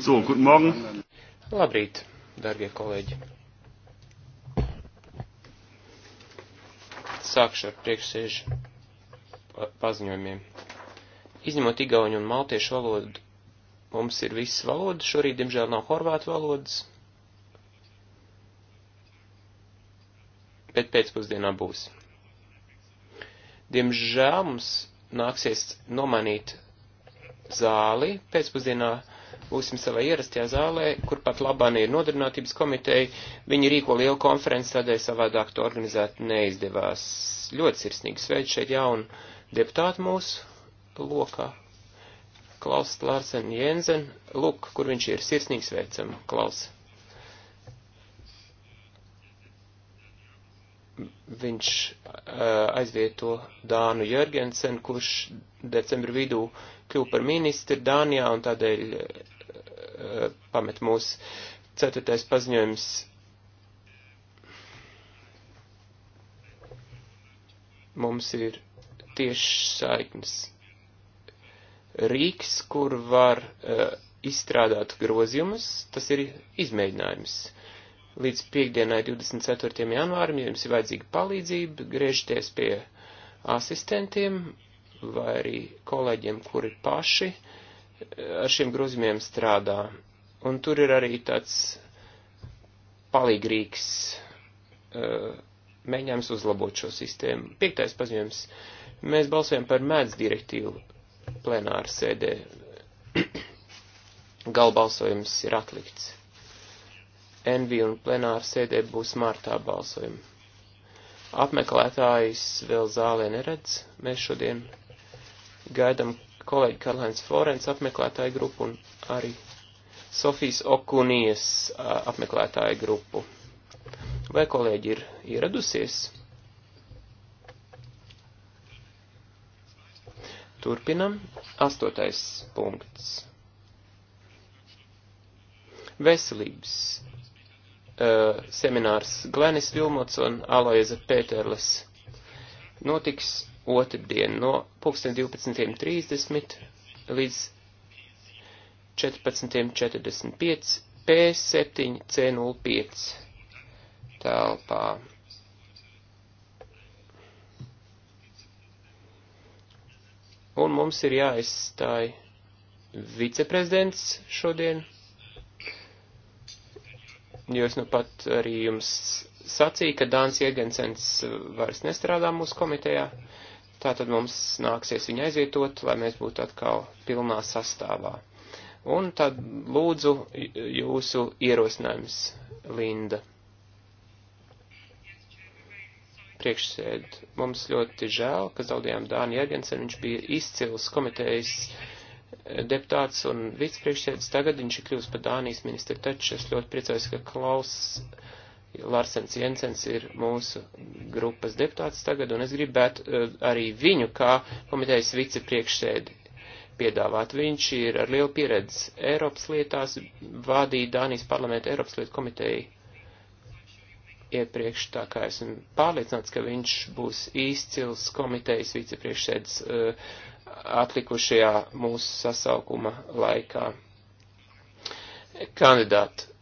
So, guten Morgen. Labrīt, darbie kolēģi. Sākšu ar priekšsēžu paziņojumiem. Izņemot igauņu un maltiešu valodu, mums ir visas valodas, šorīt, diemžēl, nav horvātu valodas, bet pēcpusdienā būs. Diemžēl mums nāksies nomanīt zāli pēcpusdienā būsim savā ierastajā zālē, kur pat labāk ir nodarbinātības komiteja. Viņi rīko lielu konferenci, tādēļ savādāk to organizēt neizdevās. Ļoti sirsnīgi sveicu šeit jaunu deputātu mūsu lokā. Klaus Larsen Jensen, lūk, kur viņš ir sirsnīgi sveicam, Klaus. Viņš uh, aizvieto Dānu Jörgensen, kurš decembra vidū kļuva par ministru Dānijā un tādēļ Uh, pamet mūs. Ceturtais paziņojums. Mums ir tieši saiknes rīks, kur var uh, izstrādāt grozījumus, tas ir izmēģinājums. Līdz piekdienai 24. janvārim, ja jums ir vajadzīga palīdzība, griežties pie asistentiem vai arī kolēģiem, kuri paši uh, ar šiem grozījumiem strādā. Un tur ir arī tāds palīgrīgs uh, mēģinājums uzlabot šo sistēmu. Piektais paziņojums. Mēs balsojam par mēdz direktīvu plenāru sēdē. Galbalsojums ir atlikts. NV un plenāru sēdē būs martā balsojumi. Apmeklētājs vēl zālē neredz. Mēs šodien gaidam kolēģi Karlēns Florence apmeklētāju grupu un arī Sofijas Okunijas apmeklētāju grupu. Vai kolēģi ir ieradusies? Turpinam. Astotais punkts. Veselības uh, seminārs Glenis Vilmots un Aloiza Pēterles notiks otrdien no 12.30 līdz 14.45 P7C05 telpā. Un mums ir jāizstāj viceprezidents šodien, jo es nu pat arī jums sacīju, ka Dāns Iegensens vairs nestrādā mūsu komitejā. Uh, Tātad mums nāksies viņu aizvietot, lai mēs būtu atkal pilnā sastāvā. Un tad lūdzu jūsu ierosinājums, Linda. Priekšsēd, mums ļoti žēl, ka zaudējām Dāni Jērgensen, viņš bija izcils komitejas eh, deputāts un vicepriekšsēdis, tagad viņš ir kļūst par Dānijas ministru, taču es ļoti priecājos, ka Klaus Larsens Jensens ir mūsu grupas deputāts tagad, un es gribētu uh, arī viņu kā komitejas vicepriekšsēdi piedāvāt. Viņš ir ar lielu pieredzi Eiropas lietās, vadīja Dānijas parlamenta Eiropas lietu komiteju iepriekš, tā kā esmu pārliecināts, ka viņš būs īscils komitejas vicepriekšsēdis uh, eh, atlikušajā mūsu sasaukuma laikā. Kandidāti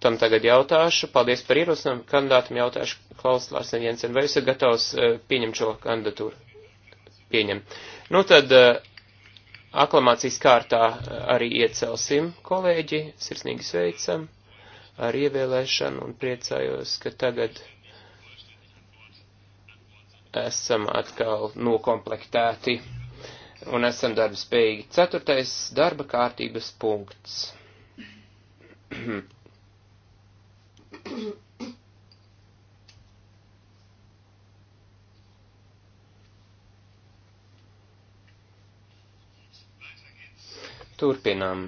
tam tagad jautāšu. Paldies par ierosinājumu. Kandidātam jautāšu Klaus Larsen Jensen. Vai jūs esat gatavs eh, pieņemt šo kandidatūru? Pieņem. Nu tad eh, aklamācijas kārtā eh, arī iecelsim kolēģi. Sirsnīgi sveicam ar ievēlēšanu un priecājos, ka tagad esam atkal nokomplektēti un esam darbspējīgi. Ceturtais darba kārtības punkts. Turpinām.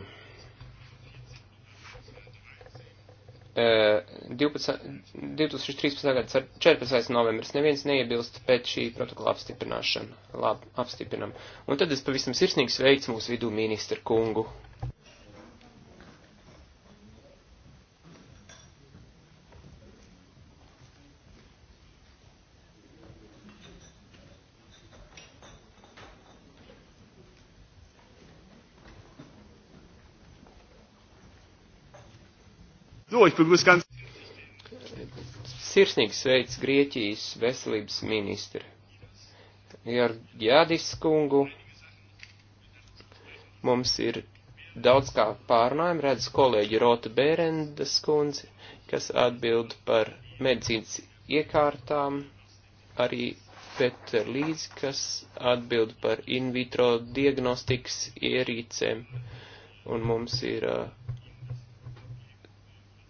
12, 2013. gada 14. novembris neviens neiebilst pēc šī protokola apstiprināšana. Labi, apstiprinam. Un tad es pavisam sirsnīgi sveicu mūsu vidū ministru kungu. Ich begrüße ganz. Sirsnīgs sveic Grieķijas veselības ministri. Ar Jādis kungu mums ir daudz kā pārnājumi, redz kolēģi Rota Bērendas kundzi, kas atbild par medicīnas iekārtām, arī Peter Līdz, kas atbild par in vitro diagnostikas ierīcēm, un mums ir uh,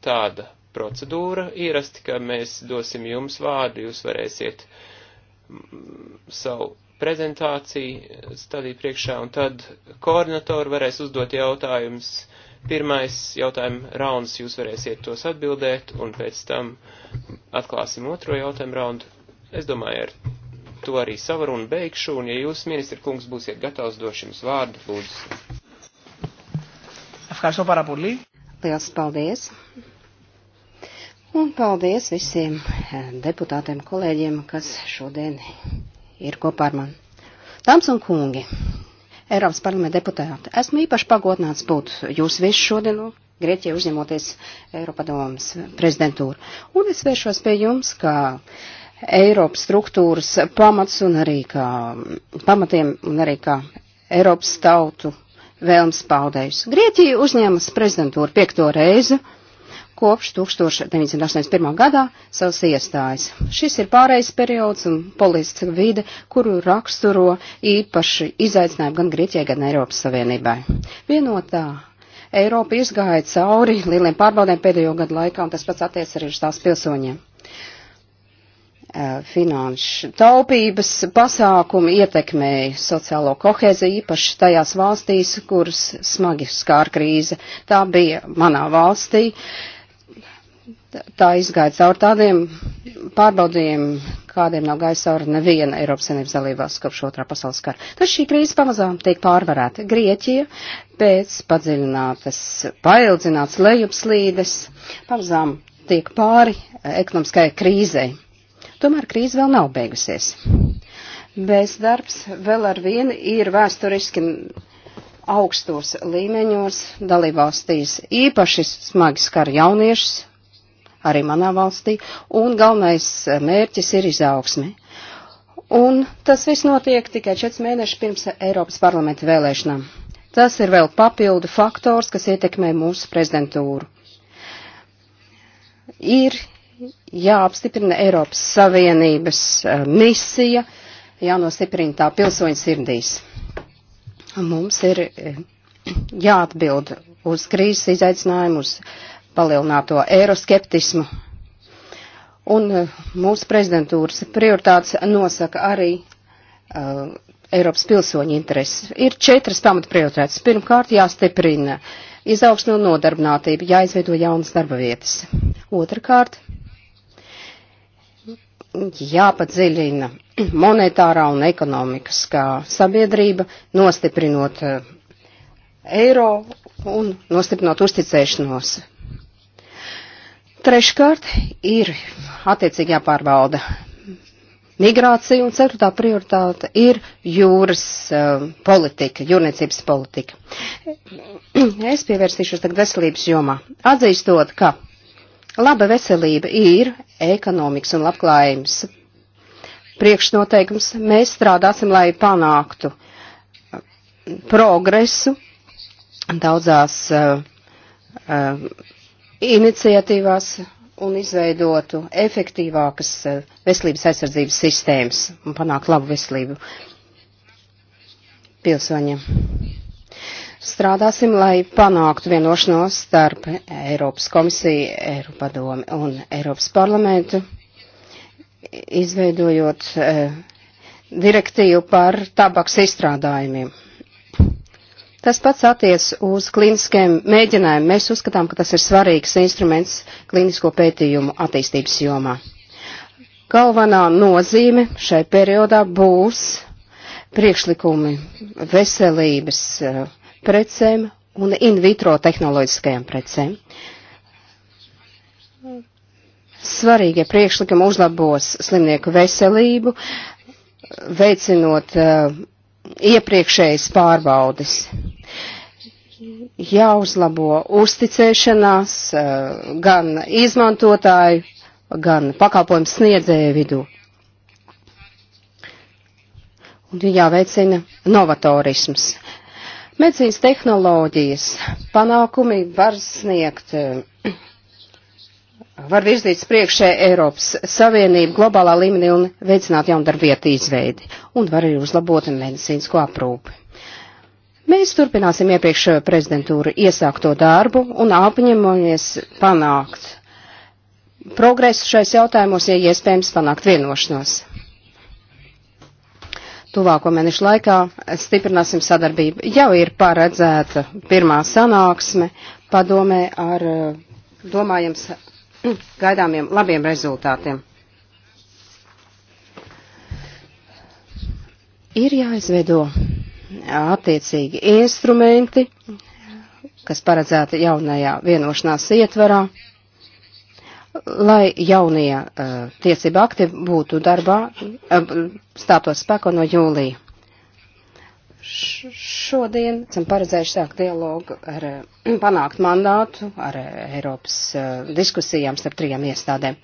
tāda procedūra ierasti, ka mēs dosim jums vārdu, jūs varēsiet mm, savu prezentāciju stādīt priekšā, un tad koordinatori varēs uzdot jautājumus. Pirmais jautājuma rauns jūs varēsiet tos atbildēt, un pēc tam atklāsim otro jautājumu raundu. Es domāju, ar to arī savu runu beigšu, un ja jūs, ministra kungs, būsiet gatavs, došu jums vārdu, lūdzu. Ευχαριστώ πάρα πολύ. Liels paldies! Un paldies visiem eh, deputātiem, kolēģiem, kas šodien ir kopā ar mani. Dāmas un kungi, Eiropas parlamenta deputāti, esmu īpaši pagodināts būt jūs visu šodienu Grieķijā uzņemoties Eiropadomas prezidentūru. Un es vēršos pie jums, kā Eiropas struktūras pamats un arī kā pamatiem un arī kā Eiropas tautu vēlms paudējusi. Grieķija uzņēmas prezidentūru piekto reizi kopš 1981. gadā savas iestājas. Šis ir pārējais periods un politiska vide, kuru raksturo īpaši izaicinājumi gan Grieķijai, gan Eiropas Savienībai. Vienotā Eiropa izgāja cauri lieliem pārbaudēm pēdējo gadu laikā, un tas pats attiec arī uz tās pilsoņiem finanšu taupības pasākumi ietekmēja sociālo koheziju, īpaši tajās valstīs, kuras smagi skār krīze. Tā bija manā valstī. Tā izgāja caur tādiem pārbaudījumiem, kādiem nav gājis cauri neviena Eiropas Savienības dalībās kopš otrā pasaules kara. Tad šī krīze pamazām tiek pārvarēta. Grieķija pēc padziļinātas, paildzināts lejupslīdes pamazām tiek pāri ekonomiskai krīzei Tomēr krīze vēl nav beigusies. Bezdarbs vēl ar vienu ir vēsturiski augstos līmeņos dalībvalstīs. Īpaši smagi skar jauniešus, arī manā valstī, un galvenais mērķis ir izaugsme. Un tas viss notiek tikai 4 mēneši pirms Eiropas parlamenta vēlēšanām. Tas ir vēl papildu faktors, kas ietekmē mūsu prezidentūru. Ir jāapstiprina Eiropas Savienības eh, misija, jānostiprina tā pilsoņu sirdīs. Mums ir eh, jāatbild uz krīzes izaicinājumu, uz palielināto eiroskeptismu. Un eh, mūsu prezidentūras prioritātes nosaka arī uh, Eiropas pilsoņu intereses. Ir četras pamatprioritātes. Pirmkārt, jāstiprina izaugsme un nodarbinātība, jāizveido jaunas darba vietas. Otrakārt, jāpadziļina monetārā un ekonomiskā sabiedrība, nostiprinot eh, eiro un nostiprinot uzticēšanos. Treškārt ir attiecīgi jāpārbauda migrācija un ceturtā prioritāte ir jūras uh, politika, jūrniecības politika. Es pievērsīšos tagad veselības jomā, atzīstot, ka Laba veselība ir ekonomikas un labklājības priekšnoteikums. Mēs strādāsim, lai panāktu uh, progresu daudzās uh, uh, iniciatīvās un izveidotu efektīvākas uh, veselības aizsardzības sistēmas un panākt labu veselību pilsoņiem strādāsim, lai panāktu vienošanos starp Eiropas komisiju, Eiropa domu un Eiropas parlamentu, izveidojot eh, direktīvu par tabaks izstrādājumiem. Tas pats attiec uz klīniskiem mēģinājumiem. Mēs uzskatām, ka tas ir svarīgs instruments klīnisko pētījumu attīstības jomā. Galvenā nozīme šai periodā būs priekšlikumi veselības uh, precēm un in vitro tehnoloģiskajām precēm. Svarīgie priekšlikumi uzlabos slimnieku veselību, veicinot uh, iepriekšējas pārbaudes. Jāuzlabo uzticēšanās uh, gan izmantotāju, gan pakalpojumu sniedzēju vidū. Un jāveicina novatorisms. Medicīnas tehnoloģijas panākumi var sniegt, eh, var virzīt priekšē Eiropas Savienību globālā līmenī un veicināt jaundarbietu izveidi un var arī uzlabot medicīnisko aprūpi. Mēs turpināsim iepriekšējo prezidentūru iesākto darbu un apņemamies panākt progresu šais jautājumos, ja iespējams panākt vienošanos tuvāko mēnešu laikā stiprināsim sadarbību. Jau ir paredzēta pirmā sanāksme padomē ar eh, domājams gaidāmiem labiem rezultātiem. Ir jāizveido attiecīgi instrumenti, kas paredzēti jaunajā vienošanās ietvarā lai jaunie uh, tiesība akti būtu darbā, uh, stātos spēko no jūlija. Š šodien esam paredzējuši sākt dialogu ar uh, panākt mandātu, ar uh, Eiropas uh, diskusijām starp trijām iestādēm.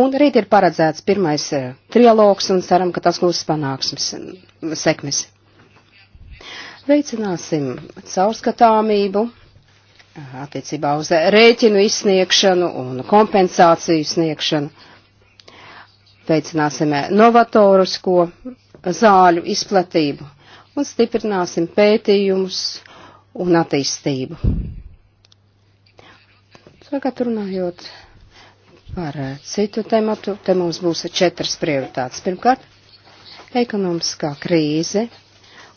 Un rīt ir paredzēts pirmais uh, trialogs un ceram, ka tas būs panāksmes sekmes. Veicināsim caurskatāmību attiecībā uz rēķinu izsniegšanu un kompensāciju sniegšanu. Veicināsim novatorisko zāļu izplatību un stiprināsim pētījumus un attīstību. Tagad runājot par citu tematu, te mums būs četras prioritātes. Pirmkārt, ekonomiskā krīze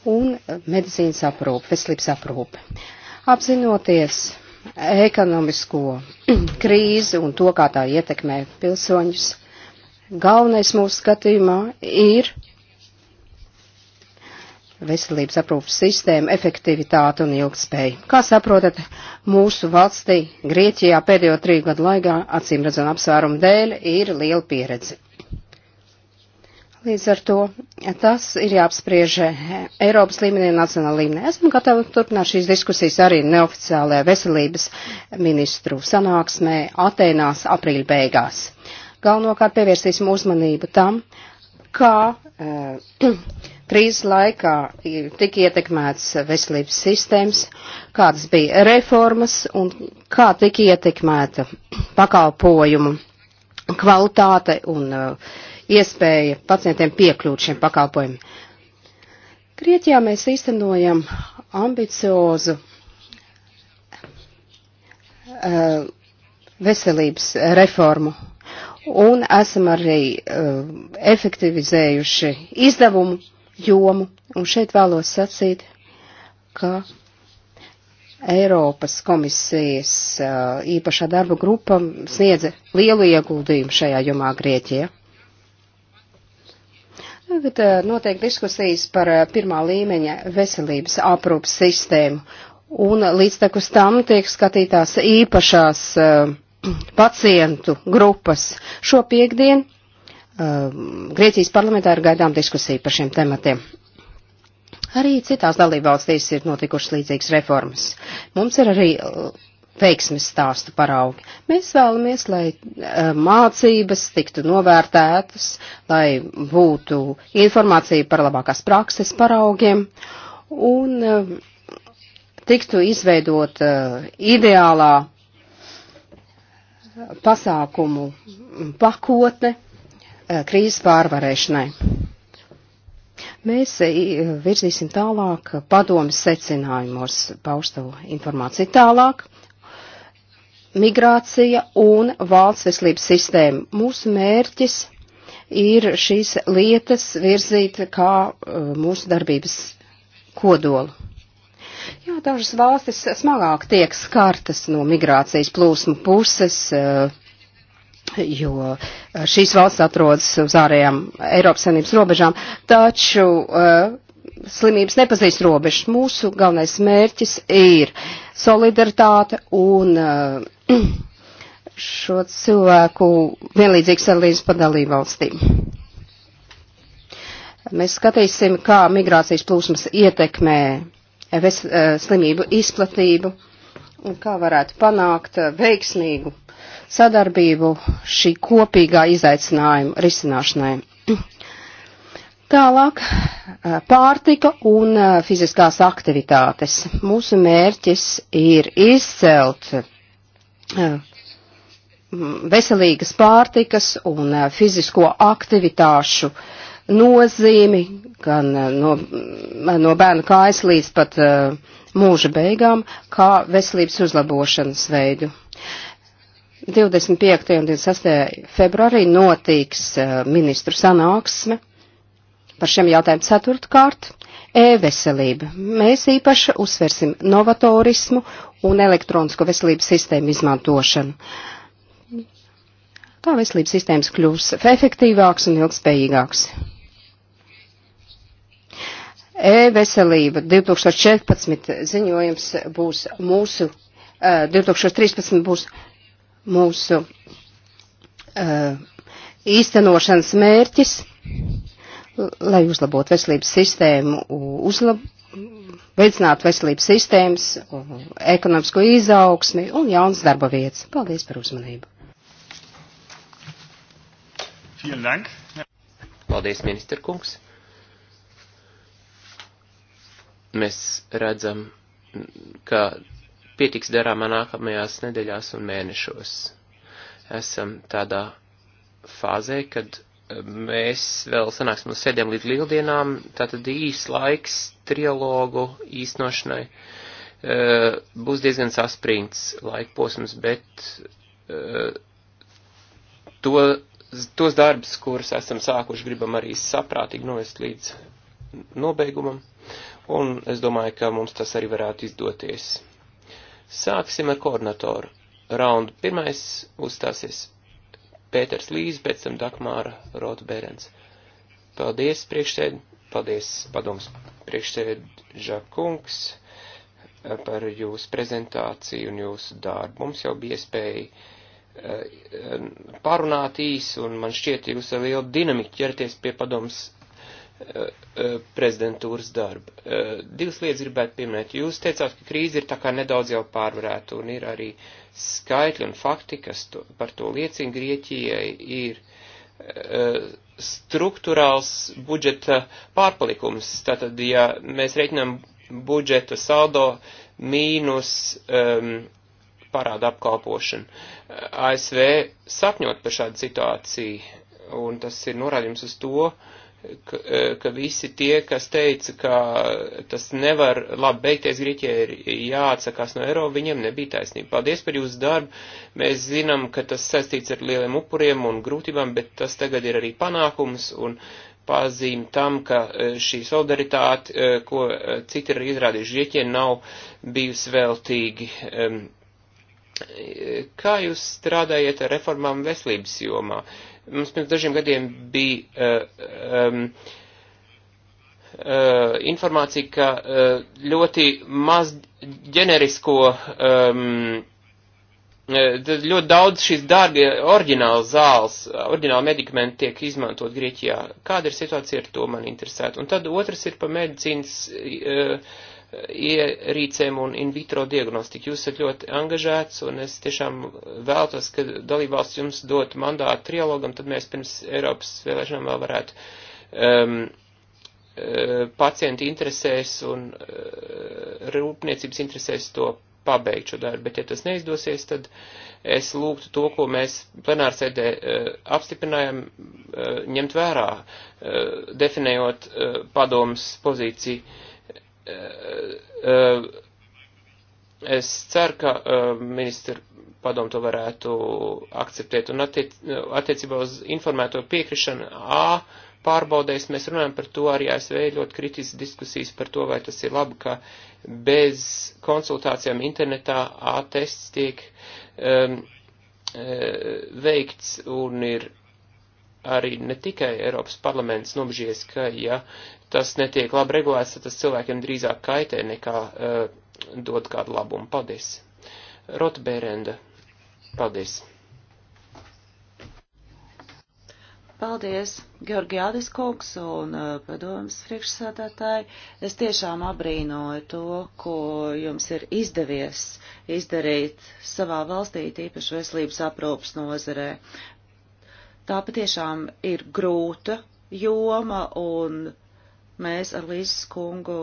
un medicīnas aprūpe, veselības aprūpe. Apzinoties ekonomisko krīzi un to, kā tā ietekmē pilsoņus, galvenais mūsu skatījumā ir veselības aprūpas sistēma, efektivitāte un ilgspēja. Kā saprotat, mūsu valstī, Grieķijā pēdējo trīs gadu laikā, acīm redzam apsvērumu dēļ, ir liela pieredze. Līdz ar to ja tas ir jāapspriež eh, Eiropas līmenī un nacionāla līmenī. Esmu gatava turpināt šīs diskusijas arī neoficiālajā veselības ministru sanāksmē Atēnās aprīļa beigās. Galvenokārt pievērsīsim uzmanību tam, kā eh, krīzes laikā tika ietekmēts veselības sistēmas, kādas bija reformas un kā tika ietekmēta pakalpojumu kvalitāte un uh, eh, iespēja pacientiem piekļūt šiem pakalpojumiem. Grieķijā mēs īstenojam ambiciozu uh, veselības reformu un esam arī uh, efektivizējuši izdevumu jomu. Un šeit vēlos sacīt, ka Eiropas komisijas uh, īpašā darba grupa sniedza lielu ieguldījumu šajā jomā Grieķijā. Tagad eh, notiek diskusijas par eh, pirmā līmeņa veselības aprūpas sistēmu, un līdztekus tam tiek skatītās īpašās uh, pacientu grupas. Šo piekdienu uh, Grieķijas parlamentā ir gaidām diskusija par šiem tematiem. Arī citās dalībvalstīs ir notikušas līdzīgas reformas. Mums ir arī veiksmes stāstu paraugi. Mēs vēlamies, lai eh, mācības tiktu novērtētas, lai būtu informācija par labākās prakses paraugiem un eh, tiktu izveidot eh, ideālā pasākumu pakotne krīzes pārvarēšanai. Mēs virzīsim tālāk padomas secinājumos pausto informāciju tālāk migrācija un valsts veselības sistēma. Mūsu mērķis ir šīs lietas virzīt kā uh, mūsu darbības kodolu. Jā, dažas valstis smagāk tiek skartas no migrācijas plūsmu puses, uh, jo šīs valsts atrodas uz ārējām Eiropas Savienības robežām, taču uh, slimības nepazīst robežas. Mūsu galvenais mērķis ir solidaritāte un uh, šo cilvēku vienlīdzīgs ar līdz padalību valstīm. Mēs skatīsim, kā migrācijas plūsmas ietekmē ves, uh, slimību izplatību un kā varētu panākt uh, veiksmīgu sadarbību šī kopīgā izaicinājuma risināšanai. Tālāk eh, pārtika un eh, fiziskās aktivitātes. Mūsu mērķis ir izcelt eh, veselīgas pārtikas un fizisko aktivitāšu nozīmi gan no, no bērna kājas līdz pat mūža beigām, kā veselības uzlabošanas veidu. 25. un 26. februārī notiks ministru sanāksme par šiem jautājumiem. Ceturtkārt, e-veselība. Mēs īpaši uzsversim novatorismu un elektronisko veselības sistēmu izmantošanu. Tā veselības sistēmas kļūs efektīvāks un ilgspējīgāks. E-veselība 2014 ziņojums būs mūsu, 2013 e, būs mūsu e, īstenošanas mērķis lai uzlabotu veselības sistēmu, uzlab, veicinātu veselības sistēmas, ekonomisko izaugsmi un jaunas darba vietas. Paldies par uzmanību. Paldies, ministra kungs. Mēs redzam, ka pietiks darāmā nākamajās nedēļās un mēnešos. Esam tādā fāzē, kad mēs vēl sanāksim uz sēdēm līdz lieldienām, tātad īs laiks trialogu īstenošanai e, būs diezgan saspringts laikposms, bet e, to, tos darbus, kurus esam sākuši, gribam arī saprātīgi novest līdz nobeigumam, un es domāju, ka mums tas arī varētu izdoties. Sāksim ar koordinatoru. Raundu pirmais uzstāsies Pēters Līs, pēc tam Dakmāra Rotberens. Paldies, priekšsēd, paldies, padoms, priekšsēd Žakungs eh, par jūsu prezentāciju un jūsu darbu. Mums jau bija iespēja eh, pārunāt īsi, un man šķiet, jūs ar lielu dinamiku ķerties pie padoms Eh, eh, prezidentūras darbu. Eh, divas lietas gribētu pieminēt. Jūs teicāt, ka krīze ir tā kā nedaudz jau pārvarēta, un ir arī skaitļi un fakti, kas to, par to liecina. Grieķijai ir struktūrāls budžeta pārpalikums. Tātad, ja mēs reiķinām budžeta saldo mīnus um, parāda apkalpošanu, ASV sapņot par šādu situāciju, un tas ir norādījums uz to, uh, ka, e, ka visi tie, kas teica, ka tas nevar labi beigties Grieķijai, ir jāatsakās no eiro, viņiem nebija taisnība. Paldies par jūsu darbu. Mēs zinām, ka tas saistīts ar lieliem upuriem un grūtībām, bet tas tagad ir arī panākums un pazīme tam, ka e, šī solidaritāte, e, ko citi ir izrādījuši Grieķijai, nav bijusi veltīgi. Kā jūs strādājat ar reformām veselības jomā? Uh, Mums pirms dažiem gadiem bija uh, um, uh, informācija, ka uh, ļoti maz ģenerisko, um, ļoti daudz šīs dārgie oriģināla zāles, oriģināla medikamenti tiek izmantot Grieķijā. Kāda ir situācija ar to man interesētu? Un tad otrs ir pa medicīnas. Uh, ierīcēm un in vitro diagnostiku. Jūs esat ļoti angažēts, un es tiešām vēltos, ka dalībvalsts jums dot mandātu trialogam, tad mēs pirms Eiropas vēlēšanām vēl varētu um, uh, pacienti interesēs un uh, rūpniecības interesēs to pabeigt šo darbu, bet ja tas neizdosies, tad es lūgtu to, ko mēs plenārsēdē uh, apstiprinājām, uh, ņemt vērā, uh, definējot uh, padomas pozīciju. Uh, Eh, eh, es ceru, ka eh, ministra padomu to varētu akceptēt. Un attiec, attiecībā uz informēto piekrišanu A pārbaudēs, mēs runājam par to arī ASV ļoti kritisks diskusijas par to, vai tas ir labi, ka bez konsultācijām internetā A tests tiek um, veikts un ir arī ne tikai Eiropas parlaments nobežies, ka, ja tas netiek labi regulēts, tad tas cilvēkiem drīzāk kaitē nekā uh, dod kādu labumu. Paldies. Rota Bērenda. Paldies. Paldies, Georgiādis kungs un uh, padomas priekšsādātāji. Es tiešām abrīnoju to, ko jums ir izdevies izdarīt savā valstī, tīpaši veselības aprūpas nozarē tā patiešām ir grūta joma, un mēs ar Līsas kungu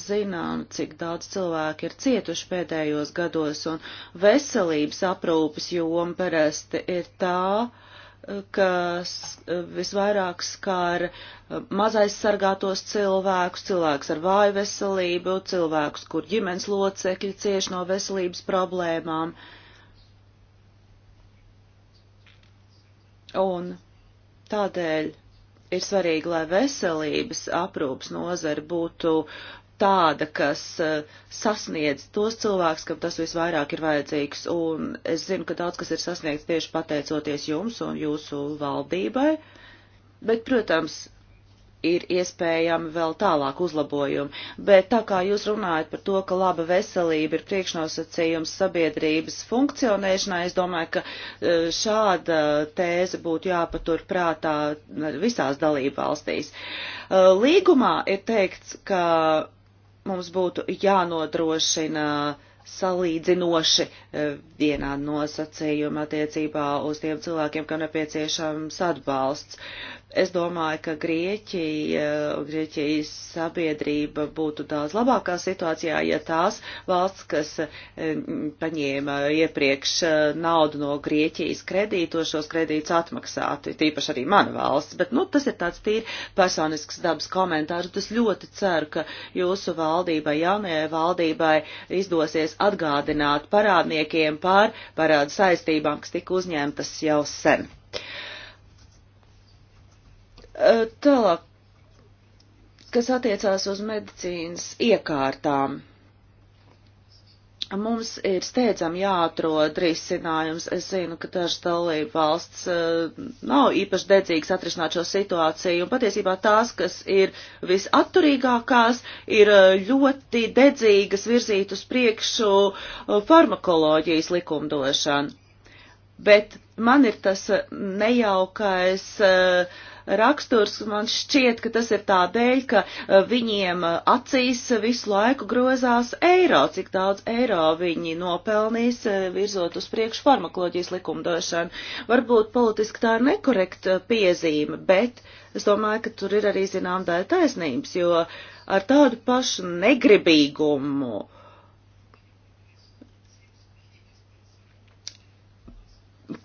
zinām, cik daudz cilvēku ir cietuši pēdējos gados, un veselības aprūpas joma parasti ir tā, kas visvairāk skar uh, mazaizsargātos cilvēkus, cilvēkus ar vāju veselību, cilvēkus, kur ģimenes locekļi cieši no veselības problēmām. Uh, Un tādēļ ir svarīgi, lai veselības aprūpas nozara būtu tāda, kas eh, sasniedz tos cilvēkus, kam tas visvairāk ir vajadzīgs. Un es zinu, ka daudz kas ir sasniegts tieši pateicoties jums un jūsu valdībai. Bet, protams, ir iespējami vēl tālāk uzlabojumi. Bet tā kā jūs runājat par to, ka laba veselība ir priekšnosacījums sabiedrības funkcionēšanai, es domāju, ka e, šāda tēze būtu jāpatur prātā visās dalību valstīs. E, līgumā ir teikts, ka mums būtu jānodrošina salīdzinoši e, vienā nosacījuma attiecībā uz tiem cilvēkiem, kam nepieciešams atbalsts. Es domāju, ka Grieķija, Grieķijas sabiedrība būtu daudz labākā situācijā, ja tās valsts, kas eh, paņēma iepriekš eh, naudu no Grieķijas kredītos, šos kredītus atmaksātu, tīpaši arī mana valsts. Bet, nu, tas ir tāds tīri personisks dabas komentārs. Es ļoti ceru, ka jūsu valdībai, jaunajai valdībai izdosies atgādināt parādniekiem par parādu saistībām, kas tika uzņemtas jau sen. Eh, tālāk, kas attiecās uz medicīnas iekārtām. Mums ir steidzami jāatrod risinājums. Es zinu, ka dažas dalība valsts uh, nav īpaši dedzīgas atrisināt šo situāciju, un patiesībā tās, kas ir visatturīgākās, ir eh, ļoti dedzīgas virzīt uz priekšu farmakoloģijas likumdošanu. Bet man ir tas nejaukais uh, raksturs. Man šķiet, ka tas ir tādēļ, ka eh, viņiem eh, acīs visu laiku grozās eiro, cik daudz eiro viņi nopelnīs eh, virzot uz priekšu farmakoloģijas likumdošanu. Varbūt politiski tā ir nekorekta piezīme, bet es domāju, ka tur ir arī zinām daļa taisnības, jo ar tādu pašu negribīgumu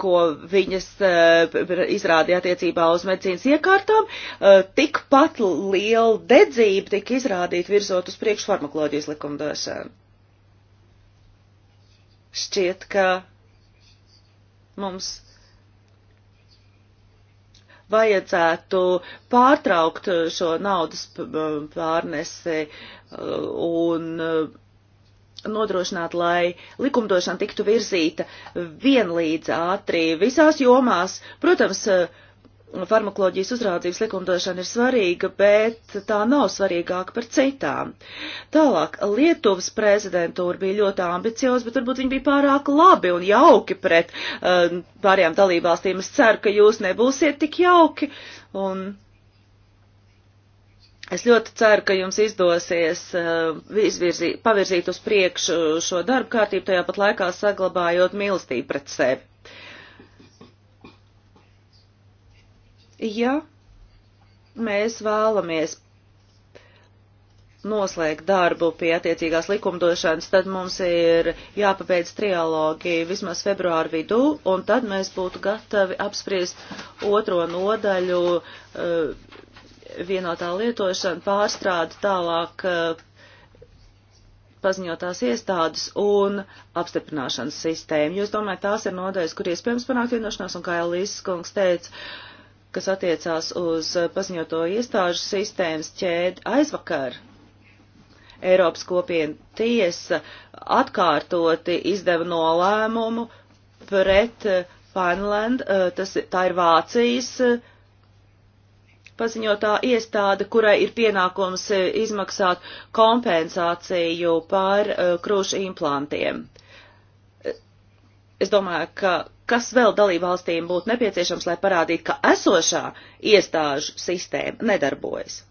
ko viņas eh, izrādīja attiecībā uz medicīnas iekārtām, eh, tikpat liela dedzība tika izrādīta virzot uz priekšu farmakoloģijas likumdošanu. Šķiet, ka mums vajadzētu pārtraukt šo naudas pārnesi eh, un nodrošināt, lai likumdošana tiktu virzīta vienlīdz ātri visās jomās. Protams, eh, farmakoloģijas uzraudzības likumdošana ir svarīga, bet tā nav svarīgāka par citām. Tālāk, Lietuvas prezidentūra bija ļoti ambicioza, bet varbūt viņi bija pārāk labi un jauki pret uh, pārējām dalībvalstīm. Es ceru, ka jūs nebūsiet tik jauki. Un Es ļoti ceru, ka jums izdosies uh, izvirzīt, pavirzīt uz priekšu šo darbu kārtību, tajā pat laikā saglabājot mīlestību pret sevi. Ja mēs vēlamies noslēgt darbu pie attiecīgās likumdošanas, tad mums ir jāpabeidz trialogi vismaz februāru vidū, un tad mēs būtu gatavi apspriest otro nodaļu. Uh, vienotā lietošana pārstrāda tālāk eh, paziņotās iestādes un apstiprināšanas sistēmu. Jūs domājat, tās ir nodaļas, kur iespējams panākt vienošanās, un kā jau Līsas kungs teica, kas attiecās uz eh, paziņoto iestāžu sistēmas ķēdi aizvakar. Eiropas kopiena tiesa atkārtoti izdeva nolēmumu pret eh, Finland, tas, tā ir Vācijas paziņotā iestāde, kurai ir pienākums eh, izmaksāt kompensāciju par eh, krūšu implantiem. Es domāju, ka kas vēl dalībvalstīm būtu nepieciešams, lai parādītu, ka esošā iestāžu sistēma nedarbojas.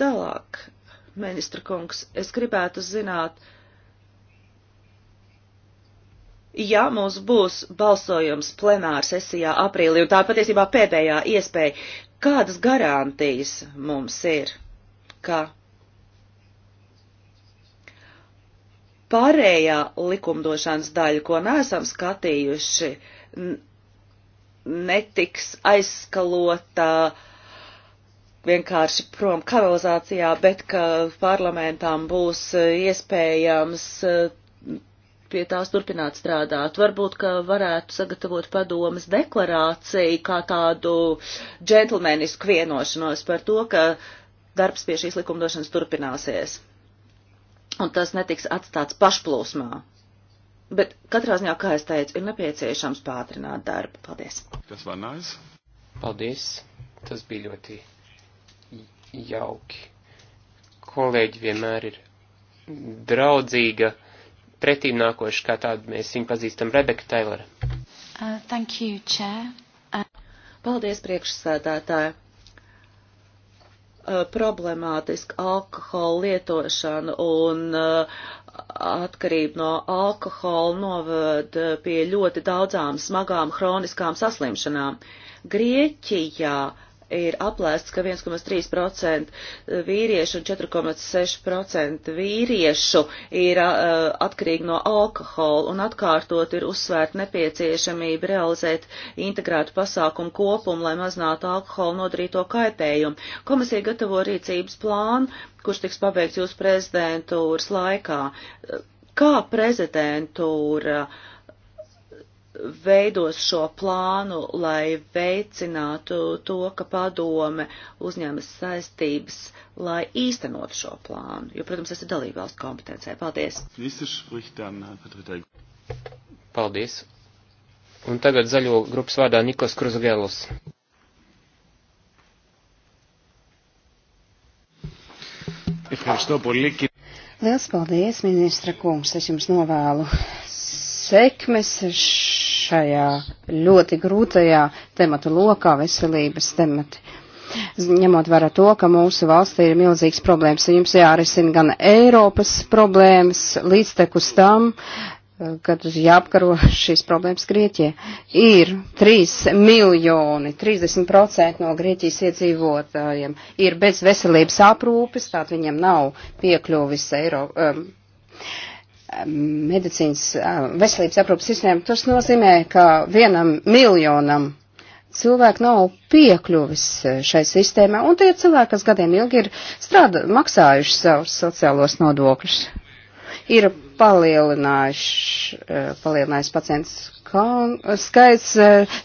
Tālāk, ministra kungs, es gribētu zināt, uh, ja mums būs balsojums plenāra sesijā aprīlī, un tā patiesībā pēdējā iespēja, kādas garantijas mums ir, ka pārējā likumdošanas daļa, ko neesam skatījuši, netiks aizskalota vienkārši prom kanalizācijā, bet ka parlamentām būs iespējams pie tās turpināt strādāt. Varbūt, ka varētu sagatavot padomas deklarāciju kā tādu džentlmenisku vienošanos par to, ka darbs pie šīs likumdošanas turpināsies. Un tas netiks atstāts pašplūsmā. Bet katrā ziņā, kā es teicu, ir nepieciešams pātrināt darbu. Paldies. Tas var nāc. Paldies. Tas bija ļoti jauki. Kolēģi vienmēr ir draudzīga pretī nākoši, kā tādu mēs viņu pazīstam, Rebeka Tailera. Uh, thank you, Chair. Uh... Paldies, priekšsēdētāji. Uh, problemātiska alkohola lietošana un uh, atkarība no alkohola noved uh, pie ļoti daudzām smagām hroniskām saslimšanām. Grieķijā uh, ir aplēsts, ka 1,3% vīriešu un 4,6% vīriešu ir uh, atkarīgi no alkohola un atkārtot ir uzsvērt nepieciešamību realizēt integrētu pasākumu kopumu, lai maznātu alkohola nodarīto kaitējumu. Komisija gatavo rīcības plānu, kurš tiks pabeigts jūsu prezidentūras laikā. Kā prezidentūra uh, veidos šo plānu, lai veicinātu to, ka padome uzņemas saistības, lai īstenot šo plānu, jo, protams, tas ir dalībvalstu kompetencē. Paldies! Paldies! Un tagad zaļo grupas vārdā Nikos Kruzgelos. Liels paldies, ministra kungs, es jums novēlu sekmes šajā ļoti grūtajā tematu lokā veselības temati. Ņemot vērā to, ka mūsu valstī ir milzīgs problēmas, jums jārisina gan Eiropas problēmas, līdztekus tam, kad jāapkaro šīs problēmas Grieķijā. Ir 3 miljoni, 30% no Grieķijas iedzīvotājiem ir bez veselības aprūpes, tātad viņiem nav piekļuvis Eiropas. Um, medicīnas veselības aprūpas sistēmu, tas nozīmē, ka vienam miljonam cilvēku nav piekļuvis šai sistēmai, un tie ir cilvēki, kas gadiem ilgi ir strādā, maksājuši savus sociālos nodokļus. Ir palielinājis pacients skaits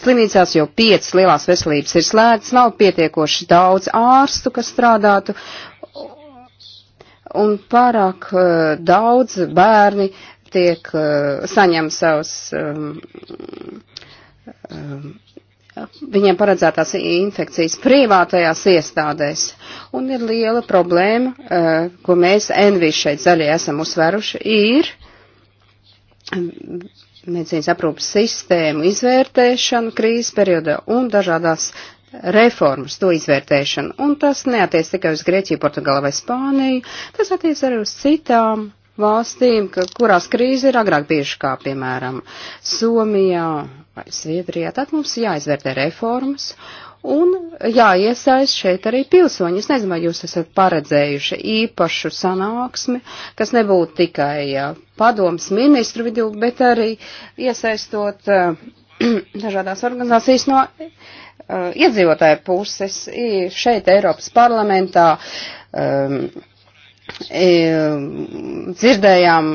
slimnīcās, jo piecas lielās veselības ir slēgts, nav pietiekoši daudz ārstu, kas strādātu, un pārāk uh, daudz bērni tiek uh, saņem savus. Um, um, viņiem paredzētās infekcijas privātajās iestādēs. Un ir liela problēma, uh, ko mēs Envi šeit zaļie esam uzsveruši, ir medicīnas aprūpas sistēmu izvērtēšanu krīzes periodā un dažādās reformas, to izvērtēšanu. Un tas neatiec tikai uz Grieķiju, Portugālu vai Spāniju, tas attiec arī uz citām valstīm, kurās krīze ir agrāk bieži kā, piemēram, Somijā vai Zviedrijā. Tad mums jāizvērtē reformas un jāiesaist šeit arī pilsoņi. Es nezinu, vai jūs esat paredzējuši īpašu sanāksmi, kas nebūtu tikai padoms ministru vidū, bet arī iesaistot eh, dažādās organizācijas no Eh, iedzīvotāju puses šeit Eiropas parlamentā. Um, dzirdējām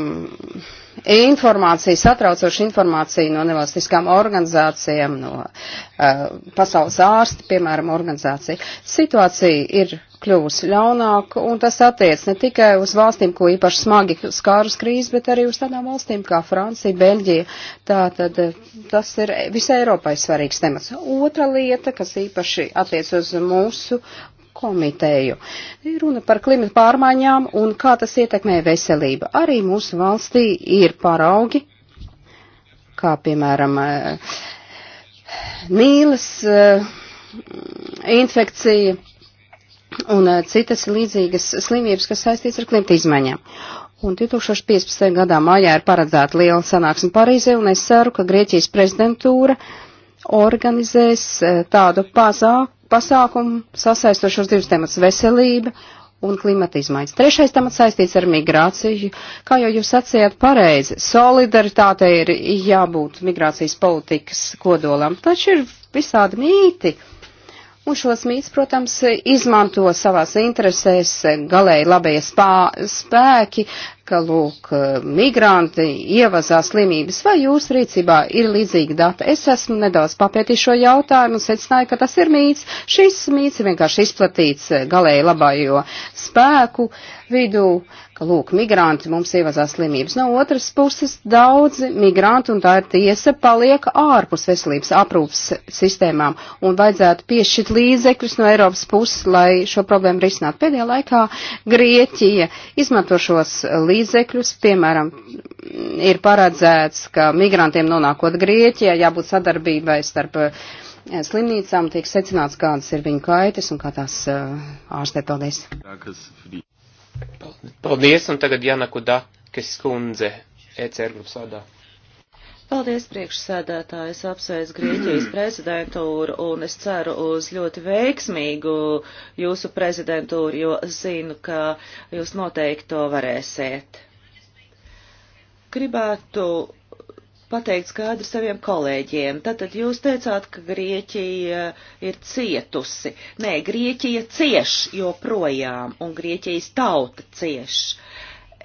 informācija, satraucoša informācija no nevalstiskām organizācijām, no uh, pasaules ārsta, piemēram, organizācija. Situācija ir kļuvusi ļaunāka, un tas attiec ne tikai uz valstīm, ko īpaši smagi skārus krīzes, bet arī uz tādām valstīm kā Francija, Beļģija. Tātad eh, tas ir visai Eiropai svarīgs temats. Otra lieta, kas īpaši attiec uz mūsu komiteju. Runa par klimatu pārmaiņām un kā tas ietekmē veselību. Arī mūsu valstī ir paraugi, kā piemēram eh, nīles eh, infekcija un eh, citas līdzīgas slimības, kas saistīts ar klimatu izmaiņām. Un 2015. gadā mājā ir paredzēta liela sanāksme Parīzē, un es ceru, ka Grieķijas prezidentūra organizēs tādu pazāku, pasākumu sasaistošos divus temats - veselība un klimata izmaiņas. Trešais temats saistīts ar migrāciju. Kā jau jūs sacījāt pareizi, solidaritāte ir jābūt migrācijas politikas kodolam, taču ir visādi mīti Un šos mīts, protams, izmanto savās interesēs galēji labie spā, spēki, ka, lūk, migranti ievazā slimības. Vai jūs rīcībā ir līdzīga data? Es esmu nedaudz papētījis šo jautājumu un secināju, ka tas ir mīts. Šis mīts ir vienkārši izplatīts galēji labājo spēku vidū. Uh, ka, lūk, migranti mums ievazā slimības. No otras puses, daudzi migranti, un tā ir tiesa, paliek ārpus veselības aprūpas sistēmām, un vajadzētu piešķirt līdzekļus no Eiropas puses, lai šo problēmu risinātu. Pēdējā laikā Grieķija izmanto šos līdzekļus, piemēram, ir paredzēts, ka migrantiem nonākot Grieķijā jābūt sadarbībai starp eh, slimnīcām, tiek secināts, kādas ir viņu kaitas un kā tās eh, ārstē. Paldies! Paldies, un tagad Janaku Dakes kundze, ECR grupas vārdā. Paldies, priekšsēdētājs, apsveic Grieķijas prezidentūru, un es ceru uz ļoti veiksmīgu jūsu prezidentūru, jo zinu, ka jūs noteikti to varēsiet. Gribētu pateikt skaidri saviem kolēģiem. Tātad jūs teicāt, ka Grieķija ir cietusi. Nē, Grieķija cieš joprojām, un Grieķijas tauta cieš.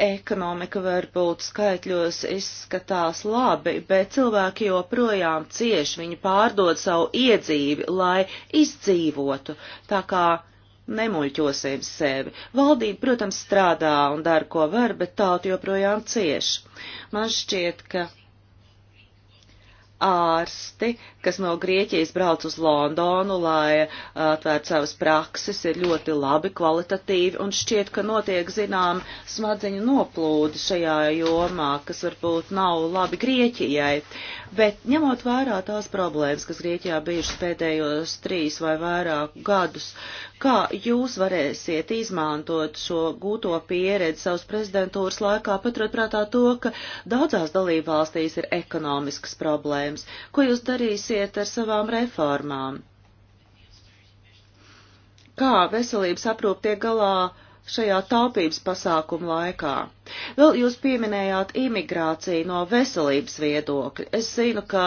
Ekonomika varbūt skaitļos izskatās labi, bet cilvēki joprojām cieš, viņi pārdod savu iedzīvi, lai izdzīvotu. Tā kā nemuļķosim sevi. Valdība, protams, strādā un dara, ko var, bet tauta joprojām cieš. Man šķiet, ka ārsti, kas no Grieķijas brauc uz Londonu, lai uh, atvērtu savas prakses, ir ļoti labi kvalitatīvi un šķiet, ka notiek zinām smadzeņu noplūdi šajā jomā, kas varbūt nav labi Grieķijai. Bet ņemot vērā tās problēmas, kas Grieķijā bijušas pēdējos trīs vai vairāk gadus, kā jūs varēsiet izmantot šo gūto pieredzi savas prezidentūras laikā, paturot prātā to, ka daudzās dalībvalstīs ir ekonomiskas problēmas? Ko jūs darīsiet ar savām reformām? Kā veselības aprūp tiek galā? šajā taupības pasākuma laikā. Vēl jūs pieminējāt imigrāciju no veselības viedokļa. Es zinu, ka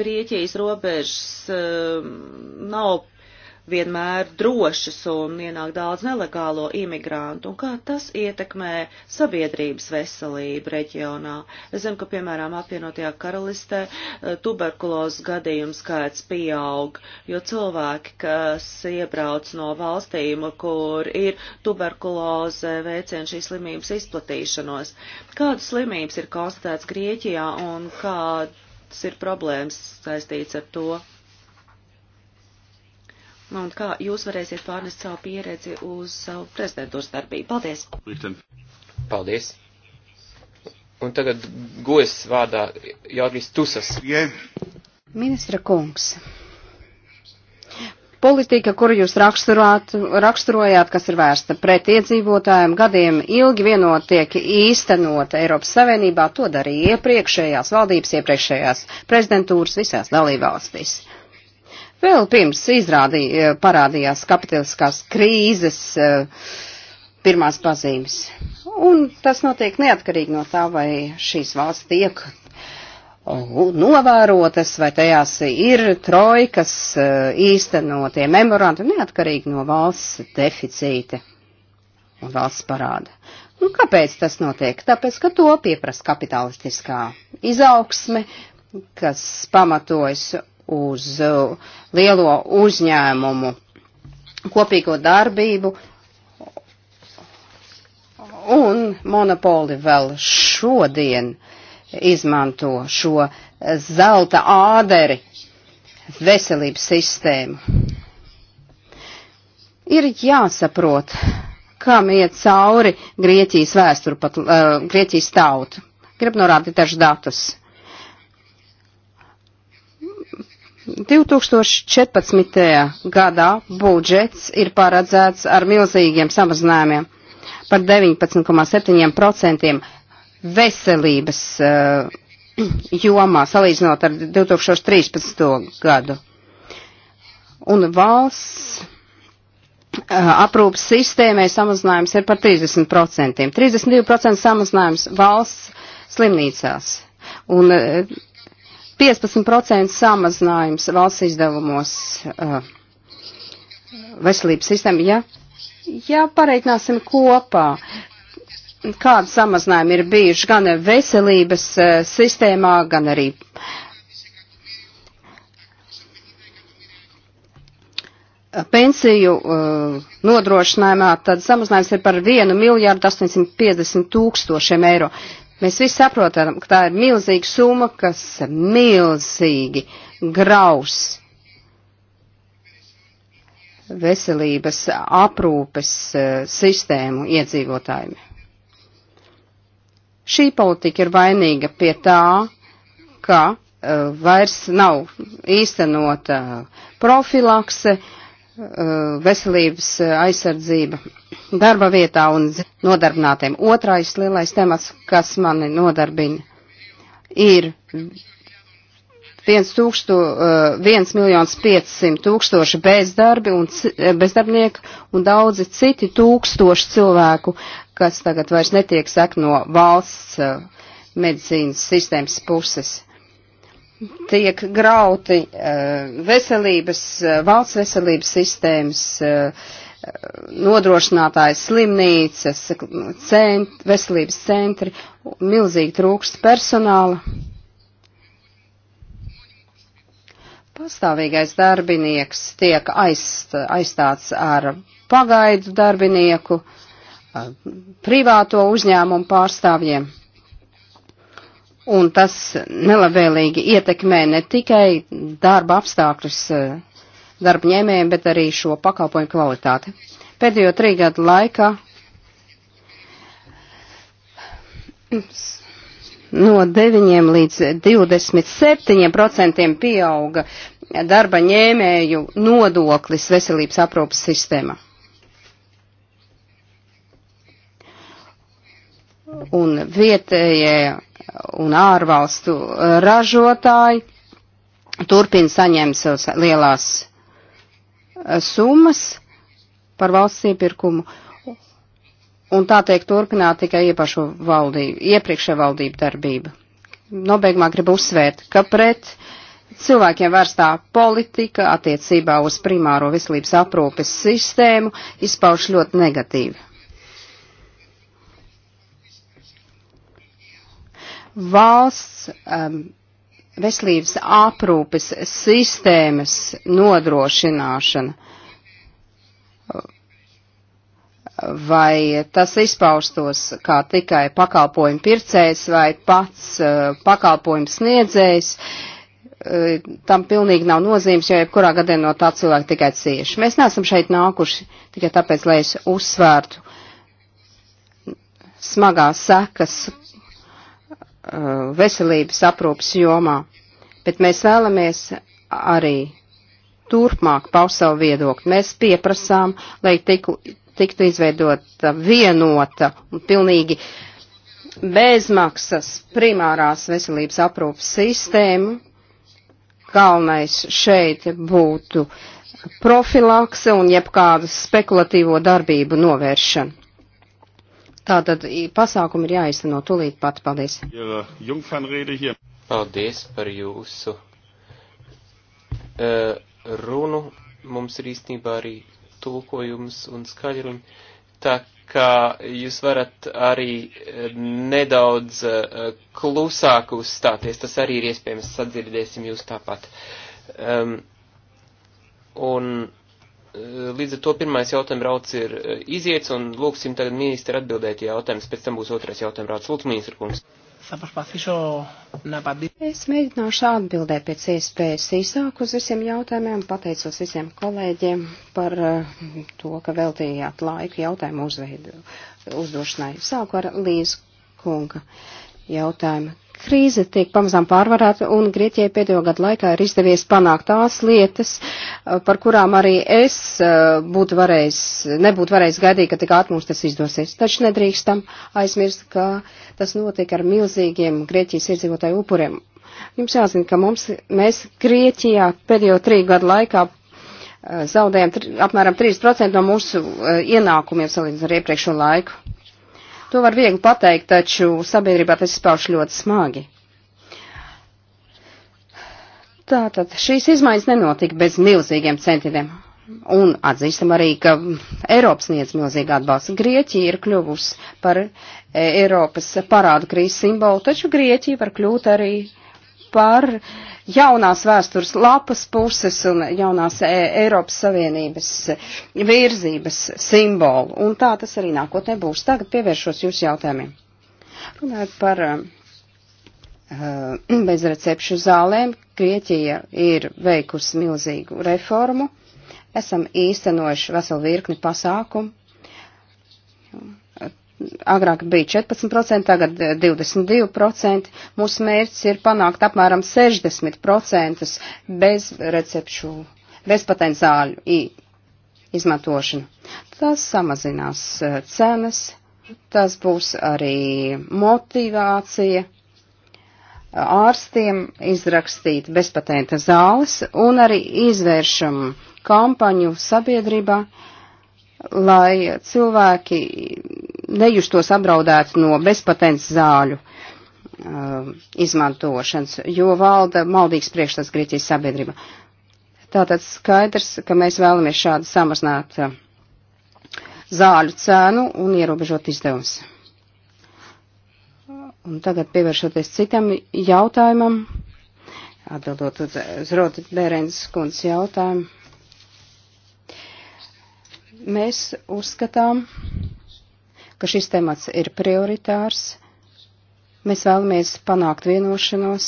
Grieķijas robežas um, nav vienmēr drošas un ienāk daudz nelegālo imigrantu, un kā tas ietekmē sabiedrības veselību reģionā. Es zinu, ka, piemēram, apvienotajā karalistē eh, tuberkulozes gadījums skaits pieaug, jo cilvēki, kas iebrauc no valstīm, kur ir tuberkuloze, veicina šīs slimības izplatīšanos. Kādas slimības ir konstatēts Grieķijā un kādas ir problēmas saistīts ar to? Nu, un kā jūs varēsiet pārnest savu pieredzi uz savu prezidentūras darbību. Paldies! Paldies! Un tagad gojas vārdā Jārgis Tusas. Ministra kungs, politika, kuru jūs raksturojāt, kas ir vērsta pret iedzīvotājiem, gadiem ilgi vienot tiek īstenota Eiropas Savienībā, to darīja iepriekšējās valdības, iepriekšējās prezidentūras visās dalībvalstīs. Vēl pirms izrādīja, eh, parādījās kapitaliskās krīzes eh, pirmās pazīmes. Un tas notiek neatkarīgi no tā, vai šīs valsts tiek eh, novērotas, vai tajās ir trojkas īstenotie memoranti, neatkarīgi no valsts deficīta un valsts parāda. Un nu, kāpēc tas notiek? Tāpēc, ka to pieprasa kapitalistiskā izaugsme, kas pamatojas uz uh, lielo uzņēmumu kopīgo darbību, un monopoli vēl šodien izmanto šo zelta āderi veselības sistēmu. Ir jāsaprot, kam iet cauri Grieķijas vēsturu, pat uh, Grieķijas tautu. Gribu norādīt dažus datus. 2014. gadā budžets ir paredzēts ar milzīgiem samazinājumiem par 19,7% veselības uh, jomā salīdzinot ar 2013. gadu. Un valsts uh, aprūpas sistēmai samazinājums ir par 30%. 32% samazinājums valsts slimnīcās. Un uh, 15% samazinājums valsts izdevumos uh, veselības sistēma, ja, ja pareikināsim kopā, kāda samazinājuma ir bijuši gan veselības uh, sistēmā, gan arī pensiju uh, nodrošinājumā, tad samazinājums ir par 1 miljārdu 850 tūkstošiem eiro. Mēs visi saprotam, ka tā ir milzīga summa, kas milzīgi graus veselības aprūpes eh, sistēmu iedzīvotājiem. Šī politika ir vainīga pie tā, ka uh, vairs nav īstenota profilakse, uh, Uh, veselības uh, aizsardzība darba vietā un nodarbinātiem. Otrais lielais temats, kas mani nodarbina, ir 1, tūkstu, 1 miljons 500 tūkstoši bezdarbi un eh, bezdarbnieku un daudzi citi tūkstoši cilvēku, kas tagad vairs netiek sek no valsts uh, medicīnas sistēmas puses tiek grauti eh, veselības, eh, valsts veselības sistēmas, eh, nodrošinātājs slimnīcas, cent, veselības centri, milzīgi trūkst personāla. Pastāvīgais darbinieks tiek aizst, aizstāts ar pagaidu darbinieku, privāto uzņēmumu pārstāvjiem un tas nelabvēlīgi ietekmē ne tikai darba apstākļus eh, darba ņēmējiem, bet arī šo pakalpojumu kvalitāti. Pēdējo trīs gadu laikā no 9 līdz 27 procentiem pieauga darba ņēmēju nodoklis veselības aprūpas sistēmā. Un vietējie un ārvalstu ražotāji turpina saņemt savas lielās eh, summas par valsts iepirkumu. Un tā teikt, turpināt tikai iepašu valdību, iepriekšē valdību darbību. Nobeigumā gribu uzsvērt, ka pret cilvēkiem vērstā politika attiecībā uz primāro veselības aprūpes sistēmu izpauž ļoti negatīvi. valsts um, veselības aprūpes sistēmas nodrošināšana. Vai tas izpaustos kā tikai pakalpojumu pircējs vai pats uh, pakalpojumu sniedzējs, uh, tam pilnīgi nav nozīmes, jo jebkurā gadījumā no tā cilvēka tikai cieši. Mēs neesam šeit nākuši tikai tāpēc, lai es uzsvērtu smagās sekas, Uh, veselības aprūpas jomā, bet mēs vēlamies arī turpmāk paust savu viedokli. Mēs pieprasām, lai tiku, tiktu izveidota vienota un pilnīgi bezmaksas primārās veselības aprūpas sistēma. Galvenais šeit būtu profilakse un jebkādu spekulatīvo darbību novēršana. Tātad pasākumi ir jāizteno tūlīt pat. Paldies. Paldies par jūsu uh, runu. Mums ir īstenībā arī tulkojums un skaļruni. Tā kā jūs varat arī eh, nedaudz uh, klusāk uzstāties, tas arī ir iespējams, sadzirdēsim jūs tāpat. Um, un Eh, līdz ar to pirmais jautājuma rauds ir eh, iziets, un lūksim tagad ministru atbildēt jautājumus, pēc tam būs otrais jautājuma rauds. Lūdzu, ministru kungs. Es mēģināšu atbildēt pēc iespējas īsāk uz visiem jautājumiem, pateicos visiem kolēģiem par eh, to, ka veltījāt laiku jautājumu uzveidu, uzdošanai. Sāku ar Līzu kunga jautājumu krīze tiek pamazām pārvarēta, un Grieķijai pēdējo gadu laikā ir izdevies panākt tās lietas, eh, par kurām arī es eh, būtu varējis, nebūtu varējis gaidīt, ka tik ātri mums tas izdosies. Taču nedrīkstam aizmirst, ka tas notiek ar milzīgiem Grieķijas iedzīvotāju upuriem. Jums jāzina, ka mums, mēs Grieķijā pēdējo trīs gadu laikā eh, zaudējam apmēram 3% no mūsu ienākumiem salīdzinot ar iepriekšējo laiku. To var viegli pateikt, taču sabiedrībā tas izpauž ļoti smagi. Tātad šīs izmaiņas nenotika bez milzīgiem centieniem. Un atzīstam arī, ka Eiropas sniedz milzīgu atbalstu. Grieķija ir kļuvusi par Eiropas parādu krīzes simbolu, taču Grieķija var kļūt arī par uh, jaunās vēstures lapas puses un jaunās e, Eiropas Savienības virzības simbolu. Un tā tas arī nākotnē būs. Tagad pievēršos jūsu jautājumiem. Runājot par eh, eh, bezrecepšu zālēm, Grieķija ir veikusi milzīgu reformu, esam īstenojuši veselu virkni pasākumu agrāk bija 14%, tagad 22%. Eh, Mūsu mērķis ir panākt apmēram 60% bez recepšu, bez patents zāļu izmantošanu. Tas samazinās eh, cenas, tas būs arī motivācija eh, ārstiem izrakstīt bezpatenta zāles un arī izvēršam kampaņu sabiedrībā, uh, lai cilvēki nejustos apdraudēti no bezpatents zāļu uh, izmantošanas, jo valda maldīgs priekšstats Grieķijas sabiedrība. Tātad skaidrs, ka mēs vēlamies šādi samazināt uh, um, zāļu cēnu un ierobežot izdevumus. Un tagad pievēršoties citam jautājumam, atbildot uz Rota Bērens kundzes jautājumu Mēs uzskatām, ka šis temats ir prioritārs. Mēs vēlamies panākt vienošanos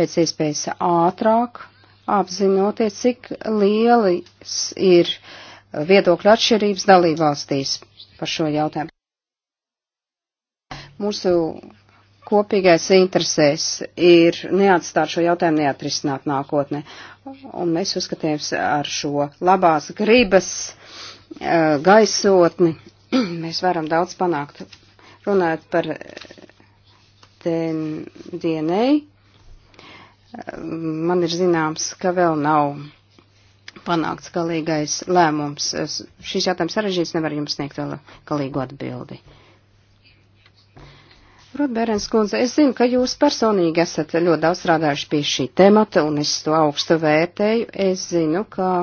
pēc iespējas ātrāk, apzinoties, cik lielas ir viedokļu atšķirības dalībvalstīs par šo jautājumu. Mūsu kopīgais interesēs ir neatstāt šo jautājumu neatrisināt nākotnē. Un mēs uzskatījām ar šo labās gribas Uh, gaisotni. Mēs varam daudz panākt. Runājot par uh, DNA, uh, man ir zināms, ka vēl nav panākts galīgais lēmums. Es, šis jautājums sarežģīts, nevar jums sniegt vēl galīgu atbildi. Rotbērens kundze, es zinu, ka jūs personīgi esat ļoti daudz strādājuši pie šī temata, un es to augstu vērtēju. Es zinu, ka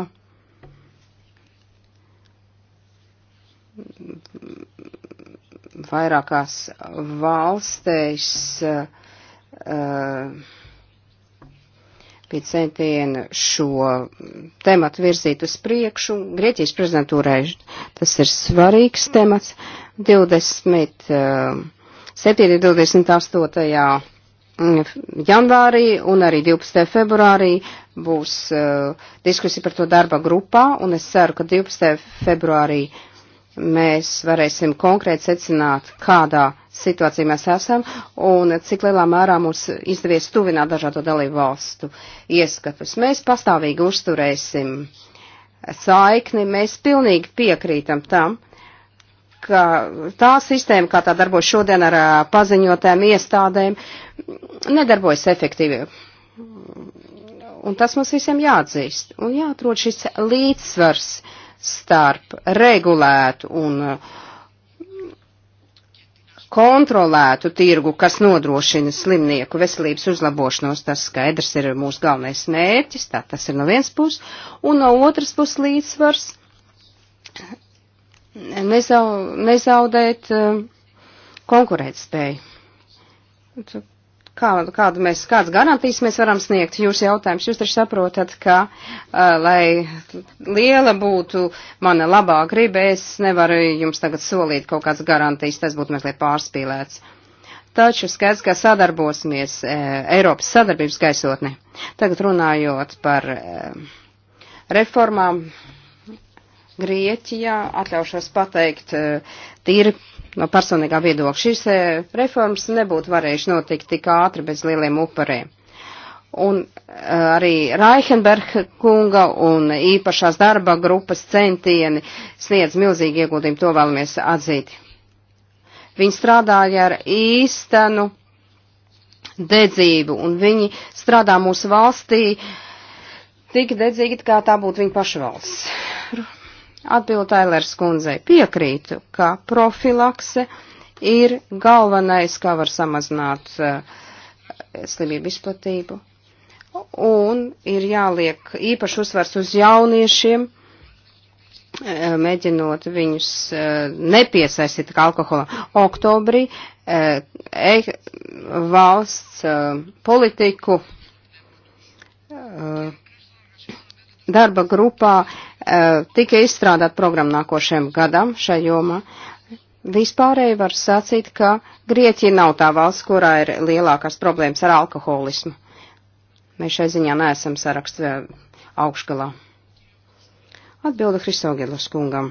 vairākās valstīs eh, pie centienu šo tematu virzīt uz priekšu. Grieķijas prezidentūrai tas ir svarīgs temats. 27. 28. Eh, janvārī un arī 12. februārī būs eh, diskusija par to darba grupā, un es ceru, ka 12. februārī uh, mēs varēsim konkrēti secināt, kādā situācijā mēs esam un cik lielā mērā mums izdevies tuvināt dažādo dalību valstu ieskatus. Mēs pastāvīgi uzturēsim saikni, mēs pilnīgi piekrītam tam, ka tā sistēma, kā tā darbojas šodien ar paziņotēm iestādēm, nedarbojas efektīvi. Un tas mums visiem jāatzīst un jāatrod šis līdzsvars. Uh, starp regulētu un uh, kontrolētu tirgu, kas nodrošina slimnieku veselības uzlabošanos, tas skaidrs ir mūsu galvenais mērķis, tā tas ir no viens puses, un no otras puses līdzsvars nezau, nezaudēt uh, konkurētspēju kā, kādu mēs, kādas garantijas mēs varam sniegt. Jūs jautājums, jūs taču saprotat, ka, uh, lai liela būtu mana labā griba, es nevaru jums tagad solīt kaut kādas garantijas, tas būtu mazliet pārspīlēts. Taču skaidrs, ka sadarbosimies uh, Eiropas sadarbības gaisotni. Tagad runājot par uh, reformām Grieķijā, atļaušos pateikt, uh, tīri no personīgā viedokļa. Šīs eh, reformas nebūtu varējuši notikt tik ātri bez lieliem upuriem. Un eh, arī Raihenberga kunga un īpašās darba grupas centieni sniedz milzīgi ieguldījumu, to vēlamies atzīt. Viņi strādāja ar īstenu dedzību, un viņi strādā mūsu valstī tik dedzīgi, kā tā būtu viņa paša valsts. Atbild Tailers kundzei. Piekrītu, ka profilakse ir galvenais, kā var samazināt uh, slimību izplatību. Un ir jāliek īpaši uzsvars uz jauniešiem, eh, mēģinot viņus eh, nepiesaistīt kā alkoholam. Oktobrī e, valsts politiku darba grupā eh, tika izstrādāt programma nākošajam gadam šai jomā. Vispārēji var sacīt, ka Grieķija nav tā valsts, kurā ir lielākās problēmas ar alkoholismu. Mēs šai ziņā neesam sarakstā eh, augšgalā. Atbilda Hristogilas kungam.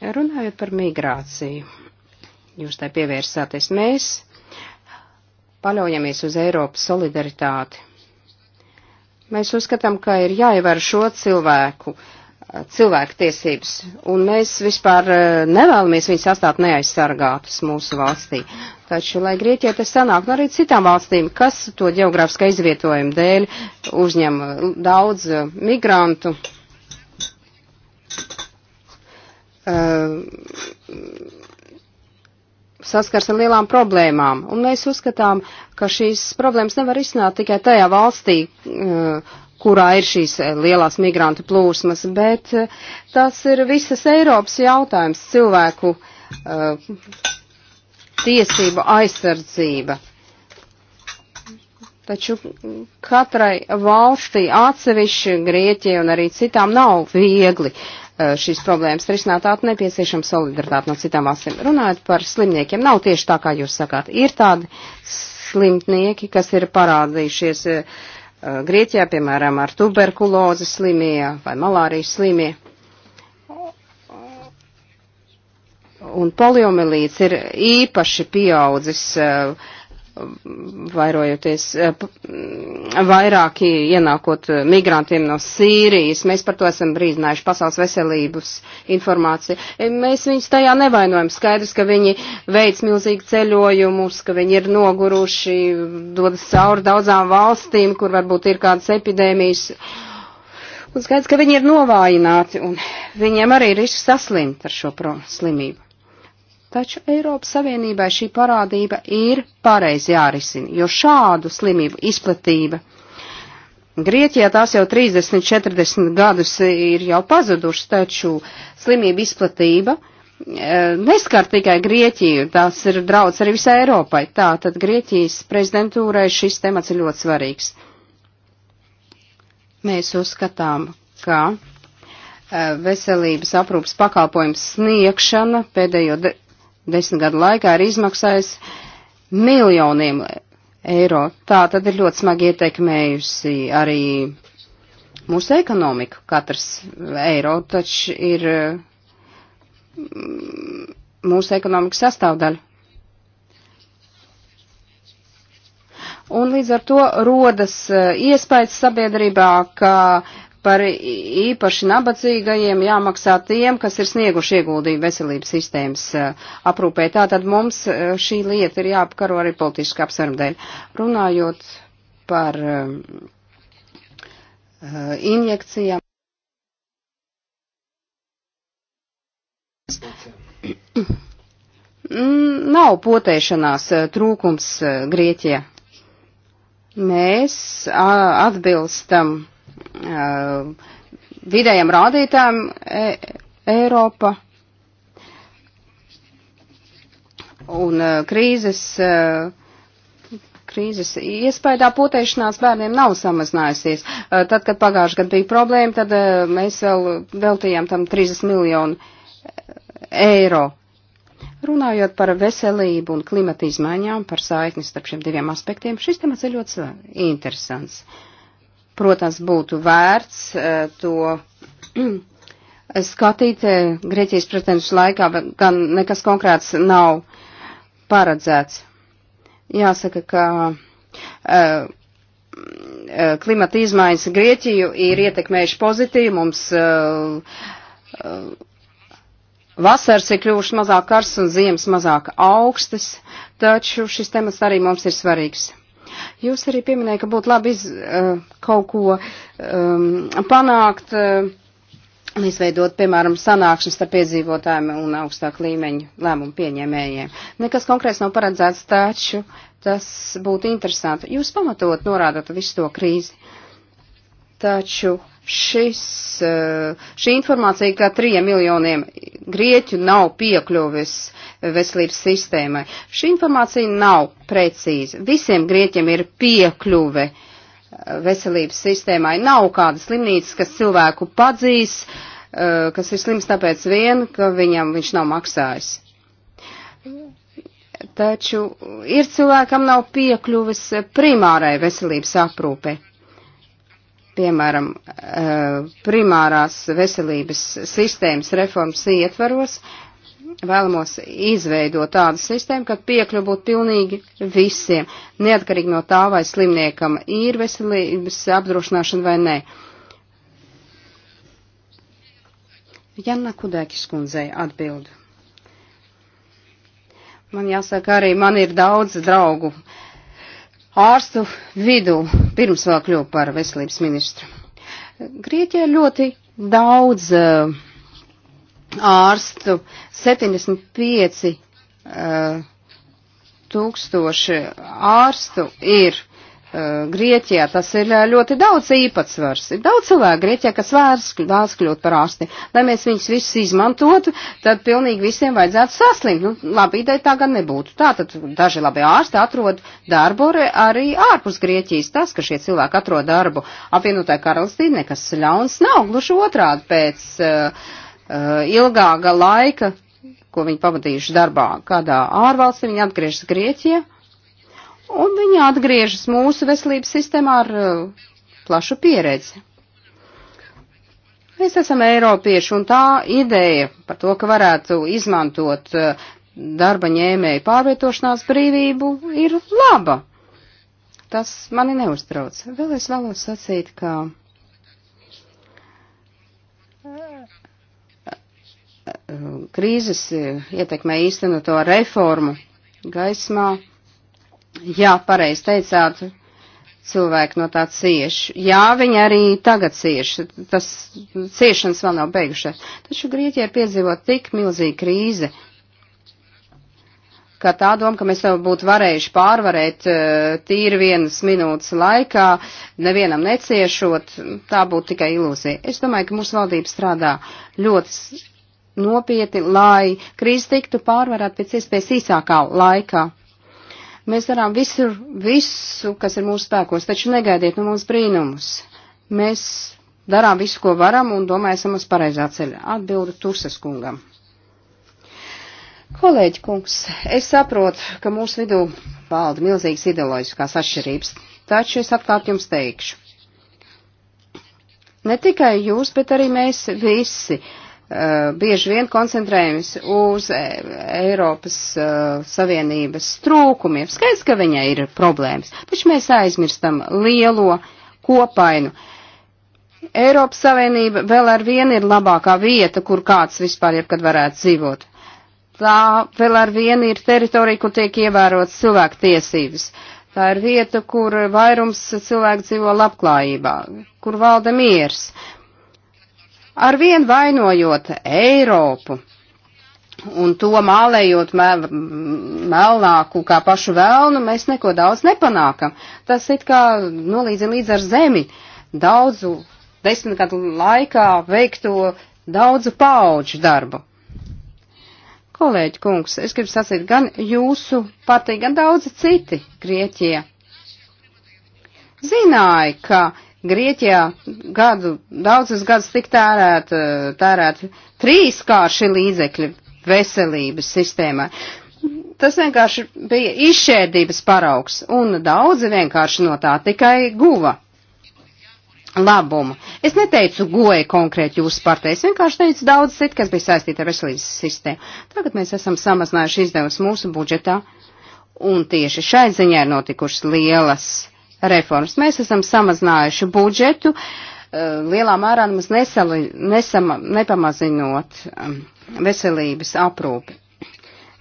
Runājot par migrāciju, jūs tai pievērsāties mēs paļaujamies uz Eiropas solidaritāti. Mēs uzskatām, ka ir jāievēr šo cilvēku, cilvēku tiesības, un mēs vispār eh, nevēlamies viņus atstāt neaizsargātus mūsu valstī. Taču, lai Grieķijai tas sanāk, nu arī citām valstīm, kas to geogrāfiskā izvietojuma dēļ uzņem eh, daudz eh, migrantu. Uh, saskars ar lielām problēmām, un mēs uzskatām, ka šīs problēmas nevar izsnākt tikai tajā valstī, eh, kurā ir šīs eh, lielās migrantu plūsmas, bet eh, tas ir visas Eiropas jautājums - cilvēku tiesību aizsardzība. Taču katrai valstī atsevišķi Grieķijai un arī citām nav viegli Eh, šīs problēmas risināt, tāda nepieciešama solidaritāte no citām valstīm. Runājot par slimniekiem, nav tieši tā, kā jūs sakāt. Ir tādi slimnieki, kas ir parādījušies eh, eh, Grieķijā, piemēram, ar tuberkulozi slimie vai malārijas slimie. Un poliomielīts ir īpaši pieaudzis uh, vairojoties, eh, vairāki ienākot eh, migrantiem no Sīrijas. Mēs par to esam brīdinājuši Pasaules veselības informāciju. Eh, mēs viņus tajā nevainojam. Skaidrs, ka viņi veic milzīgu ceļojumus, ka viņi ir noguruši, dodas cauri daudzām valstīm, kur varbūt ir kādas epidēmijas. Un skaidrs, ka viņi ir novājināti un viņiem arī ir risks saslimt ar šo slimību. Taču Eiropas Savienībai šī parādība ir pareizi jārisina, jo šādu slimību izplatība Grieķijā tās jau 30, 40 gadus ir jau pazudušas, taču slimība izplatība e, neskar tikai Grieķiju, tās ir draudz arī visai Eiropai. Tā tad Grieķijas prezidentūrai šis temats ir ļoti svarīgs. Mēs uzskatām, ka e, veselības aprūpas pakalpojums sniegšana pēdējo desmit gadu laikā ir izmaksājis miljoniem eiro. Tā tad ir ļoti smagi ietekmējusi arī mūsu ekonomiku. Katrs eiro taču ir mm, mūsu ekonomikas sastāvdaļa. Un līdz ar to rodas eh, iespējas sabiedrībā, ka par īpaši nabadzīgajiem jāmaksā tiem, kas ir snieguši ieguldījumu veselības sistēmas uh, aprūpē. Tātad mums uh, šī lieta ir jāapkaro arī politiski apsvērumdēļ. Runājot par um, uh, injekcijām. Mm, nav potēšanās trūkums Grieķijā. Mēs atbilstam Uh, vidējiem rādītājiem e Eiropa un uh, krīzes, uh, krīzes iespējā potēšanās bērniem nav samazinājusies. Tad, kad pagājuši gadu bija problēma, tad mēs vēl veltījām tam 30 miljonu eiro. Runājot par veselību un klimata izmaiņām, par saikni starp šiem diviem aspektiem, šis temats ir ļoti interesants. Uh, protams, būtu vērts eh, to skatīt eh, Grieķijas pretendžu laikā, bet gan nekas konkrēts nav paredzēts. Jāsaka, ka uh, klimata izmaiņas Grieķiju ir ietekmējuši pozitīvi, mums uh, uh, vasaras ir kļuvušas mazāk karsts un ziemas mazāk augstas, taču šis temats arī mums ir svarīgs. Jūs arī pieminējāt, ka būtu labi iz, uh, kaut ko um, panākt uh, eh, un izveidot, piemēram, sanāksmes starp piedzīvotājiem un augstāk līmeņu lēmumu pieņēmējiem. Nekas konkrēts nav paredzēts, taču tas būtu interesanti. Jūs pamatot norādot visu to krīzi. Taču šis, eh, šī informācija, ka trījiem miljoniem grieķu nav piekļuvis veselības sistēmai, šī informācija nav precīza. Visiem grieķiem ir piekļuve eh, veselības sistēmai. Nav kādas slimnīcas, kas cilvēku padzīs, eh, kas ir slims tāpēc vien, ka viņam viņš nav maksājis. Taču ir cilvēkam nav piekļuvis primārai veselības aprūpei piemēram, eh, primārās veselības sistēmas reformas ietvaros, vēlamos izveidot tādu sistēmu, kad piekļuva būtu pilnīgi visiem, neatkarīgi no tā, vai slimniekam ir veselības apdrošināšana vai nē. Janna Kudēkis kundzei atbildu. Man jāsaka, arī man ir daudz draugu uh, ārstu vidū, pirms vēl kļuva par veselības ministru. Grieķijā ļoti daudz uh, ārstu, 75 uh, eh, tūkstoši ārstu ir Eh, Grieķijā tas ir eh, ļoti daudz īpatsvars. Ir daudz cilvēku Grieķijā, kas vēlas, vēlas kļūt par ārsti. Lai mēs viņus visus izmantotu, tad pilnīgi visiem vajadzētu saslimt. Nu, labi ideja tā gan nebūtu. Tā tad daži labi ārsti atrod darbu arī ārpus Grieķijas. Tas, ka šie cilvēki atrod darbu apvienotā karalistī, nekas ļauns nav. Gluži nu, otrādi pēc uh, uh, ilgāka laika, ko viņi pavadījuši darbā kādā ārvalstī, viņi atgriežas Grieķijā un viņi atgriežas mūsu veselības sistēmā ar uh, plašu pieredzi. Mēs esam eiropieši, un tā ideja par to, ka varētu izmantot uh, darba ņēmēju pārvietošanās brīvību, ir laba. Tas mani neuztrauc. Vēl es vēlos sacīt, ka. Uh, krīzes uh, ietekmē īstenoto reformu gaismā Jā, pareizi teicāt, cilvēki no tā cieš. Jā, viņi arī tagad cieš, tas ciešanas vēl nav beigušās. Taču Grieķija ir piedzīvot tik milzīgu krīzi, ka tā doma, ka mēs to būtu varējuši pārvarēt eh, tīri vienas minūtes laikā, nevienam neciešot, tā būtu tikai ilūzija. Es domāju, ka mūsu valdība strādā ļoti nopietni, lai krīze tiktu pārvarēt pēc iespējas īsākā laikā. Mēs darām visu, visu, kas ir mūsu spēkos, taču negaidiet no mums brīnumus. Mēs darām visu, ko varam un domājam uz pareizā ceļa. Atbildu Tursas kungam. Kolēģi kungs, es saprotu, ka mūsu vidū valda milzīgas ideoloģiskās atšķirības, taču es atkārt jums teikšu. Ne tikai jūs, bet arī mēs visi Eh, bieži vien koncentrējamies uz e, Eiropas eh, Savienības trūkumiem. Skaidrs, ka viņai ir problēmas, taču mēs aizmirstam lielo kopainu. Eiropas Savienība vēl ar vienu ir labākā vieta, kur kāds vispār jebkad varētu dzīvot. Tā vēl ar vienu ir teritorija, kur tiek ievērotas cilvēku tiesības. Tā ir vieta, kur vairums cilvēku dzīvo labklājībā, kur valda miers ar vien vainojot Eiropu un to mālējot mel, melnāku kā pašu vēlnu, mēs neko daudz nepanākam. Tas it kā nolīdzina līdz ar zemi daudzu desmitgadu laikā veikto daudzu pauģu darbu. Kolēģi kungs, es gribu sacīt, gan jūsu partija, gan daudzi citi Grieķie zināja, ka Grieķijā gadu, daudzus gadus tik tērēt, tērēt trīskārši līdzekļi veselības sistēmai. Tas vienkārši bija izšķēdības paraugs, un daudzi vienkārši no tā tikai guva labumu. Es neteicu goja konkrēti jūsu partijai, es vienkārši teicu daudz citu, kas bija saistīta ar veselības sistēmu. Tagad mēs esam samazinājuši izdevumus mūsu budžetā, un tieši šai ziņā ir notikušas lielas reformas. Mēs esam samazinājuši budžetu, eh, lielā mērā mums nesali, nesama, nepamazinot um, veselības aprūpi.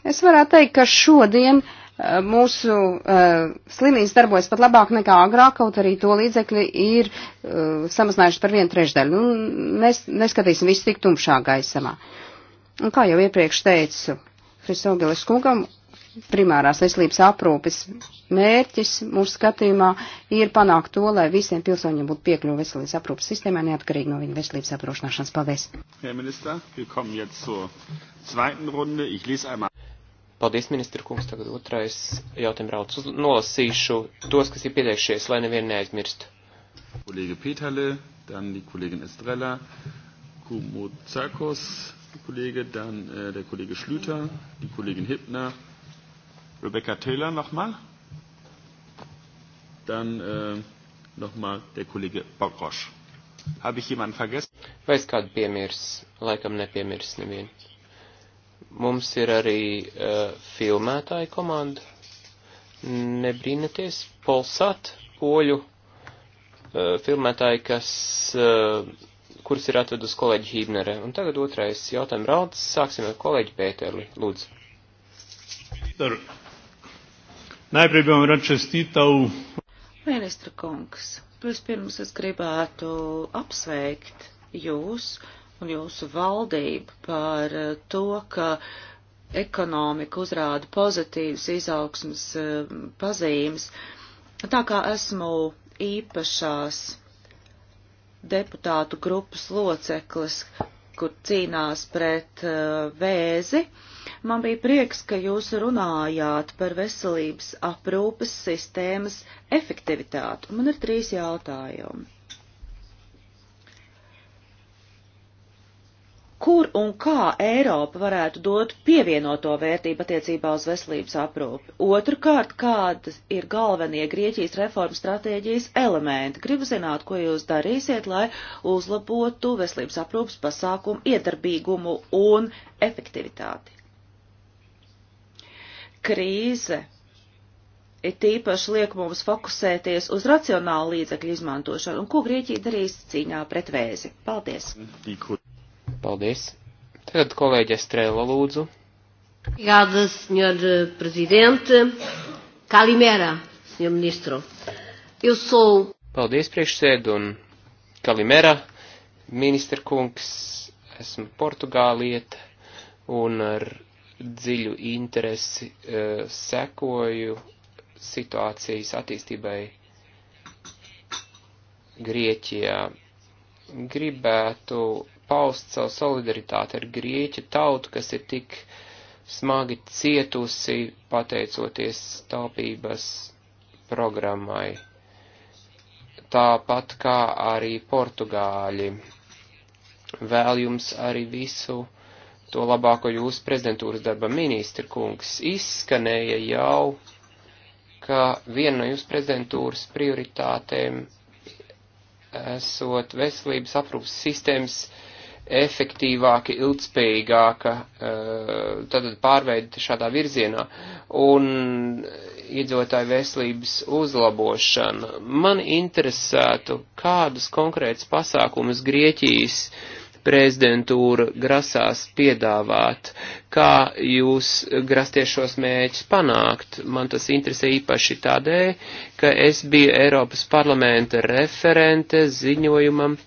Es varētu teikt, ka šodien eh, mūsu uh, slimnīca darbojas pat labāk nekā agrāk, kaut arī to līdzekļi ir uh, samazinājuši par vienu trešdaļu. Nu, nes, neskatīsim visu tik tumšā gaisamā. Un kā jau iepriekš teicu Hristogilis kungam, primārās veselības aprūpes mērķis mūsu skatījumā ir panākt to, lai visiem pilsoņiem būtu piekļuva veselības aprūpes sistēmai neatkarīgi no viņa veselības aprūpšanāšanas. Paldies! Paldies, ministra kungs. Tagad otrais jautājums rauc. Nolasīšu tos, kas ir pieteikšies, lai nevienu neaizmirstu. Kolēģi Pītale, dann die Kollegin Estrella, Kumuzakos, Kollege, dann äh, der Kollege Schlüter, die Kollegin Hipner. Rebecca Taylor nochmal. Dann äh, nochmal der Kollege Bokosch. Habe ich jemanden vergessen? Vai es kādu piemirs? Laikam nepiemirs nevienu. Mums ir arī uh, filmētāja komanda. Nebrīnaties, Polsat, poļu uh, filmētāji, kas, uh, kurus ir atvedus kolēģi Hībnere. Un tagad otrais jautājums raudas. Sāksim ar kolēģi Pēterli. Lūdzu. Peter. Najprej bom rad čestitav. Ministra kungs, vispirms es gribētu apsveikt jūs un jūsu valdību par to, ka ekonomika uzrāda pozitīvas izaugsmas eh, pazīmes. Tā kā esmu īpašās deputātu grupas loceklis, kur cīnās pret eh, vēzi, uh, Man bija prieks, ka jūs runājāt par veselības aprūpes sistēmas efektivitāti. Man ir trīs jautājumi. Kur un kā Eiropa varētu dot pievienoto vērtību attiecībā uz veselības aprūpi? Otrkārt, kādas ir galvenie Grieķijas reformas stratēģijas elementi? Gribu zināt, ko jūs darīsiet, lai uzlabotu veselības aprūpas pasākumu iedarbīgumu un efektivitāti krīze it īpaši liek mums fokusēties uz racionālu līdzekļu izmantošanu un ko Grieķija darīs cīņā pret vēzi. Paldies! Paldies! Tagad kolēģe Strēla lūdzu. Obrigada, senhor presidente. Kalimera, senhor ministro. Eu sou. Paldies, priekšsēd un Kalimera, ministra kungs. Esmu Portugālieta un ar dziļu interesi e, sekoju situācijas attīstībai Grieķijā. Gribētu paust savu solidaritāti ar Grieķu tautu, kas ir tik smagi cietusi pateicoties taupības programmai. Tāpat kā arī portugāļi. Vēl jums arī visu to labāko jūsu prezidentūras darba ministra kungs. Izskanēja jau, ka viena no jūsu prezidentūras prioritātēm esot veselības aprūpas sistēmas efektīvāka, ilgspējīgāka, tātad eh, pārveida šādā virzienā un iedzīvotāju veselības uzlabošana. Man interesētu, kādus konkrētus pasākumus Grieķijas uh, prezidentūra grasās piedāvāt, kā jūs grasties šos mēģus panākt. Man tas interesē īpaši tādēļ, ka es biju Eiropas parlamenta referente ziņojumam eh,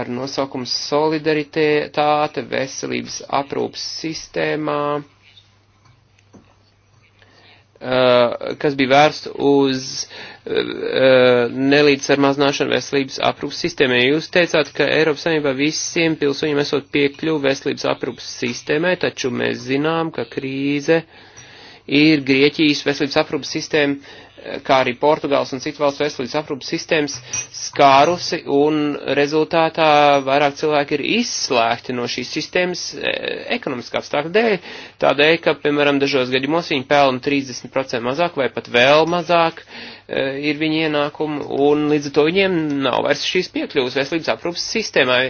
ar nosaukumu Solidaritāte veselības aprūpas sistēmā Uh, kas bija vērsts uz uh, uh, nelīdzsver maznāšanu veselības aprūpas sistēmai. Jūs teicāt, ka Eiropas Savienībā visiem pilsoņiem esot piekļuvi veselības aprūpas sistēmai, taču mēs zinām, ka krīze ir Grieķijas veselības aprūpas sistēma kā arī Portugāls un citu valstu veselības aprūpas sistēmas skārusi, un rezultātā vairāk cilvēki ir izslēgti no šīs sistēmas e, ekonomiskā apstākļa dēļ, tādēļ, ka, piemēram, dažos gadījumos viņi pelna 30% mazāk vai pat vēl mazāk e, ir viņa ienākumi, un līdz ar to viņiem nav vairs šīs piekļuvas veselības aprūpas sistēmai,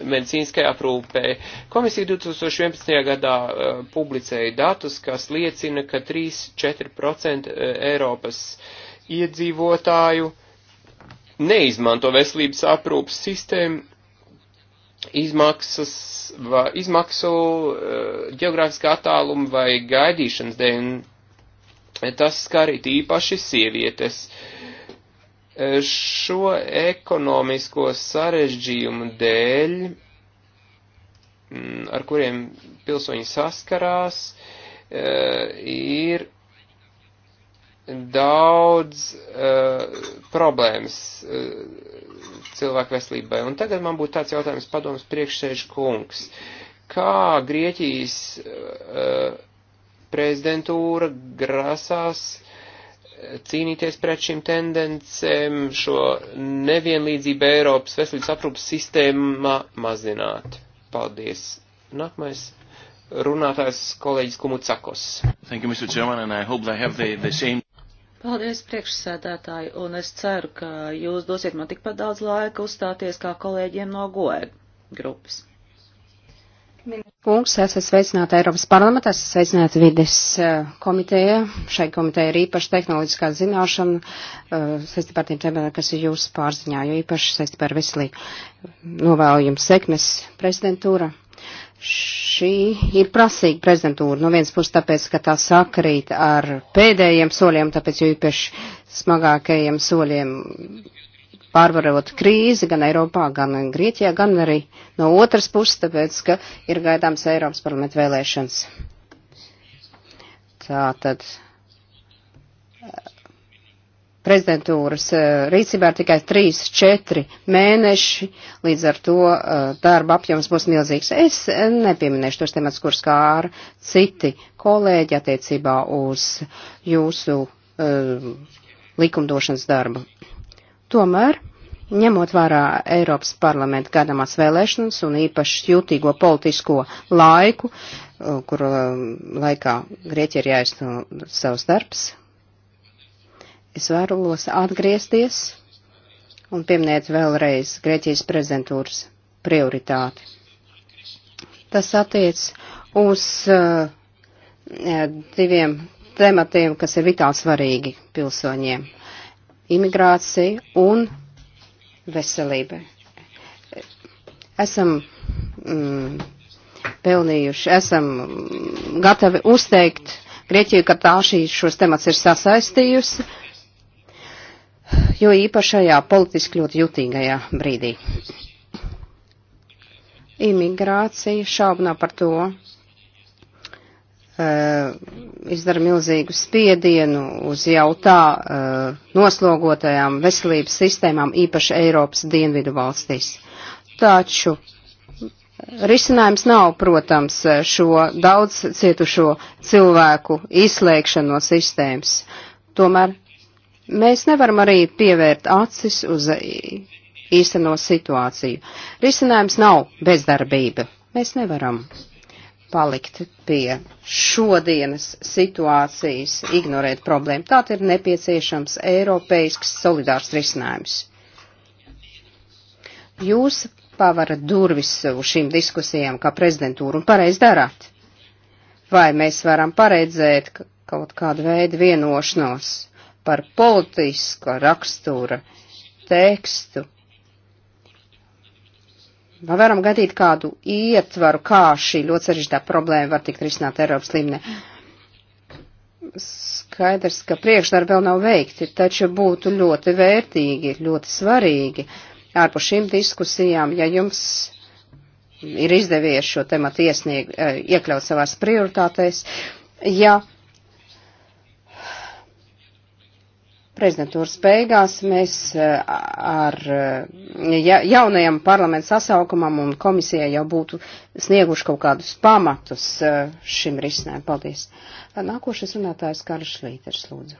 medicīniskai aprūpē. Komisija 2011. gadā e, publicēja datus, kas liecina, ka 3-4% Eiropas iedzīvotāju neizmanto veselības aprūpas sistēmu, izmaksas, va, izmaksu ģeogrāfiskā eh, attāluma vai gaidīšanas dēļ, un tas skar it īpaši sievietes. Eh, šo ekonomisko sarežģījumu dēļ, mm, ar kuriem pilsoņi saskarās, eh, ir daudz uh, problēmas uh, cilvēku veselībai. Un tagad man būtu tāds jautājums padoms priekšsēžu kungs. Kā Grieķijas uh, prezidentūra grasās cīnīties pret šīm tendencēm, šo nevienlīdzību Eiropas veselības aprūpas sistēmā mazināt? Paldies. Nākamais runātājs kolēģis Kumucakos. Thank you, Mr. Chairman, and I hope I have the, the same Paldies, priekšsēdētāji, un es ceru, ka jūs dosiet man tikpat daudz laika uzstāties kā kolēģiem no GOE grupas. Kungs, esat sveicināti Eiropas parlamentā, esat sveicināti vides eh, komiteja. Šai komiteja ir īpaši tehnoloģiskā zināšana eh, saistībā ar tiem tematiem, kas ir jūsu pārziņā, jo īpaši saistībā ar veselību. Novēlu jums sekmes prezidentūra. Šī ir prasīga prezidentūra, no vienas puses tāpēc, ka tā sakrīt ar pēdējiem soļiem, tāpēc jo īpaši smagākajiem soļiem pārvarot krīzi gan Eiropā, gan Grieķijā, gan arī no otras puses, tāpēc, ka ir gaidāms Eiropas parlamenta vēlēšanas. Tātad prezidentūras eh, rīcībā ir tikai 3-4 mēneši, līdz ar to eh, darba apjoms būs milzīgs. Es nepieminēšu tos temats, kurus kā ar citi kolēģi attiecībā uz jūsu uh, likumdošanas darbu. Tomēr, ņemot vērā Eiropas parlamenta gadamās vēlēšanas un īpaši jūtīgo politisko laiku, uh, kur uh, laikā Grieķija ir jāizsno savus darbs, es vēlos atgriezties un pieminēt vēlreiz Grieķijas prezidentūras prioritāti. Tas attiec uz uh, diviem tematiem, kas ir vitāli svarīgi pilsoņiem - imigrācija un veselība. Esam mm, pelnījuši, esam gatavi uzteikt Grieķiju, ka tā šī šos temats ir sasaistījusi jo īpašajā politiski ļoti jutīgajā brīdī. Imigrācija šaubnā par to uh, izdara milzīgu spiedienu uz jau tā uh, noslogotajām veselības sistēmām, īpaši Eiropas dienvidu valstīs. Taču risinājums nav, protams, šo daudz cietušo cilvēku izslēgšanu no sistēmas. Tomēr Mēs nevaram arī pievērt acis uz īsteno situāciju. Risinājums nav bezdarbība. Mēs nevaram palikt pie šodienas situācijas, ignorēt problēmu. Tāt ir nepieciešams eiropeisks solidārs risinājums. Jūs pavarat durvis uz šīm diskusijām kā prezidentūru un pareiz darāt. Vai mēs varam paredzēt kaut kādu veidu vienošanos par politiska rakstura tekstu. Vai varam gadīt kādu ietvaru, kā šī ļoti sarežģītā problēma var tikt risināt Eiropas līmenī? Skaidrs, ka priekšdarbi vēl nav veikti, taču būtu ļoti vērtīgi, ļoti svarīgi ārpus šīm diskusijām, ja jums ir izdevies šo tematu iesniegt, eh, iekļaut savās prioritātēs, ja prezidentūras beigās mēs eh, ar eh, ja, jaunajam parlamentu sasaukumam un komisijai jau būtu snieguši kaut kādus pamatus eh, šim risinājumam. Paldies. Nākošais runātājs Karls Līters, lūdzu.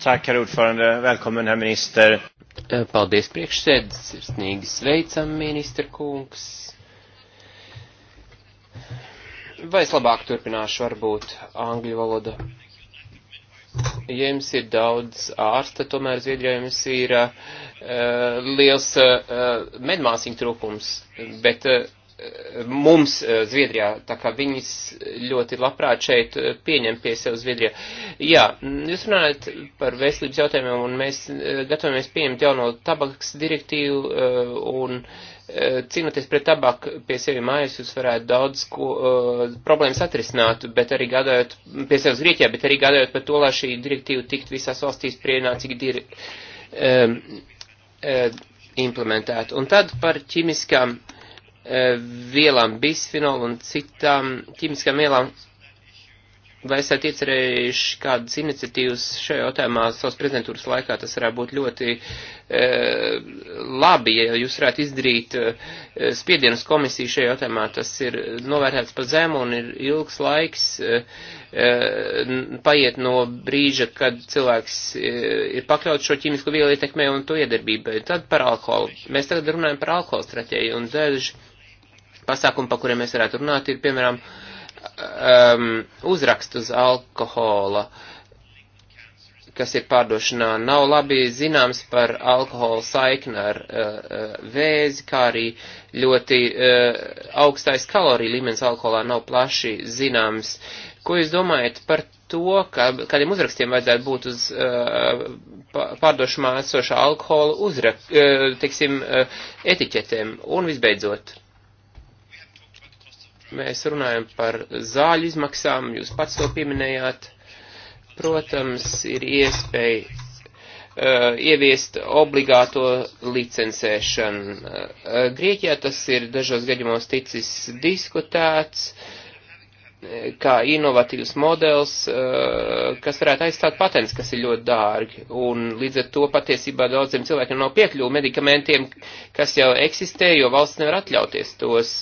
Tak, herr ordförande, välkommen, herr minister. Paldies priekšsēdus, sirsnīgi sveicam, ministra kungs. Vai es labāk turpināšu varbūt angļu valodu? Jums ir daudz ārsta, tomēr Zviedrijā jums ir uh, liels uh, eh, eh, medmāsiņu trūkums, bet uh, mums eh, Zviedrijā, tā kā viņas ļoti labprāt šeit eh, pieņem pie sev Zviedrijā. Jā, jūs runājat par veselības jautājumiem, un mēs eh, gatavamies pieņemt jauno tabakas direktīvu, un cīnoties pret tabaku pie sevi mājas, jūs varētu daudz ko, problēmas atrisināt, bet arī gādājot pie sevis Grieķijā, bet arī gādājot par to, lai šī direktīva tikt visās valstīs prienācīgi dir, um, um, implementēta. Un tad par ķimiskām uh, Eh, vielām bisfenolu un citām ķīmiskām vielām. Vai esat iecerējuši kādas iniciatīvas šajā jautājumā savas prezidentūras laikā? Tas varētu būt ļoti e, labi, ja jūs varētu izdarīt e, eh, spiedienas komisiju šajā jautājumā. Tas ir novērtēts pa zemu un ir ilgs laiks e, e, paiet no brīža, kad cilvēks e, ir pakļauts šo ķīmisko vielu ietekmē un to iedarbībai. Tad par alkoholu. Mēs tagad runājam par alkoholu stratēģiju un dēļu pasākumi, pa kuriem mēs varētu runāt, ir, piemēram, um, uzrakst uz alkohola, kas ir pārdošanā. Nav labi zināms par alkohola saikni ar uh, uh, vēzi, kā arī ļoti uh, augstais kaloriju līmenis alkoholā nav plaši zināms. Ko jūs domājat par to, ka kādiem uzrakstiem vajadzētu būt uz uh, pārdošumā esošā alkohola uzrak, uh, teiksim, uh, etiķetēm? Un visbeidzot, Mēs runājam par zāļu izmaksām, jūs pats to pieminējāt. Protams, ir iespēja uh, ieviest obligāto licencēšanu. Uh, Grieķijā tas ir dažos gadījumos ticis diskutēts. Uh, kā inovatīvs modelis, eh, kas varētu aizstāt patents, kas ir ļoti dārgi. Un līdz ar to patiesībā daudziem cilvēkiem nav piekļuvu medikamentiem, kas jau eksistē, jo valsts nevar atļauties tos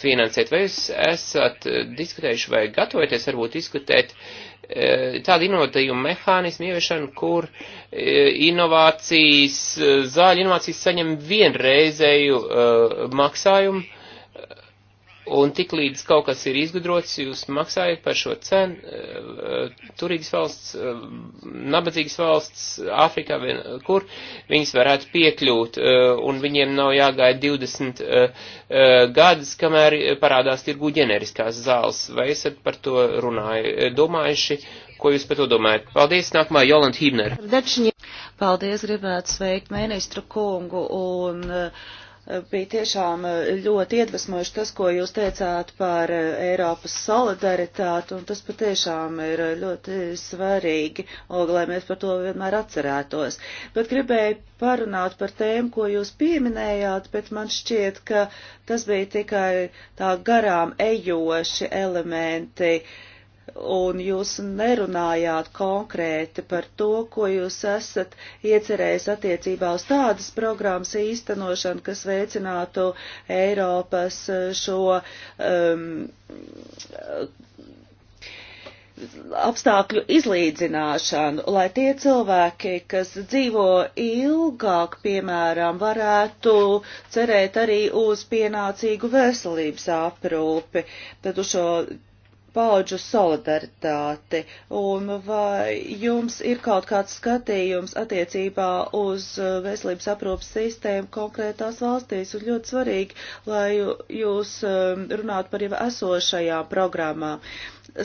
finansēt. Vai jūs esat diskutējuši vai gatavojaties varbūt diskutēt eh, tādu inovatīvu mehānismu ieviešanu, kur eh, inovācijas, zāļu inovācijas saņem vienreizēju maksājumu? Un tik līdz kaut kas ir izgudrots, jūs maksājat par šo cenu, eh, turīgas valsts, eh, nabadzīgas valsts, Āfrikā, vien, kur viņas varētu piekļūt, eh, un viņiem nav jāgaida 20 gadus, kamēr parādās tirgu ģeneriskās zāles. Vai esat par to runāju, domājuši, ko jūs par to domājat? Paldies, nākamā Jolanta Hībner. Paldies, gribētu sveikt ministru kungu un uh, bija tiešām eh, ļoti iedvesmojuši tas, ko jūs teicāt par eh, Eiropas solidaritāti, un tas patiešām ir eh, ļoti svarīgi, og, lai mēs par to vienmēr atcerētos. Bet gribēju parunāt par tēmu, ko jūs pieminējāt, bet man šķiet, ka tas bija tikai tā garām ejoši elementi. Uh, un jūs nerunājāt konkrēti par to, ko jūs esat iecerējis attiecībā uz tādas programmas īstenošanu, kas veicinātu Eiropas eh, šo um, apstākļu izlīdzināšanu, lai tie cilvēki, kas dzīvo ilgāk, piemēram, varētu cerēt arī uz pienācīgu veselības aprūpi, tad uz šo paudžu solidaritāti, un vai jums ir kaut kāds skatījums attiecībā uz uh, veselības aprūpas sistēmu konkrētās valstīs, un ļoti svarīgi, lai jūs um, runātu par jau esošajām programmām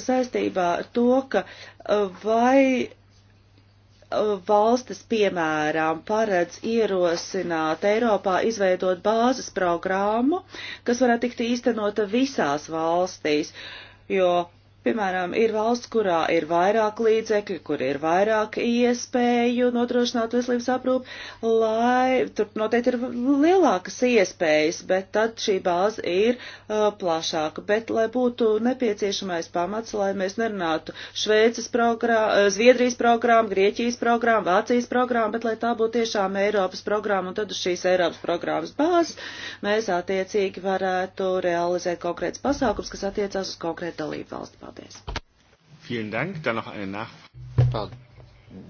saistībā ar to, ka uh, vai uh, valstis, piemēram, paredz ierosināt Eiropā izveidot bāzes programmu, kas varētu tikt īstenota visās valstīs. Uh, jo Piemēram, ir valsts, kurā ir vairāk līdzekļu, kur ir vairāk iespēju nodrošināt veselības aprūpi, lai tur noteikti ir lielākas iespējas, bet tad šī bāze ir uh, plašāka. Bet, lai būtu nepieciešamais pamats, lai mēs nerunātu Šveices programmu, uh, Zviedrijas programmu, Grieķijas programmu, Vācijas programmu, bet lai tā būtu tiešām Eiropas programma un tad uz šīs Eiropas programmas bāzes mēs attiecīgi varētu realizēt konkrēts pasākums, kas attiecās uz konkrētu dalību valstu. Paldies! Vielen Dank, dann noch eine Nachfrage.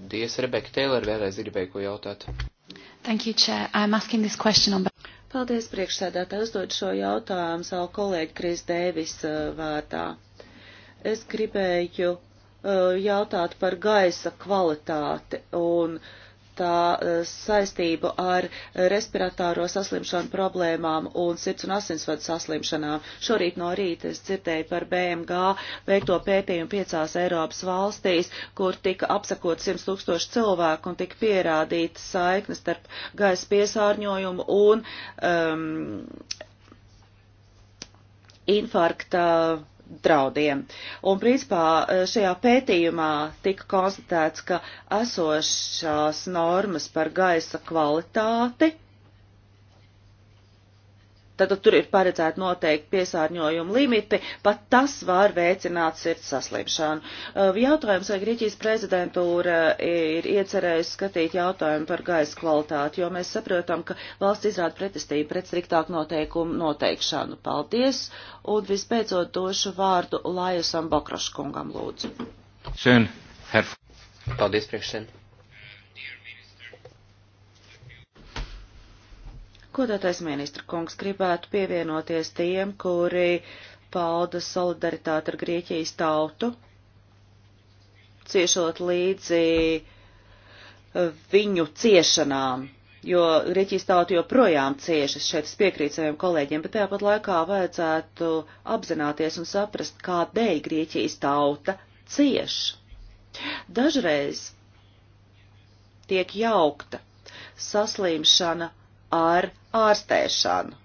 Paldies, Rebeka Tēlere, vēlreiz gribēju ko jautāt. Thank you, Chair. I'm asking this question on Paldies, priekšsēdētāji, uzdod šo jautājumu savu kolēģi Kris Dēvis uh, vārdā. Es gribēju uh, jautāt par gaisa kvalitāti un uh, tā eh, saistību ar respiratāro saslimšanu problēmām un sirds un asinsvadu saslimšanām. Šorīt no rīta es dzirdēju par BMG veikto pētījumu piecās Eiropas valstīs, kur tika apsakot 100 tūkstoši cilvēku un tika pierādīta saiknes starp gaisa piesārņojumu un um, infarkta draudiem. Un, principā, eh, šajā pētījumā tika konstatēts, ka esošās normas par gaisa kvalitāti Tātad tur ir paredzēti noteikti piesārņojuma limiti, pat tas var veicināt sirds saslimšanu. Jautājums, vai Grieķijas prezidentūra ir iecerējusi skatīt jautājumu par gaisa kvalitāti, jo mēs saprotam, ka valsts izrāda pretestību pret striktāku noteikumu noteikšanu. Paldies! Un vispēcot došu vārdu Lajusam Bokraškungam lūdzu. Schön, Herr. Paldies, priekšsēdētāj. Godātais ministra kungs gribētu pievienoties tiem, kuri pauda solidaritāti ar Grieķijas tautu, ciešot līdzi eh, viņu ciešanām, jo Grieķijas tauta joprojām ciešas, šeit es piekrītu saviem kolēģiem, bet tāpat laikā vajadzētu apzināties un saprast, kādēļ Grieķijas tauta cieš. Dažreiz tiek jaukta saslimšana ar ārstēšanu.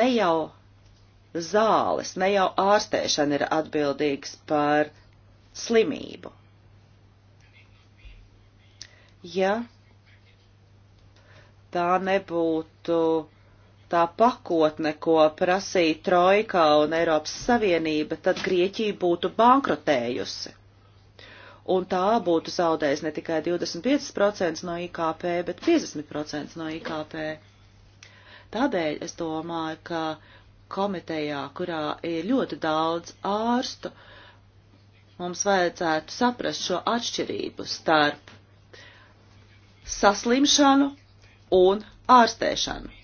Ne jau zāles, ne jau ārstēšana ir atbildīgs par slimību. Ja tā nebūtu tā pakotne, ko prasīja Trojka un Eiropas Savienība, tad Grieķija būtu bankrotējusi un tā būtu zaudējis ne tikai 25% no IKP, bet 50% no IKP. Tādēļ es domāju, ka komitejā, kurā ir ļoti daudz ārstu, mums vajadzētu saprast šo atšķirību starp saslimšanu un ārstēšanu.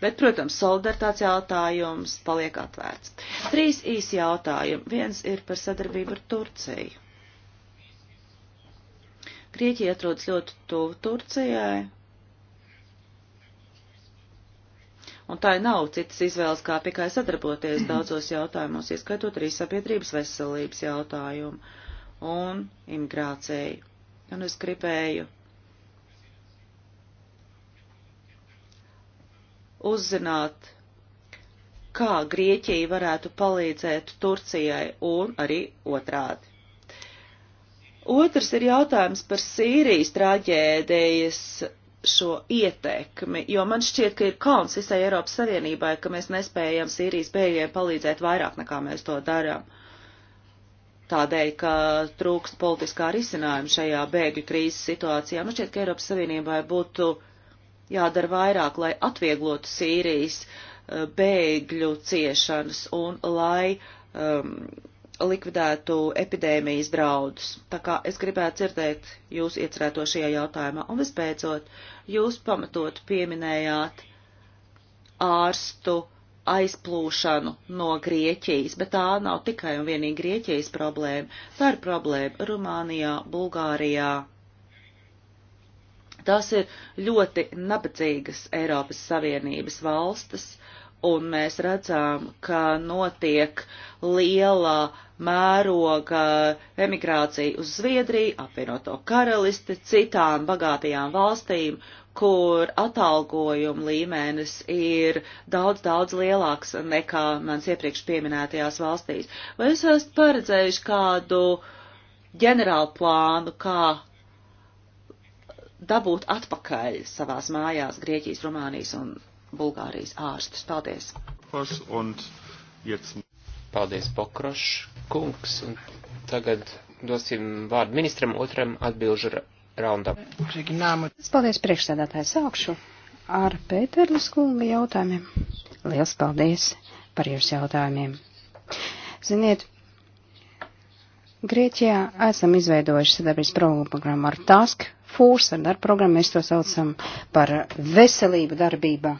Bet, protams, solidaritātes jautājums paliek atvērts. Trīs īsi jautājumi. Viens ir par sadarbību ar Turciju. Grieķija atrodas ļoti tuvu Turcijai, un tā nav citas izvēles, kā tikai sadarboties daudzos jautājumos, ieskaitot arī sabiedrības veselības jautājumu un imigrāciju. Un es gribēju uzzināt, kā Grieķija varētu palīdzēt Turcijai un arī otrādi. Otrs ir jautājums par Sīrijas traģēdējas šo ietekmi, jo man šķiet, ka ir kauns visai Eiropas Savienībai, ka mēs nespējam Sīrijas bēgļiem palīdzēt vairāk nekā mēs to darām. Tādēļ, ka trūkst politiskā risinājuma šajā bēgļu krīzes situācijā, man šķiet, ka Eiropas Savienībai būtu jādara vairāk, lai atvieglotu Sīrijas eh, bēgļu ciešanas un lai um, likvidētu epidēmijas draudus. Tā kā es gribētu dzirdēt jūs iecerēto šajā jautājumā. Un visbeidzot, jūs pamatot pieminējāt ārstu aizplūšanu no Grieķijas, bet tā nav tikai un vienīgi Grieķijas problēma. Tā ir problēma Rumānijā, Bulgārijā. Tās ir ļoti nabadzīgas Eiropas Savienības valstis, uh, un mēs redzam, ka notiek liela mēroga emigrācija uz Zviedriju, apvienoto karalisti, citām bagātajām valstīm, kur atalgojuma līmenis ir daudz, daudz lielāks nekā mans iepriekš pieminētajās valstīs. Vai jūs esat paredzējuši kādu ģenerālu plānu, kā dabūt atpakaļ savās mājās Grieķijas, Rumānijas un Bulgārijas ārstus. Paldies! Paldies, Bokrošs kungs! Un tagad dosim vārdu ministram, otram atbilžu raundam. Paldies, priekšsēdētāji, sākšu ar Pēterlis kunga jautājumiem. Liels paldies par jūsu jautājumiem. Ziniet, Grieķijā esam izveidojuši sadarbības programmu ar Task Force, ar darba programmu mēs to saucam par veselību darbībā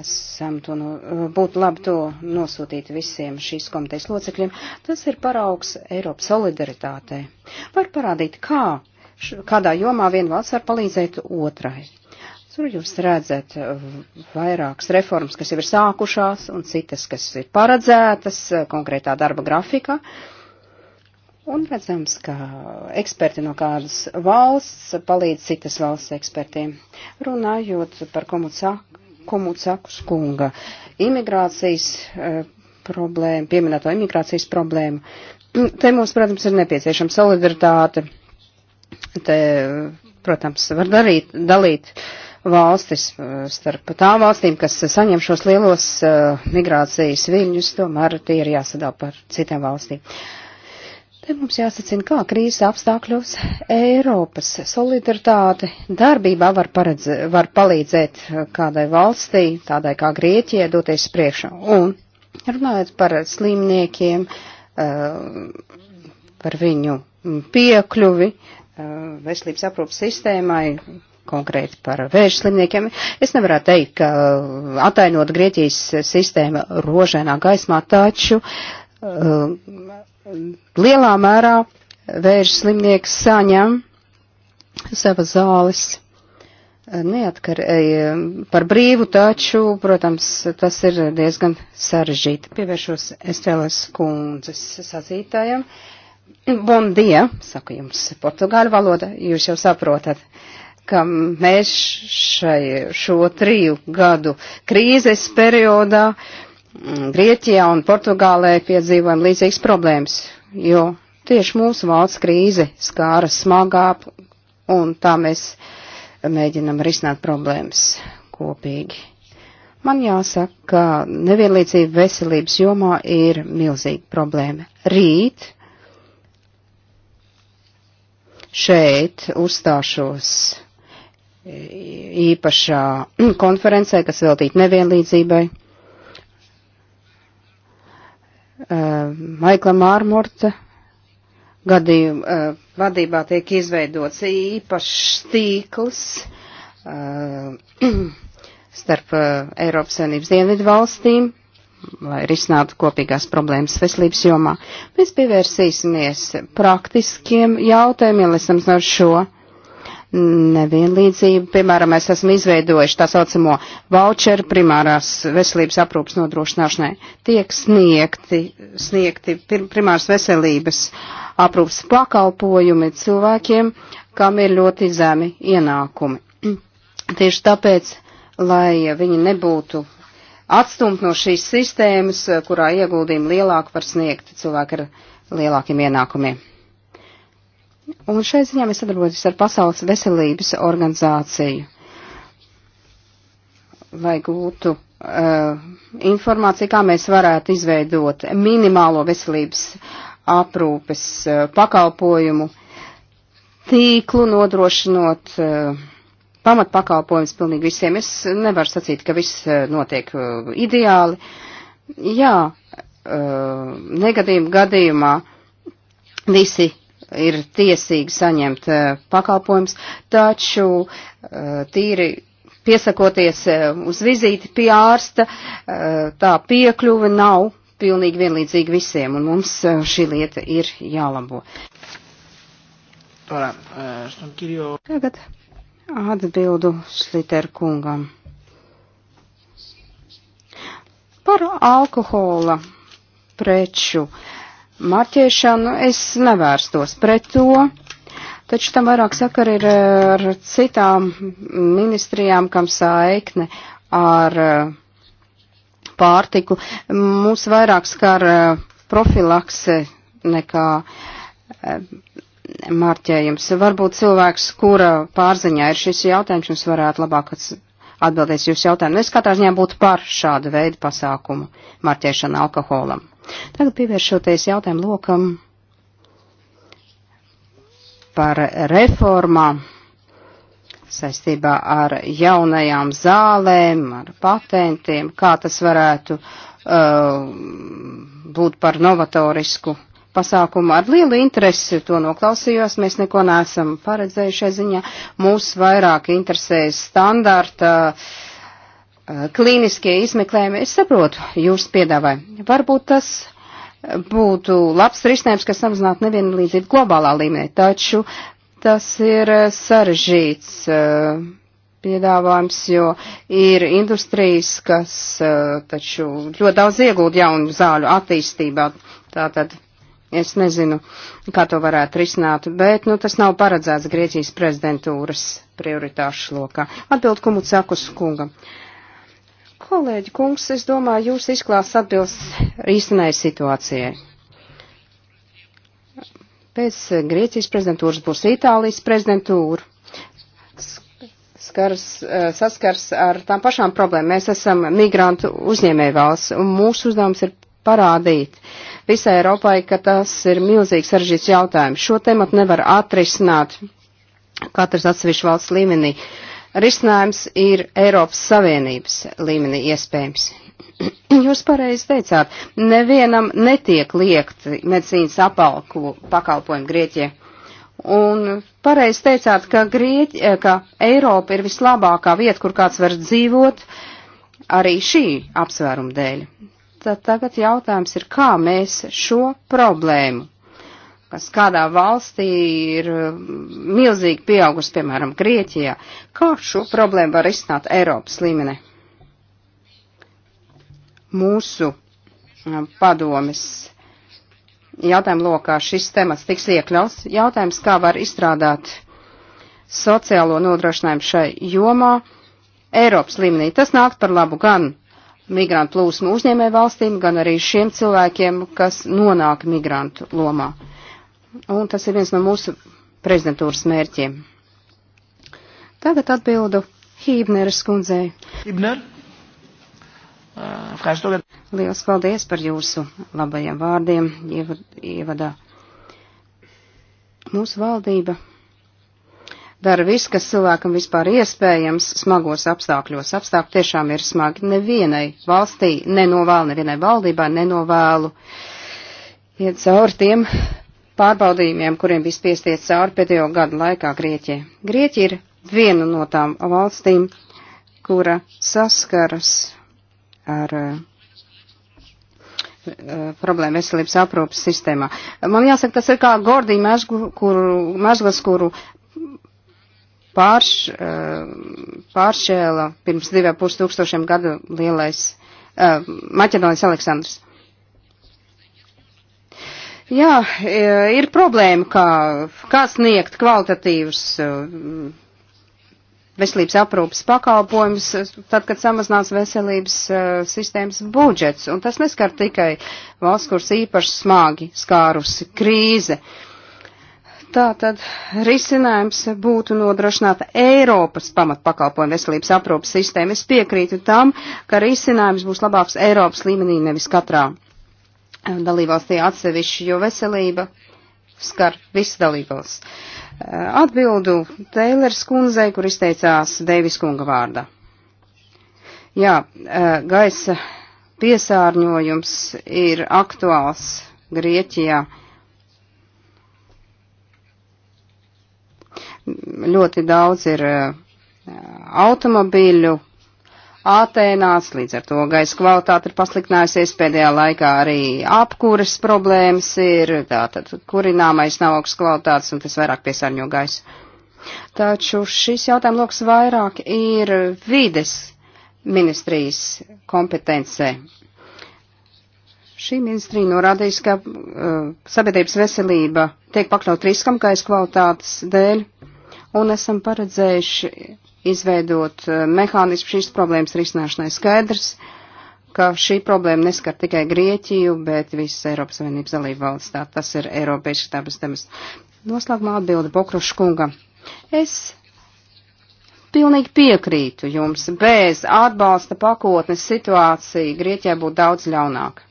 esam to, no, būtu labi to nosūtīt visiem šīs komitejas locekļiem. Tas ir paraugs Eiropas solidaritātei. Var parādīt, kā, š, kādā jomā viena valsts var palīdzēt otrai. Tur jūs redzat vairākas reformas, kas jau ir sākušās, un citas, kas ir paredzētas konkrētā darba grafikā. Un redzams, ka eksperti no kādas valsts palīdz citas valsts ekspertiem. Runājot par komucāku Komucakus kunga imigrācijas e, problēmu, pieminēto imigrācijas problēmu. Mm, Te mums, protams, ir nepieciešama solidaritāte. Te, protams, var darīt, dalīt valstis e, starp tām valstīm, kas saņem šos lielos e, migrācijas viļņus, tomēr tie ir jāsadala par citām valstīm. Uh, Te mums jāsacina, kā krīzes apstākļos Eiropas solidaritāte darbībā var, paredz, var palīdzēt kādai valstī, tādai kā Grieķijai, doties priekšā. Un runājot par slimniekiem, eh, par viņu piekļuvi eh, veselības aprūpas sistēmai, konkrēti par vēža slimniekiem. Es nevarētu teikt, ka eh, atainot Grieķijas sistēmu rožainā gaismā, taču Uh, lielā mērā vēža slimnieks saņem savas zāles uh, neatkar, um, par brīvu, taču, protams, tas ir diezgan sarežģīti. Pievēršos Estelas kundzes sazītājiem. Bon dia, saku jums, portugāļu valoda, jūs jau saprotat ka mēs šai, šo triju gadu krīzes periodā uh, Mm, Grieķijā un Portugālē piedzīvojam līdzīgas problēmas, jo tieši mūsu valsts krīze skāra smagāk, un tā mēs mēģinam risināt problēmas kopīgi. Man jāsaka, ka nevienlīdzība veselības jomā ir milzīga problēma. Rīt šeit uzstāšos īpašā konferencē, kas veltīta nevienlīdzībai Eh, Maikla Mārmorta gadījuma eh, vadībā tiek izveidots īpašs tīkls eh, starp Eiropas Savienības dienvidu valstīm, lai risinātu kopīgās problēmas veselības jomā. Mēs pievērsīsimies praktiskiem jautājumiem, lai samazinot šo nevienlīdzību. Piemēram, mēs esam izveidojuši tā saucamo voucheru primārās veselības aprūpas nodrošināšanai. Tiek sniegti, sniegti primāras veselības aprūpas pakalpojumi cilvēkiem, kam ir ļoti zemi ienākumi. Tieši tāpēc, lai viņi nebūtu atstumt no šīs sistēmas, kurā ieguldījumi lielāk var sniegt cilvēki ar lielākiem ienākumiem. Un šai ziņā mēs sadarbojamies ar Pasaules veselības organizāciju, lai gūtu uh, informāciju, kā mēs varētu izveidot minimālo veselības aprūpes uh, pakalpojumu tīklu, nodrošinot uh, pamatpakalpojums pilnīgi visiem. Es nevaru sacīt, ka viss uh, notiek uh, ideāli. Jā, uh, negadījuma gadījumā visi ir tiesīgi saņemt eh, pakalpojums, taču eh, tīri piesakoties eh, uz vizīti pie ārsta, tā piekļuve nav pilnīgi vienlīdzīga visiem, un mums šī lieta ir jālabo. Tagad atbildu Sliter kungam. Par alkohola preču uh, marķēšanu, es nevērstos pret to, taču tam vairāk sakara ir ar citām ministrijām, kam saikne ar eh, pārtiku. Mūs vairāk skar eh, profilakse nekā eh, marķējums. Varbūt cilvēks, kura pārziņā ir šis jautājums, jums varētu labāk atbildēt jūsu jautājumu. Nu, es katrā ziņā būtu par šādu veidu pasākumu marķēšanu alkoholam. Tagad pievēršoties jautājumu lokam par reformām saistībā ar jaunajām zālēm, ar patentiem, kā tas varētu uh, būt par novatorisku pasākumu. Ar lielu interesi to noklausījos, mēs neko neesam paredzējušai ziņā. Mūs vairāk interesē standarta. Uh, Eh, klīniskie izmeklējumi. Es saprotu jūsu piedāvājumu. Varbūt tas eh, būtu labs risinājums, kas samazinātu nevienlīdzību globālā līmenī, taču tas ir eh, sarežģīts piedāvājums, jo ir industrijas, kas taču ļoti daudz iegūda jaunu zāļu attīstībā. Tātad es nezinu, kā to varētu risināt, bet nu, tas nav paredzēts Grieķijas prezidentūras prioritāšu lokā. Atbild Kumucakus kungam. Uh, Kolēģi kungs, es domāju, jūs izklāsts atbilst īstenai situācijai. Pēc Grieķijas prezidentūras būs Itālijas prezidentūra. Skars, eh, saskars ar tām pašām problēmām. Mēs esam migrantu uzņēmēju valsts, un mūsu uzdevums ir parādīt visai Eiropai, ka tas ir milzīgs sarežģīts jautājums. Šo tematu nevar atrisināt katrs atsevišķu valsts līmenī. Uh, risinājums ir Eiropas Savienības līmenī iespējams. Jūs pareizi teicāt, nevienam netiek liekti medicīnas apalku pakalpojumi Grieķijai. Un pareizi teicāt, ka, Grieķi, eh, ka Eiropa ir vislabākā vieta, kur kāds var dzīvot arī šī apsvēruma dēļ. Tad tagad jautājums ir, kā mēs šo problēmu kas kādā valstī ir um, milzīgi pieaugusi, piemēram, Grieķijā, kā šo problēmu var izsnāt Eiropas līmenī? Mūsu um, padomis jautājumu lokā šis temats tiks iekļauts. Jautājums, kā var izstrādāt sociālo nodrošinājumu šai jomā Eiropas līmenī. Tas nāk par labu gan migrantu plūsmu uzņēmē valstīm, gan arī šiem cilvēkiem, kas nonāk migrantu lomā un tas ir viens no mūsu prezidentūras mērķiem. Tagad atbildu Hībneres kundzei. Hībner? Uh, Lielas paldies par jūsu labajiem vārdiem ievadā. Mūsu valdība dara visu, kas cilvēkam vispār iespējams smagos apstākļos. Apstākļi tiešām ir smagi. Nevienai valstī nenovēlu, nevienai valdībā nenovēlu iet cauri tiem pārbaudījumiem, kuriem bija spiestiet cauri pēdējo gadu laikā Grieķijai. Grieķija ir viena no tām valstīm, kura saskaras ar uh, eh, eh, problēma veselības aprūpas sistēmā. Man jāsaka, tas ir kā gordija mežglas, kuru, mežglas, kuru pārš, eh, pāršēla pirms divē pus tūkstošiem gadu lielais uh, Maķedonis Aleksandrs. Jā, e, ir problēma, kā, kā sniegt kvalitatīvus e, veselības aprūpas pakalpojumus, e, tad, kad samazinās veselības sistēmas budžets. Un tas neskar tikai valsts, kuras īpaši smagi skārusi krīze. Tātad risinājums būtu nodrošināt Eiropas pamatpakalpojumu veselības aprūpas sistēmu. Es piekrītu tam, ka risinājums būs labāks Eiropas līmenī, nevis katrā dalībvalstī atsevišķi, jo veselība skar visas dalībvalsts. Eh, atbildu Teilers kundzei, kur izteicās Deivis kunga vārdā. Jā, eh, gaisa piesārņojums ir aktuāls Grieķijā. Ļoti daudz ir eh, automobīļu Ātēnās, līdz ar to gaisa kvalitāte ir pasliktinājusies pēdējā laikā arī apkūres problēmas ir, tātad kurināmais nav augsts kvalitātes un tas vairāk piesārņo gaisu. Taču šis jautājums loks vairāk ir vides ministrijas kompetencē. Šī ministrija norādījusi, ka uh, sabiedrības veselība tiek pakļaut riskam gaisa kvalitātes dēļ, un esam paredzējuši izveidot eh, mehānismu šīs problēmas risināšanai skaidrs, ka šī problēma neskar tikai Grieķiju, bet visas Eiropas Savienības dalību valsts. Tā tas ir Eiropiešu tāpēc temas. Noslēgumā atbildi Bokrošu kunga. Es pilnīgi piekrītu jums. Bez atbalsta pakotnes situācija Grieķijai būtu daudz ļaunāka.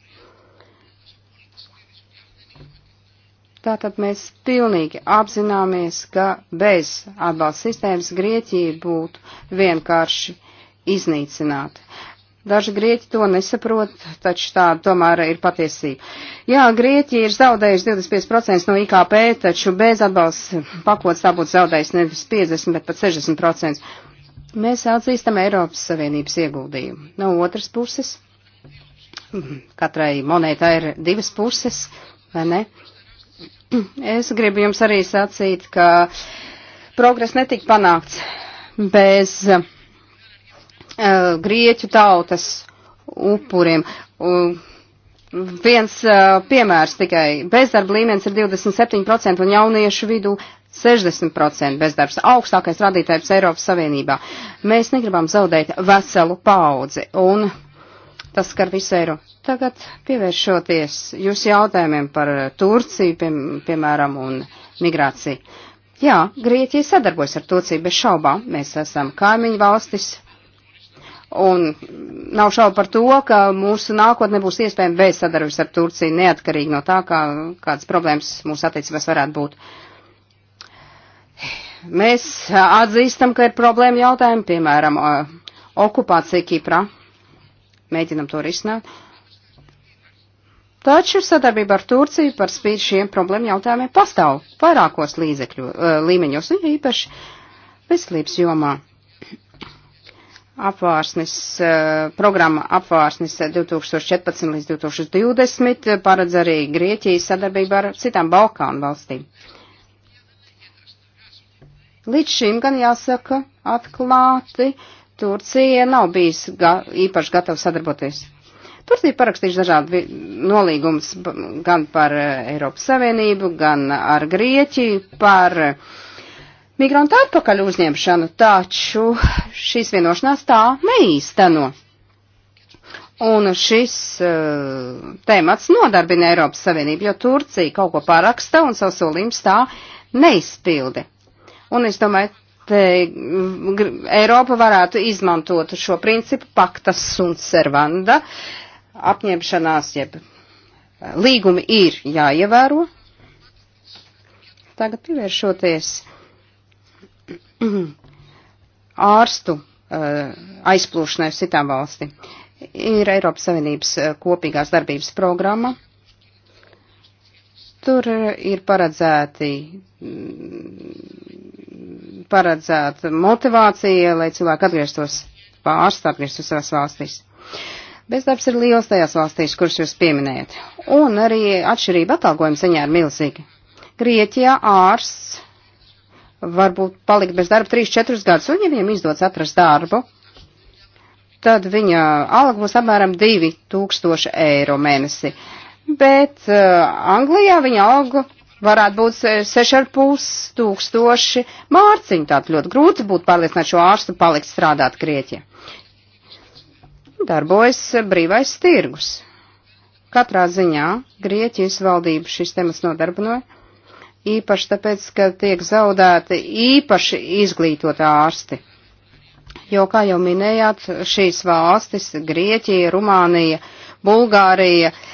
Tātad mēs pilnīgi apzināmies, ka bez atbalsta sistēmas Grieķija būtu vienkārši iznīcināta. Daži grieķi to nesaprot, taču tā tomēr ir patiesība. Jā, Grieķija ir zaudējusi 25% no IKP, taču bez atbalsta pakots tā būtu zaudējusi nevis 50, bet pat 60%. Mēs atzīstam Eiropas Savienības ieguldījumu. No otras puses, katrai monētai ir divas puses, vai ne? Es gribu jums arī sacīt, ka progress netika panākts bez uh, grieķu tautas upuriem. Uh, viens uh, piemērs tikai. Bezdarba līmenis ir 27% un jauniešu vidū 60% bezdarbs, augstākais rādītājs Eiropas Savienībā. Mēs negribam zaudēt veselu paudzi. Un Tas skar visu eiro. Tagad pievēršoties jūsu jautājumiem par eh, Turciju, pie, piemēram, un migrāciju. Jā, Grieķija sadarbojas ar Turciju bez šaubām. Mēs esam kaimiņu valstis. Un nav šaubu par to, ka mūsu nākotne būs iespējama bez sadarbības ar Turciju, neatkarīgi no tā, kā, kādas problēmas mūsu attiecībās varētu būt. Mēs atzīstam, ka ir problēma jautājumi, piemēram, eh, okupācija Kiprā mēģinam to risināt. Taču sadarbība ar Turciju par spīti šiem problēmu jautājumiem pastāv vairākos līdzekļu eh, līmeņos, un īpaši veselības jomā. Apvārsnes, eh, programma apvārsnes 2014 līdz 2020 paredz arī Grieķijas sadarbību ar citām Balkānu valstīm. Līdz šim gan jāsaka atklāti, Turcija nav bijis ga, īpaši gatava sadarboties. Turcija parakstījuši dažādi nolīgums gan par e, Eiropas Savienību, gan ar Grieķiju par e, migrantu atpakaļ uzņemšanu, taču šīs vienošanās tā neīsteno. Un šis uh, temats nodarbina Eiropas Savienību, jo Turcija kaut ko paraksta un savu solījumu tā neizpildi. Un es domāju, te Eiropa varētu izmantot šo principu paktas un servanda apņemšanās, jeb līgumi ir jāievēro. Tagad pievēršoties ārstu uh, aizplūšanai uz citām valsti. Ir Eiropas Savienības uh, kopīgās darbības programma. Tur ir paredzēti mm, paredzēta motivācija, lai cilvēki atgrieztos pārst, atgrieztos savās valstīs. Bezdarbs ir liels tajās valstīs, kuras jūs pieminējat. Un arī atšķirība atalgojuma ziņā ir milzīga. Grieķijā ārsts varbūt palikt bez darba 3-4 gadus, un ja viņam izdodas atrast darbu, tad viņa alga būs apmēram 2000 eiro mēnesi. Bet uh, Anglijā viņa alga varētu būt 6,5 tūkstoši mārciņu. Tātad ļoti grūti būtu pārliecināt šo ārstu palikt strādāt Grieķijā. Darbojas brīvais tirgus. Katrā ziņā Grieķijas valdība šis temats nodarbinoja, īpaši tāpēc, ka tiek zaudēti īpaši izglītotā ārsti. Jo, kā jau minējāt, šīs valstis - Grieķija, Rumānija, Bulgārija, uh,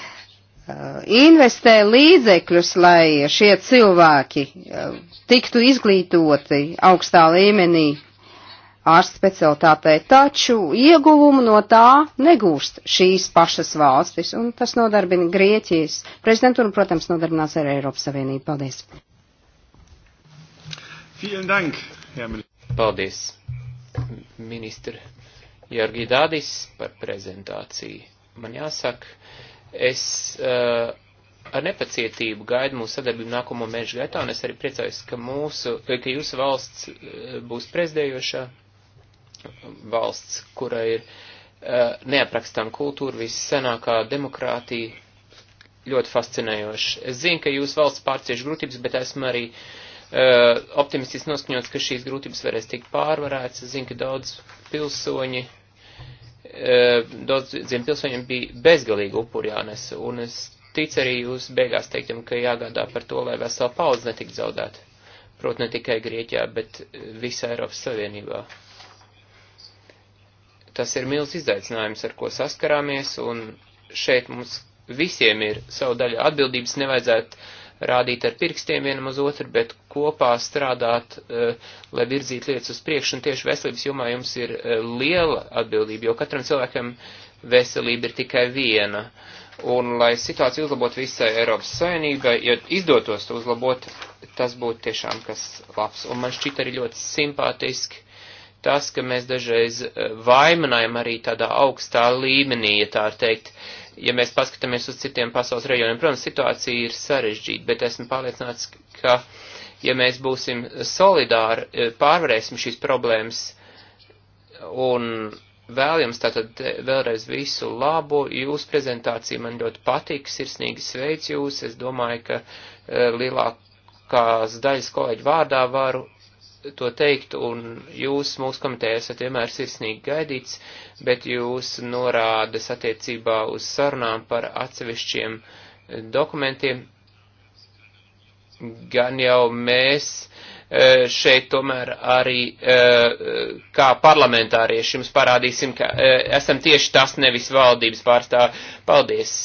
Eh, investē līdzekļus, lai šie cilvēki eh, tiktu izglītoti augstā līmenī ārsta specialitātei, taču ieguvumu no tā negūst šīs pašas valstis, un tas nodarbina Grieķijas prezidentu un, protams, nodarbinās arī Eiropas Savienību. Paldies! Dank, Paldies, ministri Jorgidādis, par prezentāciju. Man jāsaka, Es uh, ar nepacietību gaidu mūsu sadarbību nākamo mēnešu gaitā, un es arī priecājos, ka, mūsu, ka jūsu valsts eh, būs prezidējošā valsts, kura ir uh, eh, neaprakstām kultūra, vissenākā demokrātija, ļoti fascinējoši. Es zinu, ka jūsu valsts pārcieš grūtības, bet esmu arī uh, optimistiski noskaņots, ka šīs grūtības varēs tikt pārvarētas. Es zinu, ka daudz pilsoņi Eh, daudziem pilsoņiem bija bezgalīgi upuri jānes, un es ticu arī jūs beigās teiktiem, ka jāgādā par to, lai vesela paudze netiktu zaudēta. Prot ne tikai Grieķijā, bet visā Eiropas Savienībā. Tas ir milz izaicinājums, ar ko saskarāmies, un šeit mums visiem ir savu daļu atbildības nevajadzētu rādīt ar pirkstiem vienam uz otru, bet kopā strādāt, eh, lai virzītu lietas uz priekšu. Un tieši veselības jomā jums ir eh, liela atbildība, jo katram cilvēkam veselība ir tikai viena. Un, lai situāciju uzlabot visai Eiropas Savienībai, ja izdotos to uzlabot, tas būtu tiešām kas labs. Un man šķiet arī ļoti simpātiski tas, ka mēs dažreiz eh, vaimanājam arī tādā augstā līmenī, ja tā teikt, uh, ja mēs paskatāmies uz citiem pasaules reģioniem, protams, situācija ir sarežģīta, bet esmu pārliecināts, ka, ja mēs būsim solidāri, eh, pārvarēsim šīs problēmas un vēlams tātad vēlreiz visu labu. Jūsu prezentācija man ļoti patīk, sirsnīgi sveicu jūs. Es domāju, ka eh, lielākās daļas kolēģi vārdā varu to teikt, un jūs mūsu komitejā esat vienmēr sirsnīgi gaidīts, bet jūs norādes attiecībā uz sarunām par atsevišķiem eh, dokumentiem. Gan jau mēs eh, šeit tomēr arī eh, kā parlamentārieši jums parādīsim, ka esam tieši tas nevis valdības pārstāvi. Paldies!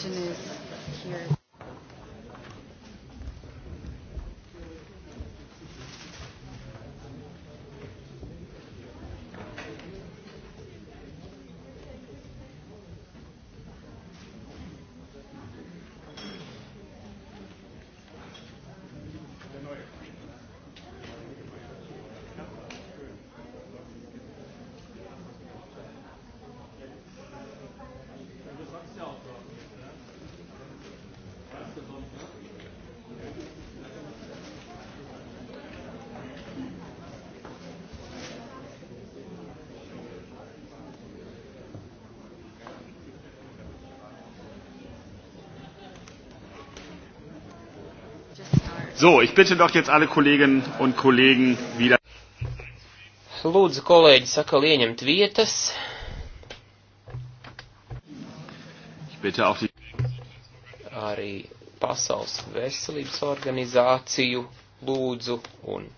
commission is So, ich bitte doch jetzt alle Kolleginnen und Kollegen wieder. Lūdzu, kolēģi, saka, ieņemt vietas. Arī Pasaules veselības organizāciju lūdzu un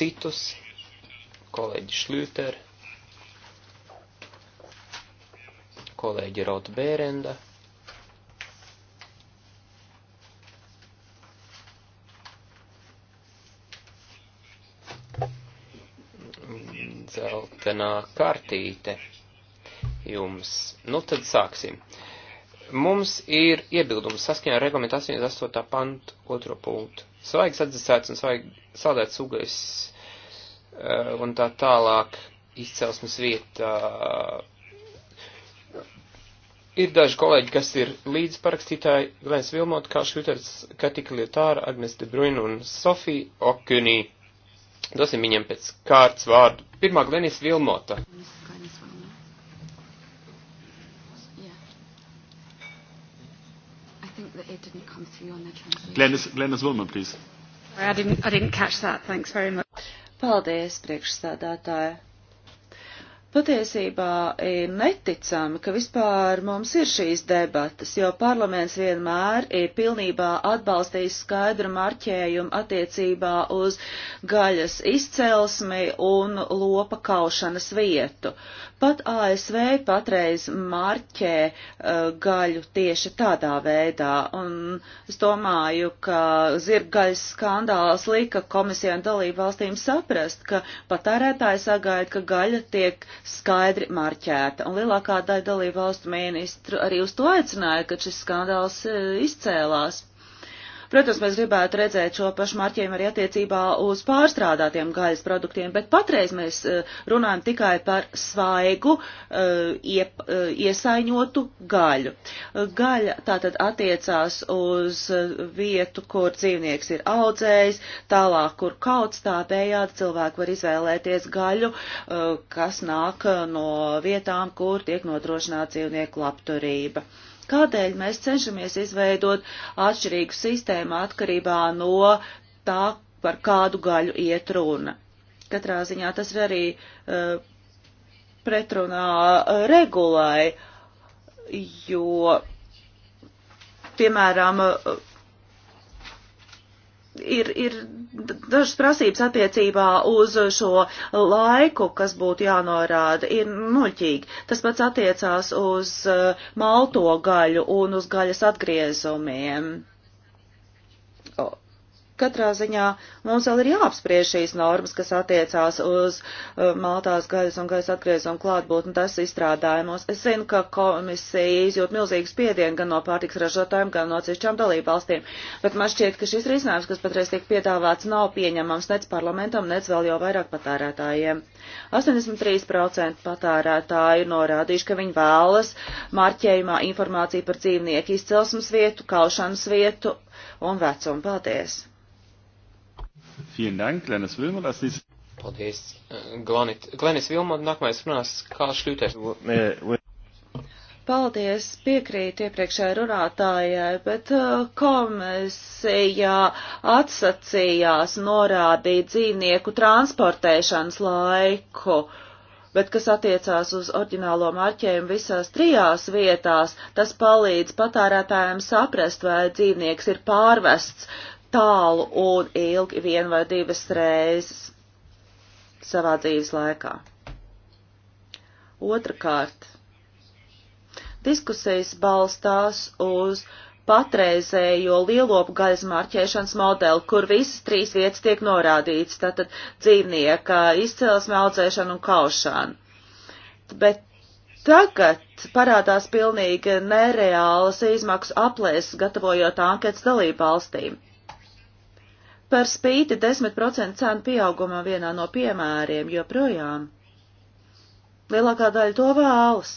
citus, kolēģi Šļūter, kolēģi Rota Bērenda. sarkanā kartīte jums. Nu, tad sāksim. Mums ir iebildums saskaņā ar reglamentu 88. pantu 2. punktu. Svaigs atdzesēts un svaigi saldēts ugais uh, un tā tālāk izcelsmes vieta. Uh, ir daži kolēģi, kas ir līdzparakstītāji, Glēns Vilmot, Kārš Juters, Katika Lietāra, Agnes De Bruin un Sofija Okunī. Dosim viņiem pēc kārtas vārdu. Pirmā Glenis Vilmota. Glenis, Glenis Vilmota, please. I didn't, I didn't catch that. Thanks very much. Paldies, priekšstādātāja. Patiesībā ir e, neticami, ka vispār mums ir šīs debatas, jo parlaments vienmēr ir e, pilnībā atbalstījis skaidru marķējumu attiecībā uz gaļas izcelsmi un lopa kaušanas vietu. Pat ASV patreiz marķē uh, gaļu tieši tādā veidā, un es domāju, ka zirgaļas skandāls lika komisijām dalību valstīm saprast, ka patērētāji sagaida, ka gaļa tiek skaidri marķēta. Un lielākā daļa dalību valstu ministru arī uz to aicināja, kad šis skandāls e, izcēlās. Protams, mēs gribētu redzēt šo pašu marķējumu arī attiecībā uz pārstrādātiem gaļas produktiem, bet patreiz mēs eh, runājam tikai par svaigu eh, iep, eh, iesaiņotu gaļu. Gaļa tātad attiecās uz vietu, kur dzīvnieks ir audzējis, tālāk, kur kauts tādējādi cilvēki var izvēlēties gaļu, kas nāk no vietām, kur tiek nodrošināta dzīvnieku labturība. Kādēļ mēs cenšamies izveidot atšķirīgu sistēmu atkarībā no tā, par kādu gaļu iet runa? Katrā ziņā tas ir arī uh, pretrunā uh, regulai, jo, piemēram, uh, ir, ir dažas prasības attiecībā uz šo laiku, kas būtu jānorāda, ir muļķīgi. Tas pats attiecās uz uh, malto gaļu un uz gaļas atgriezumiem katrā ziņā mums vēl ir jāapspriež šīs normas, kas attiecās uz uh, maltās gaļas un gaisa atgriezumu klātbūtni tas izstrādājumos. Es zinu, ka komisija izjūt milzīgu spiedienu gan no pārtiks ražotājiem, gan no cišķām dalībvalstīm, bet man šķiet, ka šis risinājums, kas patreiz tiek piedāvāts, nav pieņemams nec parlamentam, nec vēl jau vairāk patērētājiem. 83% patērētāji norādījuši, ka viņi vēlas marķējumā informāciju par dzīvnieku izcelsmes vietu, kaušanas vietu un vecumu. Paldies! Vielen Dank, Glenis Vilmot. Paldies, Glanit. Glenis Vilmot, nākamais runās Kāls Šļūters. Paldies, piekrīt iepriekšējai runātājai, bet uh, komisija atsacījās norādīt dzīvnieku transportēšanas laiku bet kas attiecās uz oriģinālo marķējumu visās trijās vietās, tas palīdz patērētājiem saprast, vai dzīvnieks ir pārvests tālu un ilgi vien vai divas reizes savā dzīves laikā. Otrakārt, diskusijas balstās uz patreizējo lielopu gaļas marķēšanas modeli, kur visas trīs vietas tiek norādītas, tātad dzīvnieka izcelsme, audzēšana un kaušana. Bet tagad parādās pilnīgi nereālas izmaksu aplēses, gatavojot anketas dalību valstīm. Par spīti 10% cenu pieaugumam vienā no piemēriem joprojām. Lielākā daļa to vēlas.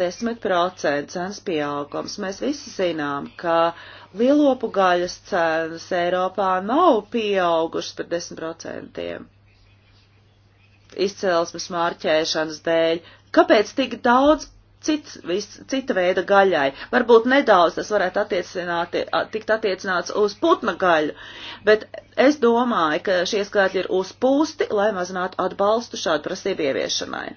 10% cenas pieaugums. Mēs visi zinām, ka lielopu gaļas cenas Eiropā nav pieaugušas par 10%. Izcelsmes mārķēšanas dēļ. Kāpēc tik daudz cits, vis, cita veida gaļai. Varbūt nedaudz tas varētu attiecināt, tikt attiecināts uz putna gaļu, bet es domāju, ka šie skaitļi ir uzpūsti, lai mazinātu atbalstu šādu prasību ieviešanai.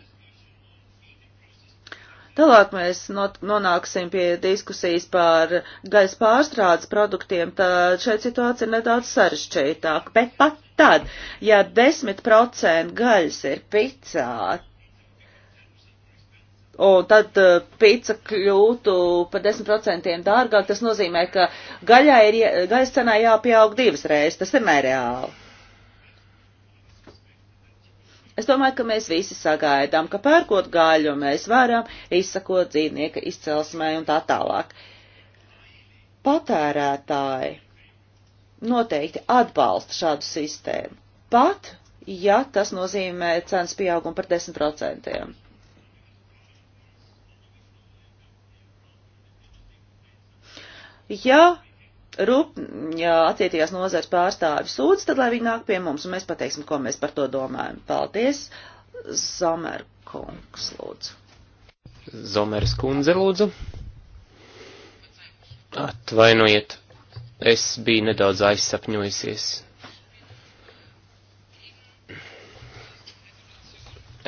Tālāk mēs nonāksim pie diskusijas par gaisa pārstrādes produktiem, tad šeit situācija ir nedaudz sarežģītāka. Bet pat tad, ja 10% gaļas ir picā, un tad uh, e, pizza kļūtu par 10% dārgāk, tas nozīmē, ka gaļā ir, gaļas cenā jāpieaug divas reizes, tas ir nereāli. Es domāju, ka mēs visi sagaidām, ka pērkot gaļu mēs varam izsakot dzīvnieka izcelsmē un tā tālāk. Patērētāji noteikti atbalsta šādu sistēmu, pat ja tas nozīmē cenas pieaugumu par 10%. Ja rup, ja attiecīgās nozars pārstāvi sūdz, tad lai viņi nāk pie mums un mēs pateiksim, ko mēs par to domājam. Paldies, Zomerkungs, lūdzu. Zomeres kundze, lūdzu. Atvainojiet, es biju nedaudz aizsapņojusies.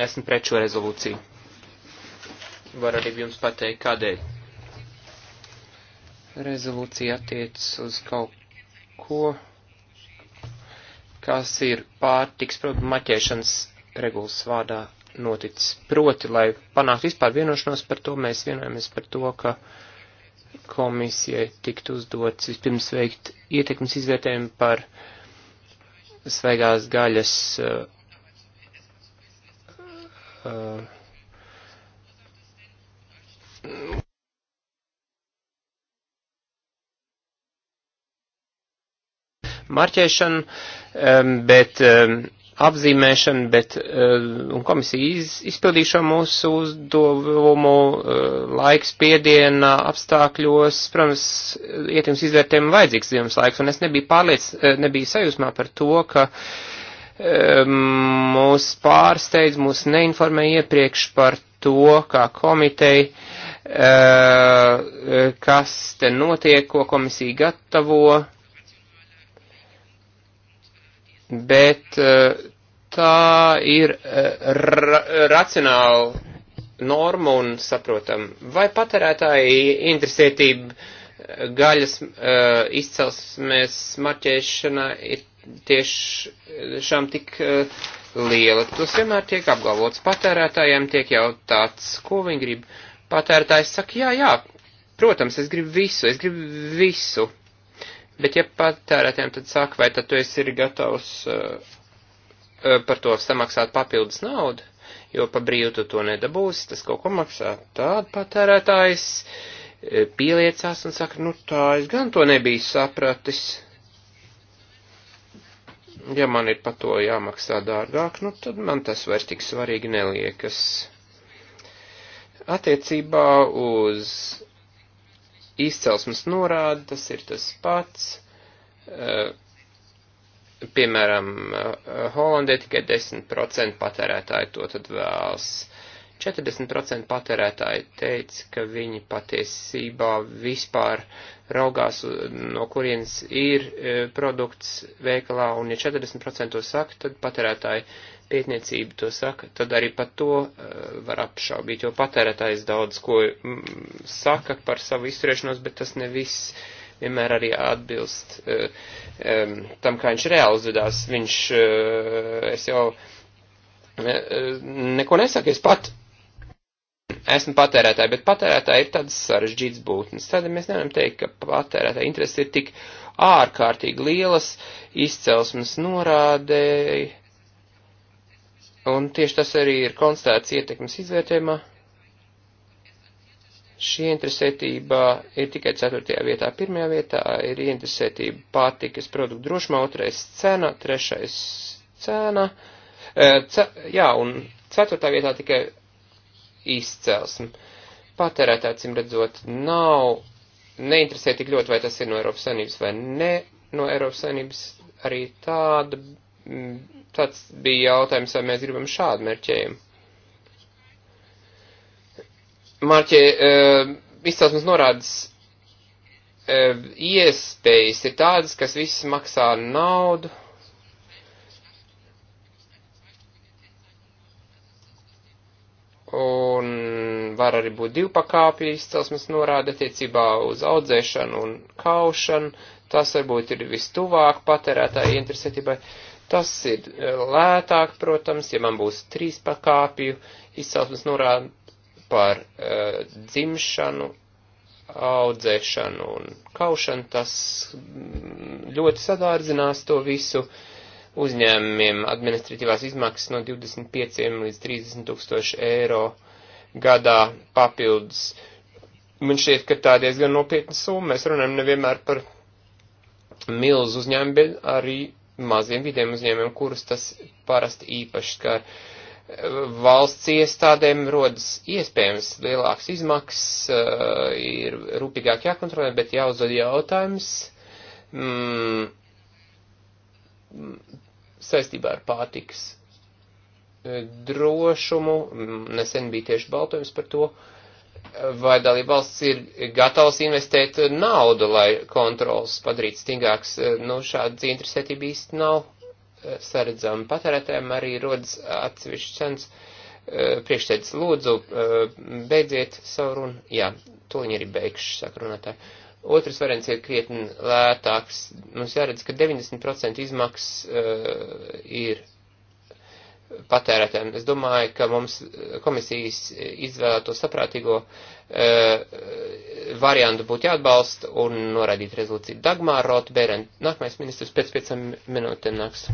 Esmu pret šo rezolūciju. Varu arī jums pateikt, kādēļ rezolūcija attiecas uz kaut ko, kas ir pārtiks produktu maķēšanas regulas vārdā noticis. Proti, lai panāktu vispār vienošanos par to, mēs vienojamies par to, ka komisijai tiktu uzdots vispirms veikt ietekmes izvērtējumu par svaigās gaļas uh, uh, marķēšanu, um, bet um, apzīmēšanu, bet uh, un komisija izpildīs šo mūsu uzdevumu uh, laiks piedienā apstākļos, protams, ietims izvērtējumu vajadzīgs zināms laiks, un es nebiju pārliec, uh, nebiju sajūsmā par to, ka um, mūs pārsteidz, mūs neinformē iepriekš par to, kā komiteja kas te notiek, ko komisija gatavo, bet eh, tā ir eh, ra racionāla norma un saprotam. Vai patērētāji interesētība eh, gaļas izcelsmēs marķēšana ir tieši šām tik liela? Tas vienmēr tiek apgalvots patērētājiem, tiek jautāts, ko viņi grib. Patērētājs saka, jā, jā, protams, es gribu visu, es gribu visu Bet ja patērētiem tad saka, vai tad tu esi gatavs uh, par to samaksāt papildus naudu, jo pa brīvu tu to nedabūsi, tas kaut ko maksā. Tāda patērētājs eh, pieliecās un saka, nu tā es gan to nebiju sapratis. Ja man ir pa to jāmaksā dārgāk, nu tad man tas vairs tik svarīgi neliekas. Attiecībā uz izcelsmes norāde, tas ir tas pats. Eh, piemēram, eh, Holandē tikai 10% patērētāji to tad vēlas. 40% patērētāji teica, ka viņi patiesībā vispār raugās, no kurienes ir eh, produkts veikalā, un ja 40% to saka, tad patērētāji pētniecība to saka, tad arī pat to uh, var apšaubīt, jo patērētājs daudz ko mm, saka par savu izturēšanos, bet tas ne viss vienmēr arī atbilst uh, um, tam, kā viņš reāli uzvedās. Viņš, uh, es jau uh, neko nesaku, es pat esmu patērētāji, bet patērētāji ir tāds sarežģīts būtnes. Tad mēs nevaram teikt, ka patērētāja interesi ir tik ārkārtīgi lielas, izcelsmes norādēji Un tieši tas arī ir konstatēts ietekmes izvērtējumā. Šī interesētība ir tikai ceturtajā vietā. Pirmajā vietā ir interesētība pārtikas produktu drošumā, otrais cena, trešais cena. E, ce, jā, un ceturtā vietā tikai izcelsme. Patērētāji, cim redzot, nav neinteresē tik ļoti, vai tas ir no Eiropas Savienības vai ne no Eiropas Savienības. Arī tāda Mm. Tāds bija jautājums, vai mēs gribam šādu mērķējumu. Mārķē, uh, eh, izcelsmes norādes uh, iespējas ir tādas, kas viss maksā naudu. Un var arī būt divpakāpju izcelsmes norāde attiecībā uz audzēšanu un kaušanu. Tas varbūt ir vistuvāk patērētāju interesētībai. Uh, Tas ir eh, lētāk, protams, ja man būs trīs pakāpju izcelsmes norāda par uh, dzimšanu, audzēšanu un kaušanu, tas mm, ļoti sadārdzinās to visu uzņēmumiem administratīvās izmaksas no 25 līdz 30 tūkstoši eiro gadā papildus. Man šķiet, ka tā diezgan nopietna summa. Mēs runājam nevienmēr par milzu uzņēmumu, bet arī maziem vidiem uzņēmumiem, kurus tas parasti īpaši skar. Valsts iestādēm rodas iespējams lielāks izmaksas, eh, ir rūpīgāk jākontrolē, bet jāuzdod jautājums mm, saistībā ar pārtikas eh, drošumu. Mm, nesen bija tieši baltojums par to. Uh, vai dalībvalsts ir gatavs investēt naudu, lai kontrols padarītu stingrāks. Nu, šāda interesētība īsti nav eh, saredzama. Patērētājiem arī rodas atsevišķs cenas. Eh, priekšsēdis lūdzu, eh, beidziet savu runu. Jā, to viņi arī beigšu, saka runātāji. Otrs variants ir krietni lētāks. Mums jāredz, ka 90% izmaksas uh, ir patērētājiem. Es domāju, ka mums eh, komisijas izvēlēto saprātīgo uh, variantu būtu jāatbalsta un noraidīt rezolūciju. Dagmāra Rotbēren, nākamais ministrs pēc piecām minūtēm nāks.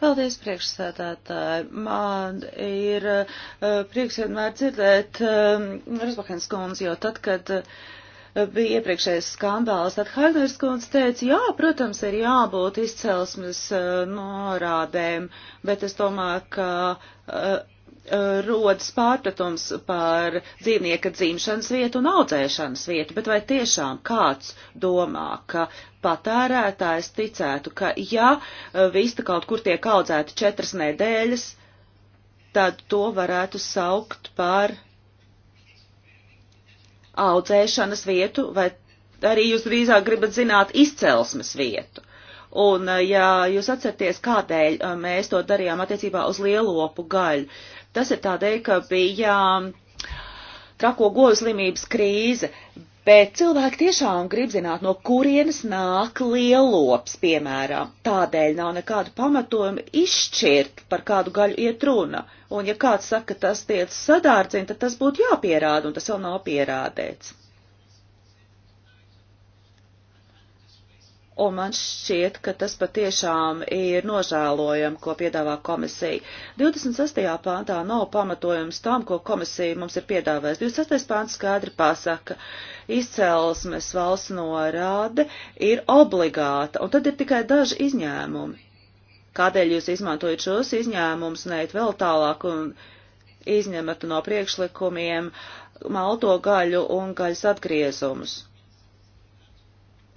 Paldies, priekšsēdētāji. Man ir uh, prieks vienmēr dzirdēt uh, Rasbahens kundzi, jo tad, kad uh, bija iepriekšējais skandāls, tad Hagners kundze teica, jā, protams, ir jābūt izcelsmes uh, norādēm, bet es domāju, ka uh, rodas pārpratums par dzīvnieka dzimšanas vietu un audzēšanas vietu, bet vai tiešām kāds domā, ka patērētājs ticētu, ka ja vista kaut kur tiek audzēta četras nedēļas, tad to varētu saukt par uh, audzēšanas vietu, vai arī jūs drīzāk gribat zināt izcelsmes vietu. Un, eh, ja jūs atcerieties, kādēļ eh, mēs to darījām attiecībā uz lielopu gaļu, tas ir tādēļ, ka bija mm, trako goju slimības krīze, Bet cilvēki tiešām grib zināt, no kurienes nāk lielops, piemēram. Tādēļ nav nekādu pamatojumu izšķirt, par kādu gaļu iet runa. Un ja kāds saka, ka tas tiek sadārdzina, tad tas būtu jāpierāda, un tas vēl nav pierādēts. un man šķiet, ka tas patiešām ir nožēlojami, ko piedāvā komisija. 26. pāntā nav pamatojums tam, ko komisija mums ir piedāvājusi. 26. pāns skaidri pasaka, izcelsmes valsts norāde ir obligāta, un tad ir tikai daži izņēmumi. Kādēļ jūs izmantojat šos izņēmumus, neiet vēl tālāk un izņemat no priekšlikumiem malto gaļu un gaļas atgriezumus?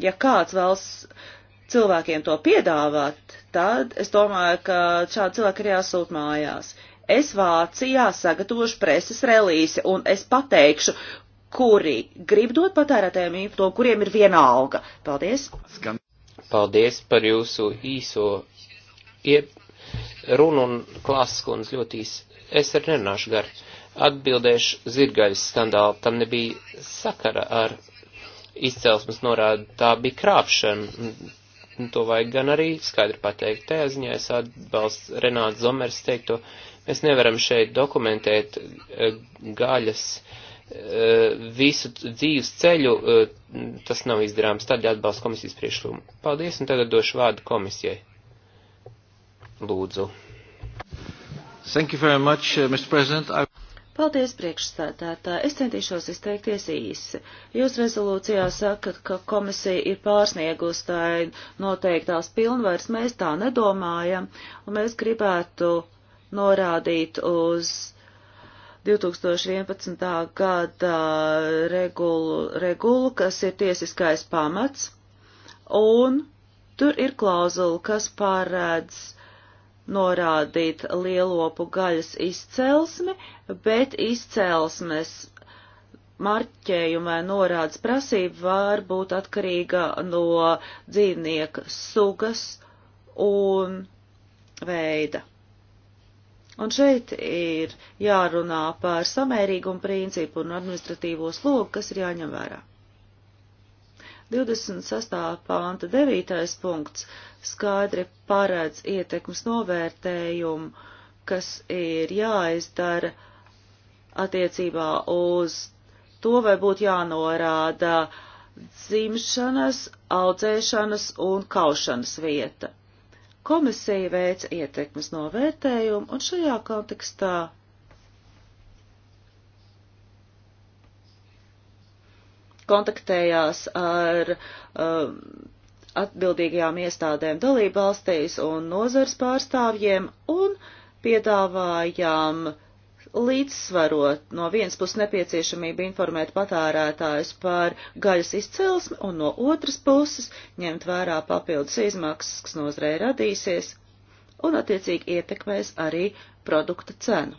ja kāds vēlas cilvēkiem to piedāvāt, tad es domāju, ka šādi cilvēki ir jāsūt mājās. Es Vācijā sagatavošu preses relīzi un es pateikšu, kuri grib dot patērētājiem īpato, kuriem ir viena alga. Paldies! Paldies par jūsu īso iep runu un klāsts kundz ļoti īs. Es arī nerunāšu gar. Atbildēšu zirgaļas skandālu, tam nebija sakara ar izcelsmes norāda, tā bija krāpšana. To vajag gan arī skaidri pateikt. Tajā ziņā es atbalstu Renāts Zomers teikto, mēs nevaram šeit dokumentēt e, gaļas e, visu dzīves ceļu, e, tas nav izdarāms. Tad atbalstu komisijas priekšlūmu. Paldies, un tagad došu vārdu komisijai. Lūdzu. Thank you very much, uh, Mr. President. I... Paldies, priekšstādātā. Es centīšos izteikties īsi. Jūs rezolūcijā sakat, ka komisija ir pārsniegusi tā noteiktās pilnvairs. Mēs tā nedomājam, un mēs gribētu norādīt uz 2011. gada regulu, regulu kas ir tiesiskais pamats, un tur ir klauzula, kas pārēdz norādīt lielopu gaļas izcelsmi, bet izcelsmes marķējuma vai norādes prasība var būt atkarīga no dzīvnieka sugas un veida. Un šeit ir jārunā par samērīgumu principu un administratīvo slogu, kas ir jāņem vērā. 26. pānta 9. punkts skaidri paredz ietekmes novērtējumu, kas ir jāizdara attiecībā uz to, vai būtu jānorāda dzimšanas, audzēšanas un kaušanas vieta. Komisija veica ietekmes novērtējumu, un šajā kontekstā kontaktējās ar um, atbildīgajām iestādēm dalībvalstīs un nozars pārstāvjiem un piedāvājām līdzsvarot no vienas puses nepieciešamību informēt patērētājus par gaļas izcelsmi un no otras puses ņemt vērā papildus izmaksas, kas nozarei radīsies un attiecīgi ietekmēs arī produkta cenu.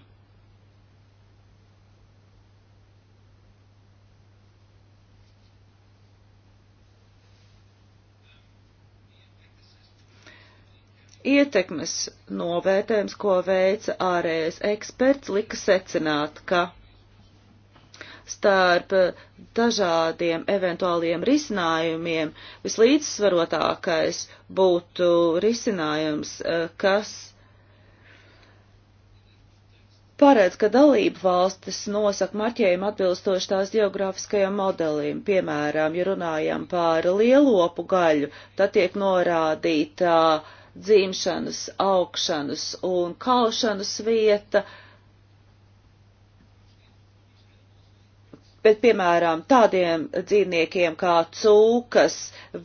Ietekmes novērtējums, ko veica ārējais eksperts, lika secināt, ka starp dažādiem eventuāliem risinājumiem vislīdzsvarotākais būtu risinājums, eh, kas paredz, ka dalību valstis nosaka marķējumu atbilstoši tās geogrāfiskajam modelim. Piemēram, ja runājam par lielopu gaļu, tad tiek norādīta uh, dzimšanas, augšanas un kaušanas vieta. Bet, piemēram, tādiem dzīvniekiem kā cūkas,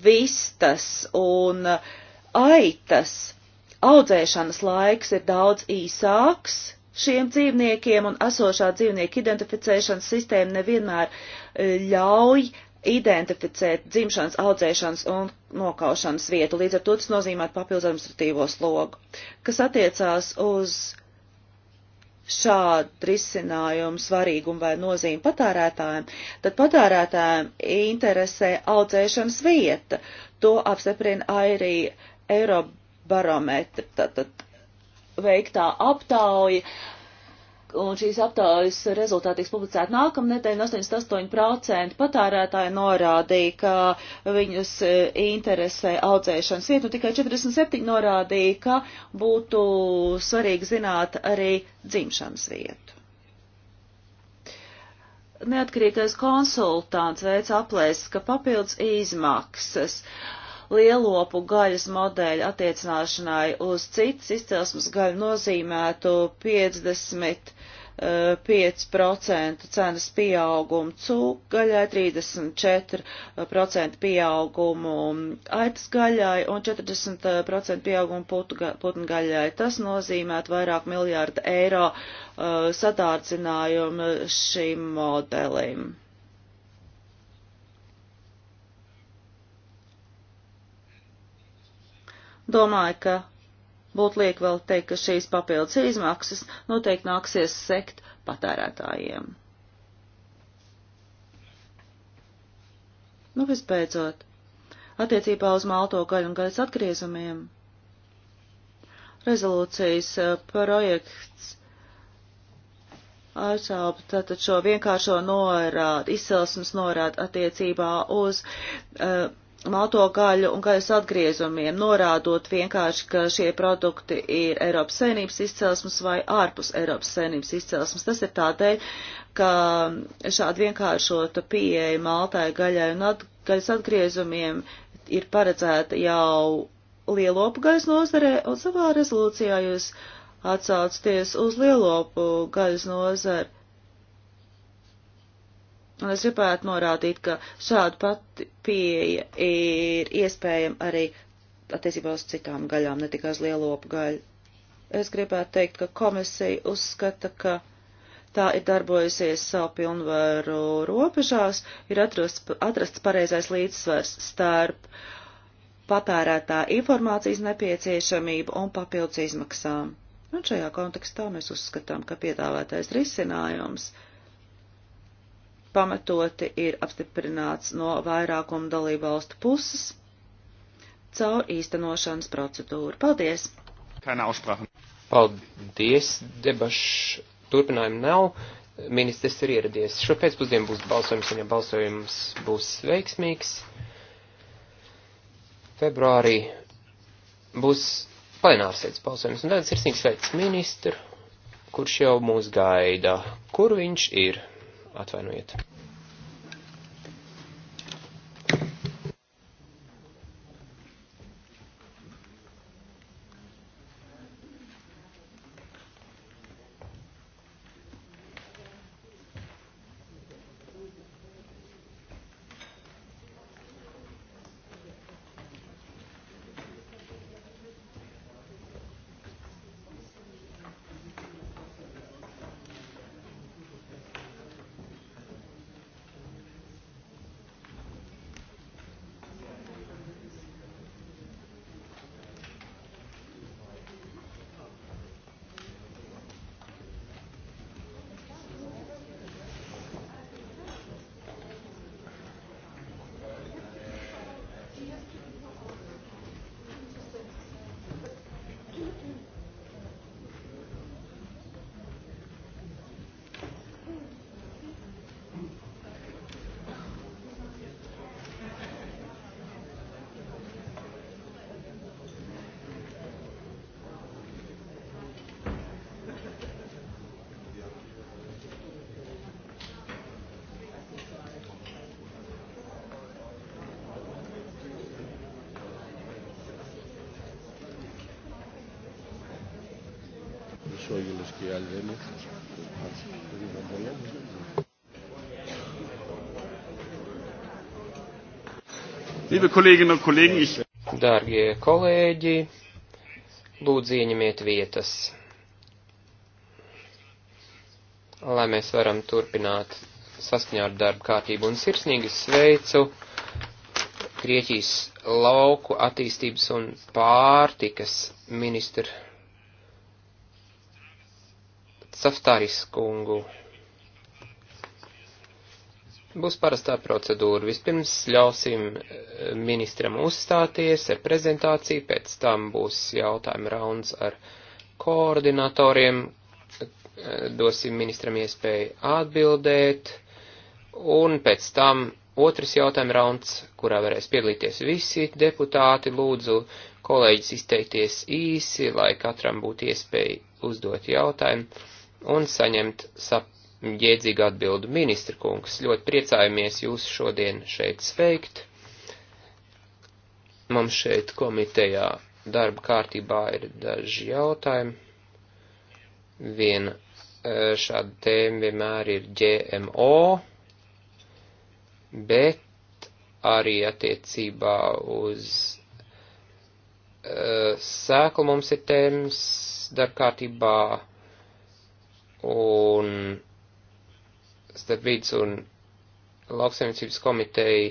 vistas un aitas audzēšanas laiks ir daudz īsāks šiem dzīvniekiem, un esošā dzīvnieku identificēšanas sistēma nevienmēr e, ļauj identificēt dzimšanas, audzēšanas un nokaušanas vietu. Līdz ar to tas nozīmē papildus administratīvo slogu. Kas attiecās uz šādu risinājumu svarīgumu vai nozīmi patērētājiem, tad patērētājiem interesē audzēšanas vieta. To apstiprina arī Eirobarometra veiktā aptauja. Uh, un šīs aptaujas rezultāti tiks publicēti nākamnedēļ, 88% patērētāji norādīja, ka viņus e, interesē audzēšanas vieta, un tikai 47% norādīja, ka būtu svarīgi zināt arī dzimšanas vietu. Neatkarīgais konsultants veica aplēses, ka papildus izmaksas uh, lielopu gaļas modeļu attiecināšanai uz citas izcelsmes gaļu nozīmētu 50 5% eh, cenas pieaugumu cūkgaļai, 34% pieaugumu aitas gaļai un 40% pieaugumu putnu gaļai. Tas nozīmētu vairāk miljārdu eiro uh, sadārdzinājumu šim modelim. Domāju, ka būtu liek vēl teikt, ka šīs papildus izmaksas noteikti nāksies sekt patērētājiem. Nu, visbeidzot, attiecībā uz malto gaļu un gaļas atgriezumiem. Rezolūcijas eh, projekts Āršāba tātad šo vienkāršo norādu, izcelsmes norādu attiecībā uz uh, malto gaļu un gaļas atgriezumiem, norādot vienkārši, ka šie produkti ir Eiropas saimnības izcelsmes vai ārpus Eiropas saimnības izcelsmes. Tas ir tādēļ, ka šāda vienkāršota pieeja maltai gaļai un at, gaļas atgriezumiem ir paredzēta jau lielopu gaļas nozarē, un savā rezolūcijā jūs atsaucaties uz lielopu gaļas nozari Un es gribētu norādīt, ka šāda pati pieeja ir iespējama arī attiecībā uz citām gaļām, ne tikai uz lielopu gaļu. Es gribētu teikt, ka komisija uzskata, ka tā ir darbojusies savu pilnvaru robežās, ir atrasts, atrasts pareizais līdzsvars starp patērētā informācijas nepieciešamību un papildus izmaksām. Un šajā kontekstā mēs uzskatām, ka piedāvātais risinājums – pamatoti ir apstiprināts no vairākuma dalībvalstu puses caur īstenošanas procedūru. Paldies! Paldies! Debašu turpinājumu nav. Ministrs ir ieradies. Šo pēcpusdienu būs balsojums, un ja balsojums būs veiksmīgs, februārī būs plenārsēdes balsojums. Un tad sirsnīgs sveic ministru, kurš jau mūs gaida. Kur viņš ir? Atvainojiet. et Alven. Liebe Kolleginnen und Kollegen, ich. Dārgie kolēģi, lūdzu ieņemiet vietas, lai mēs varam turpināt saskaņā ar darba kārtību un sirsnīgi sveicu Grieķijas lauku attīstības un pārtikas ministru Saftāris kungu. Būs parastā procedūra. Vispirms ļausim eh, ministram uzstāties ar prezentāciju, pēc tam būs jautājuma rauns ar koordinatoriem, eh, dosim ministram iespēju atbildēt, un pēc tam otrs jautājuma rauns, kurā varēs piedalīties visi deputāti, lūdzu kolēģis izteikties īsi, lai katram būtu iespēja uzdot jautājumu un saņemt sap jēdzīgu atbildu. Ministra kungs, ļoti priecājamies jūs šodien šeit sveikt. Mums šeit komitejā darba kārtībā ir daži jautājumi. Viena e, šāda tēma vienmēr ir GMO, bet arī attiecībā uz e, sēklu mums ir tēmas darbkārtībā un starp vīds un lauksaimniecības komiteju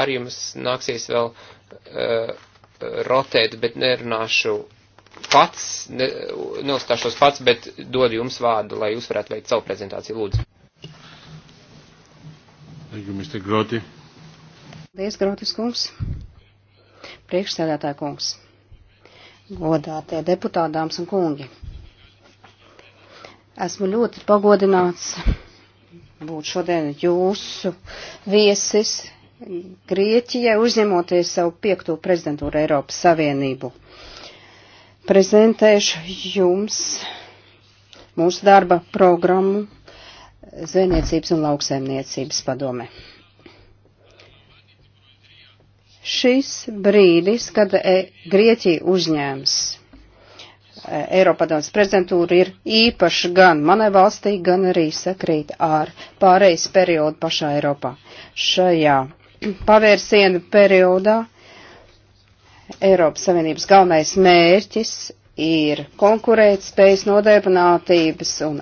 ar jums nāksies vēl uh, rotēt, bet nerunāšu pats, ne, neuzstāšos pats, bet dodu jums vārdu, lai jūs varētu veikt savu prezentāciju, lūdzu. Thank you, Mr. Groti. Paldies, Grotis kungs. Priekšsēdētāja kungs. Godātie deputātāms un kungi. Esmu ļoti pagodināts būt šodien jūsu viesis Grieķijai, uzņemoties savu piekto prezidentūru Eiropas Savienību. Prezentēšu jums mūsu darba programmu Zvejniecības un lauksēmniecības padome. Šis brīdis, kad e Grieķija uzņēms Eiropadomas prezidentūra ir īpaši gan manai valstī, gan arī sakrīt ar pārejas periodu pašā Eiropā. Šajā pavērsienu periodā Eiropas Savienības galvenais mērķis ir konkurēt spējas nodarbinātības un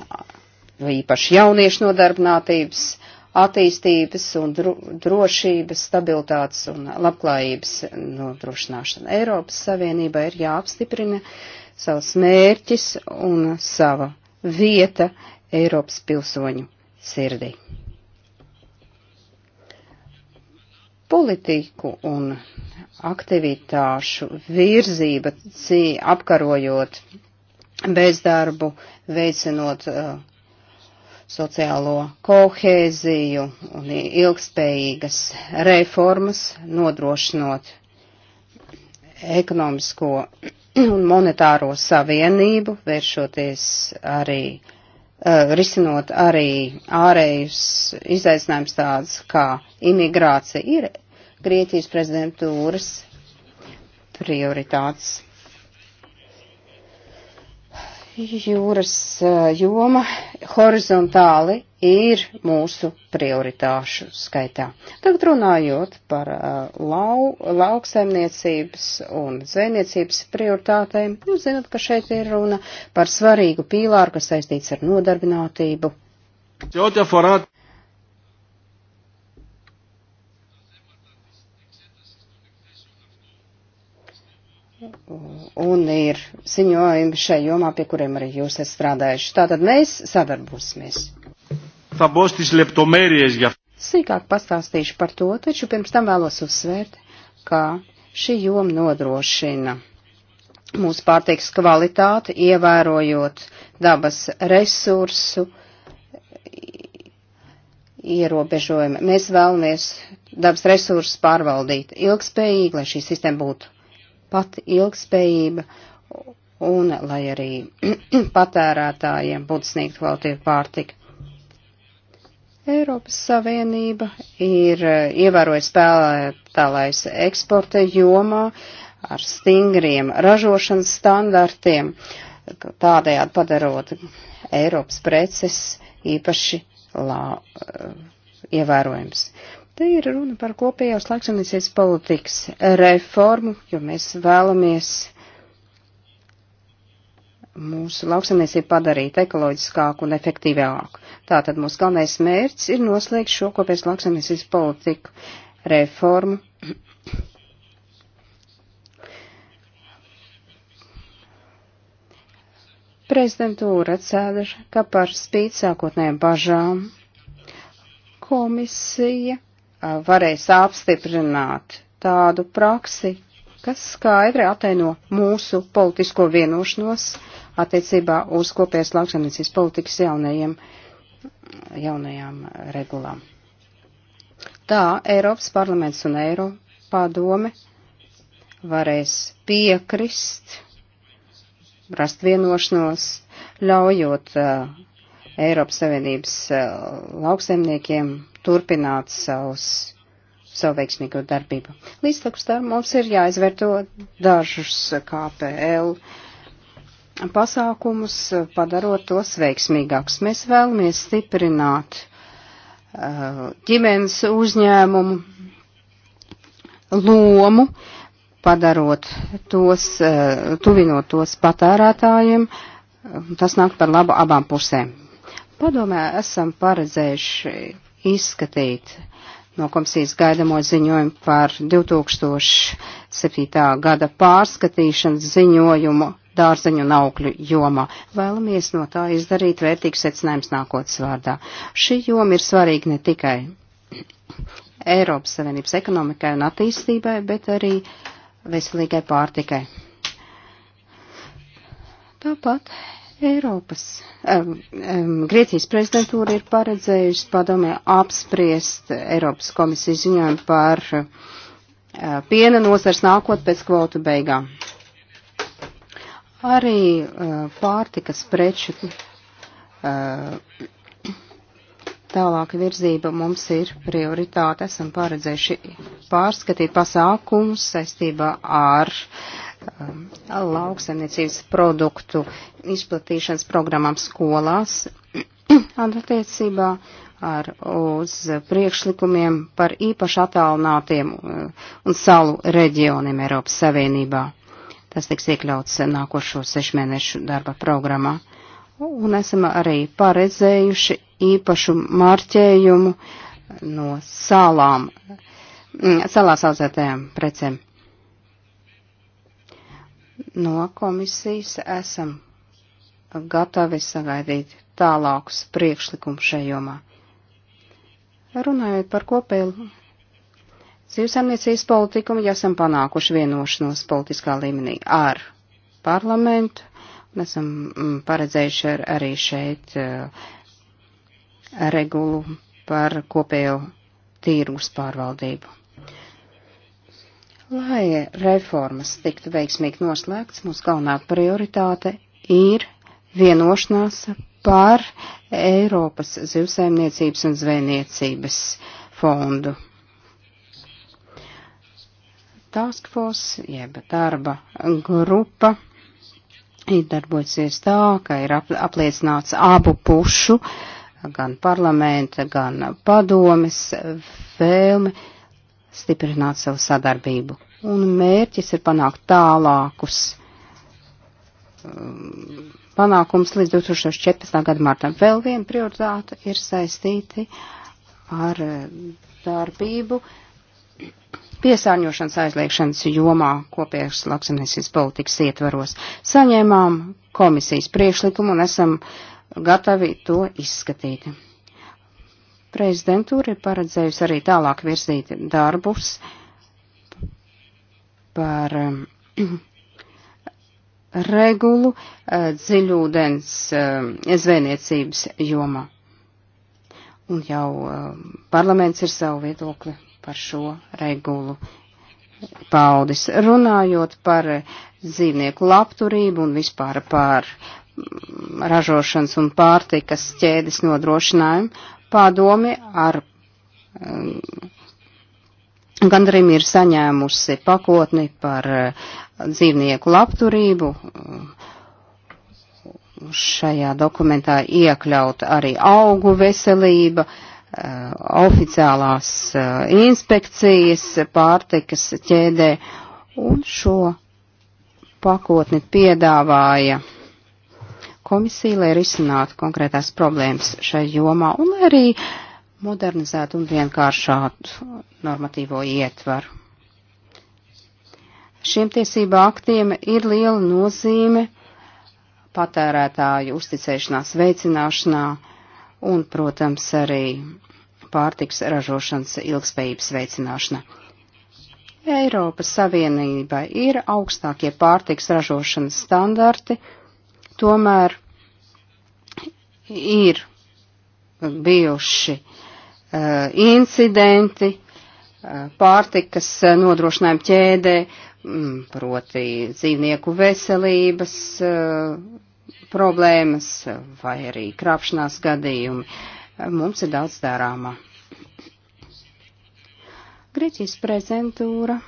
īpaši jauniešu nodarbinātības, attīstības un dro, drošības, stabilitātes un labklājības nodrošināšana. Eiropas Savienībai ir jāapstiprina savs mērķis un sava vieta Eiropas pilsoņu sirdī. Politiku un aktivitāšu virzība cī, apkarojot bezdarbu, veicinot uh, sociālo kohēziju un ilgspējīgas reformas, nodrošinot ekonomisko un monetāro savienību, vēršoties arī, uh, risinot arī ārējus izaicinājums tāds kā imigrācija, ir Grieķijas prezidentūras prioritātes. Jūras uh, joma horizontāli ir mūsu prioritāšu skaitā. Tagad runājot par uh, lau, lauksaimniecības un zvejniecības prioritātēm, jūs zinat, ka šeit ir runa par svarīgu pīlāru, kas saistīts ar nodarbinātību. Un ir ziņojumi šai jomā, pie kuriem arī jūs esat strādājuši. Tātad mēs sadarbosimies θα μπω στις λεπτομέρειες για αυτό. Sīkāk pastāstīšu par to, taču pirms tam vēlos uzsvērt, ka šī joma nodrošina mūsu pārtiks kvalitāti, ievērojot dabas resursu ierobežojumi. Mēs vēlamies dabas resursus pārvaldīt ilgspējīgi, lai šī sistēma būtu pat ilgspējība un lai arī patērētājiem būtu sniegt kvalitīvu pārtiku. Eiropas Savienība ir eh, ievērojusi spēlētājs eksporta jomā ar stingriem ražošanas standartiem, tādējādi padarot Eiropas preces īpaši lā, eh, ievērojams. Te ir runa par kopējās lauksaimniecības politikas reformu, jo mēs vēlamies mūsu lauksamniecību padarīt ekoloģiskāku un efektīvāku. Tātad mūsu galvenais mērķis ir noslēgt šo kopējas lauksamniecības politiku reformu. Prezidentūra atcēluši, ka par spīt sākotnējām bažām komisija varēs apstiprināt tādu praksi, kas skaidri ataino mūsu politisko vienošanos attiecībā uz kopējās lauksaimniecības politikas jaunajiem, jaunajām regulām. Tā Eiropas parlaments un Eiro padome varēs piekrist, rast vienošanos, ļaujot uh, Eiropas Savienības uh, lauksaimniekiem turpināt savus, savu veiksmīgo darbību. Līdz tam mums ir jāizvērto dažus KPL uh, pasākumus, padarot tos veiksmīgākus. Mēs vēlamies stiprināt uh, ģimenes uzņēmumu lomu, padarot tos, uh, tuvinot tos patērētājiem, tas nāk par labu abām pusēm. Padomē esam paredzējuši izskatīt no komisijas gaidamo ziņojumu par 2007. gada pārskatīšanas ziņojumu dārzeņu un augļu jomā. Vēlamies no tā izdarīt vērtīgs secinājums nākotnes vārdā. Šī joma ir svarīga ne tikai Eiropas Savienības ekonomikai un attīstībai, bet arī veselīgai pārtikai. Tāpat Eiropas. Um, um, Grieķijas prezidentūra ir paredzējusi padomē apspriest Eiropas komisijas ziņojumu par uh, piena nozars nākot pēc kvotu beigām. Arī uh, pārtikas preču uh, tālāka virzība mums ir prioritāte. Esam paredzējuši pārskatīt pasākumus saistībā ar um, lauksaimniecības produktu izplatīšanas programmām skolās attiecībā ar uz priekšlikumiem par īpaši attālinātiem uh, un salu reģioniem Eiropas Savienībā. Tas tiks iekļauts nākošo sešu mēnešu darba programmā. Un esam arī paredzējuši īpašu marķējumu no sālām, mm, salās audzētajām precēm. No komisijas esam gatavi sagaidīt tālākus priekšlikumus šajomā. Runājot par kopēju Zivsaimniecības politiku jau esam panākuši vienošanos politiskā līmenī ar parlamentu, un esam mm, paredzējuši ar, arī šeit uh, regulu par kopējo tīrgus pārvaldību. Lai reformas tiktu veiksmīgi noslēgts, mūsu galvenā prioritāte ir vienošanās par Eiropas zivsaimniecības un zvejniecības fondu task force, jeb darba grupa ir darbojasies tā, ka ir apliecināts abu pušu, gan parlamenta, gan padomes vēlme stiprināt savu sadarbību. Un mērķis ir panākt tālākus um, panākums līdz 2014. gada martam. Vēl viena prioritāte ir saistīti ar um, darbību uh, piesārņošanas aizliekšanas jomā kopienas lauksamniecības politikas ietvaros. Saņēmām komisijas priekšlikumu un esam gatavi to izskatīt. Prezidentūra ir paredzējusi arī tālāk virzīt darbus par ehm, regulu eh, dziļūdens eh, zvejniecības jomā. Un jau eh, parlaments ir savu viedokli par šo regulu paudis. Runājot par dzīvnieku labturību un vispār par ražošanas un pārtikas ķēdes nodrošinājumu, padomi ar um, gandrīz ir saņēmusi pakotni par uh, dzīvnieku labturību. Šajā dokumentā iekļaut arī augu veselība, uh, Uh, oficiālās uh, inspekcijas pārtikas ķēdē, un šo pakotni piedāvāja komisija, lai risinātu konkrētās problēmas šai jomā, un lai arī modernizētu un vienkāršātu normatīvo ietvaru. Šiem tiesību aktiem ir liela nozīme patērētāju uzticēšanās veicināšanā, un, protams, arī pārtiks ražošanas ilgspējības veicināšana. Eiropas Savienībai ir augstākie pārtiks ražošanas standarti, tomēr ir bijuši uh, incidenti uh, pārtikas nodrošinājuma ķēdē, mm, proti dzīvnieku veselības uh, problēmas vai arī krāpšanās gadījumi. Mums ir daudz darāmā. Grieķijas prezidentūra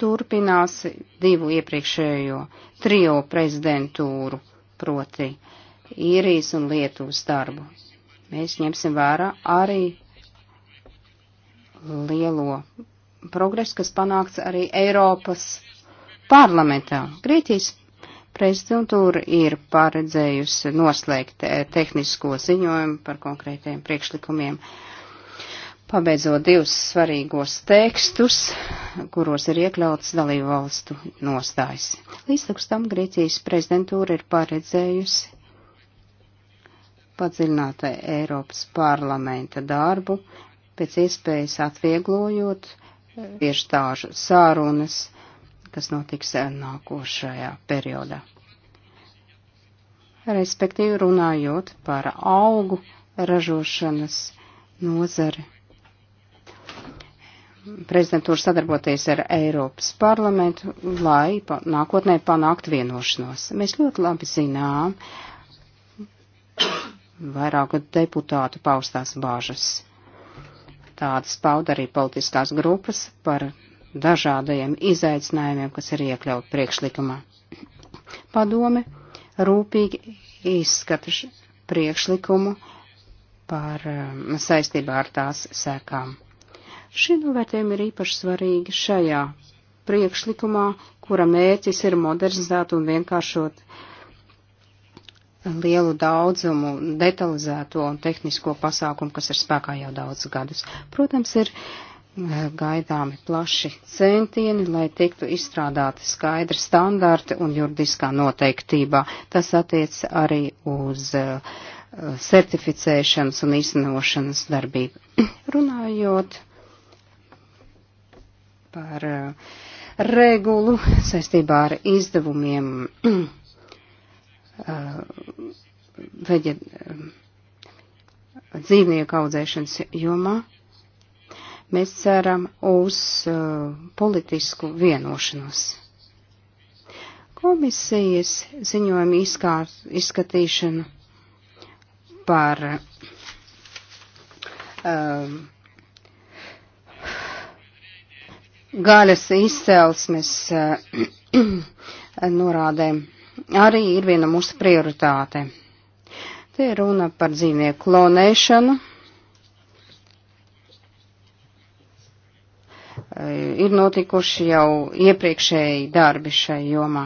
turpinās divu iepriekšējo trio prezidentūru, proti īrijas un Lietuvas darbu. Mēs ņemsim vērā arī lielo progresu, kas panākts arī Eiropas parlamentā. Grieķijas Prezidentūra ir paredzējusi noslēgt eh, tehnisko ziņojumu par konkrētiem priekšlikumiem. Pabeidzot divus svarīgos tekstus, kuros ir iekļauts dalību valstu nostājas. Līdz tam Grieķijas prezidentūra ir paredzējusi padziļinātai Eiropas parlamenta darbu, pēc iespējas atvieglojot eh, iestāžu sārunas kas notiks eh, nākošajā periodā. Respektīvi runājot par augu ražošanas nozari. Prezidentūra sadarboties ar Eiropas parlamentu, lai pa, nākotnē panākt vienošanos. Mēs ļoti labi zinām vairāku deputātu paustās bāžas. Tādas pauda arī politiskās grupas par dažādajiem izaicinājumiem, kas ir iekļaut priekšlikumā. Padome rūpīgi izskata priekšlikumu par um, saistībā ar tās sēkām. Šī novērtējuma ir īpaši svarīga šajā priekšlikumā, kura mērķis ir modernizēt un vienkāršot lielu daudzumu detalizēto un tehnisko pasākumu, kas ir spēkā jau daudz gadus. Protams, ir uh, Eh, gaidāmi plaši centieni, lai tiktu izstrādāti skaidri standarti un juridiskā noteiktībā. Tas attiec arī uz eh, certificēšanas un īstenošanas darbību. Runājot par eh, regulu saistībā ar izdevumiem veģet, dzīvnieku audzēšanas jomā. Mēs ceram uz uh, politisku vienošanos. Komisijas ziņojuma izkār, izskatīšana par uh, gaļas izcelsmes uh, norādēm arī ir viena mūsu prioritāte. Te runa par dzīvnieku klonēšanu Eh, ir notikuši jau iepriekšēji darbi šai jomā.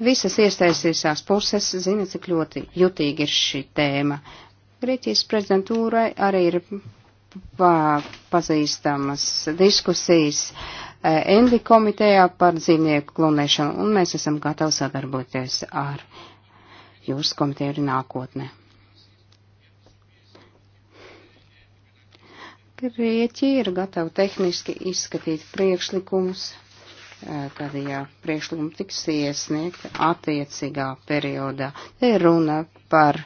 Visas iesaistīsās puses zina, cik ļoti jutīgi ir šī tēma. Grieķijas prezidentūrai arī ir pa pazīstamas diskusijas eh, Endi komitejā par dzīvnieku klonēšanu, un mēs esam gatavi sadarboties ar jūsu komiteju arī nākotnē. Grieķija ir gatava tehniski izskatīt priekšlikumus, kad jā, priekšlikumi tiks iesniegti attiecīgā periodā. Te ir runa par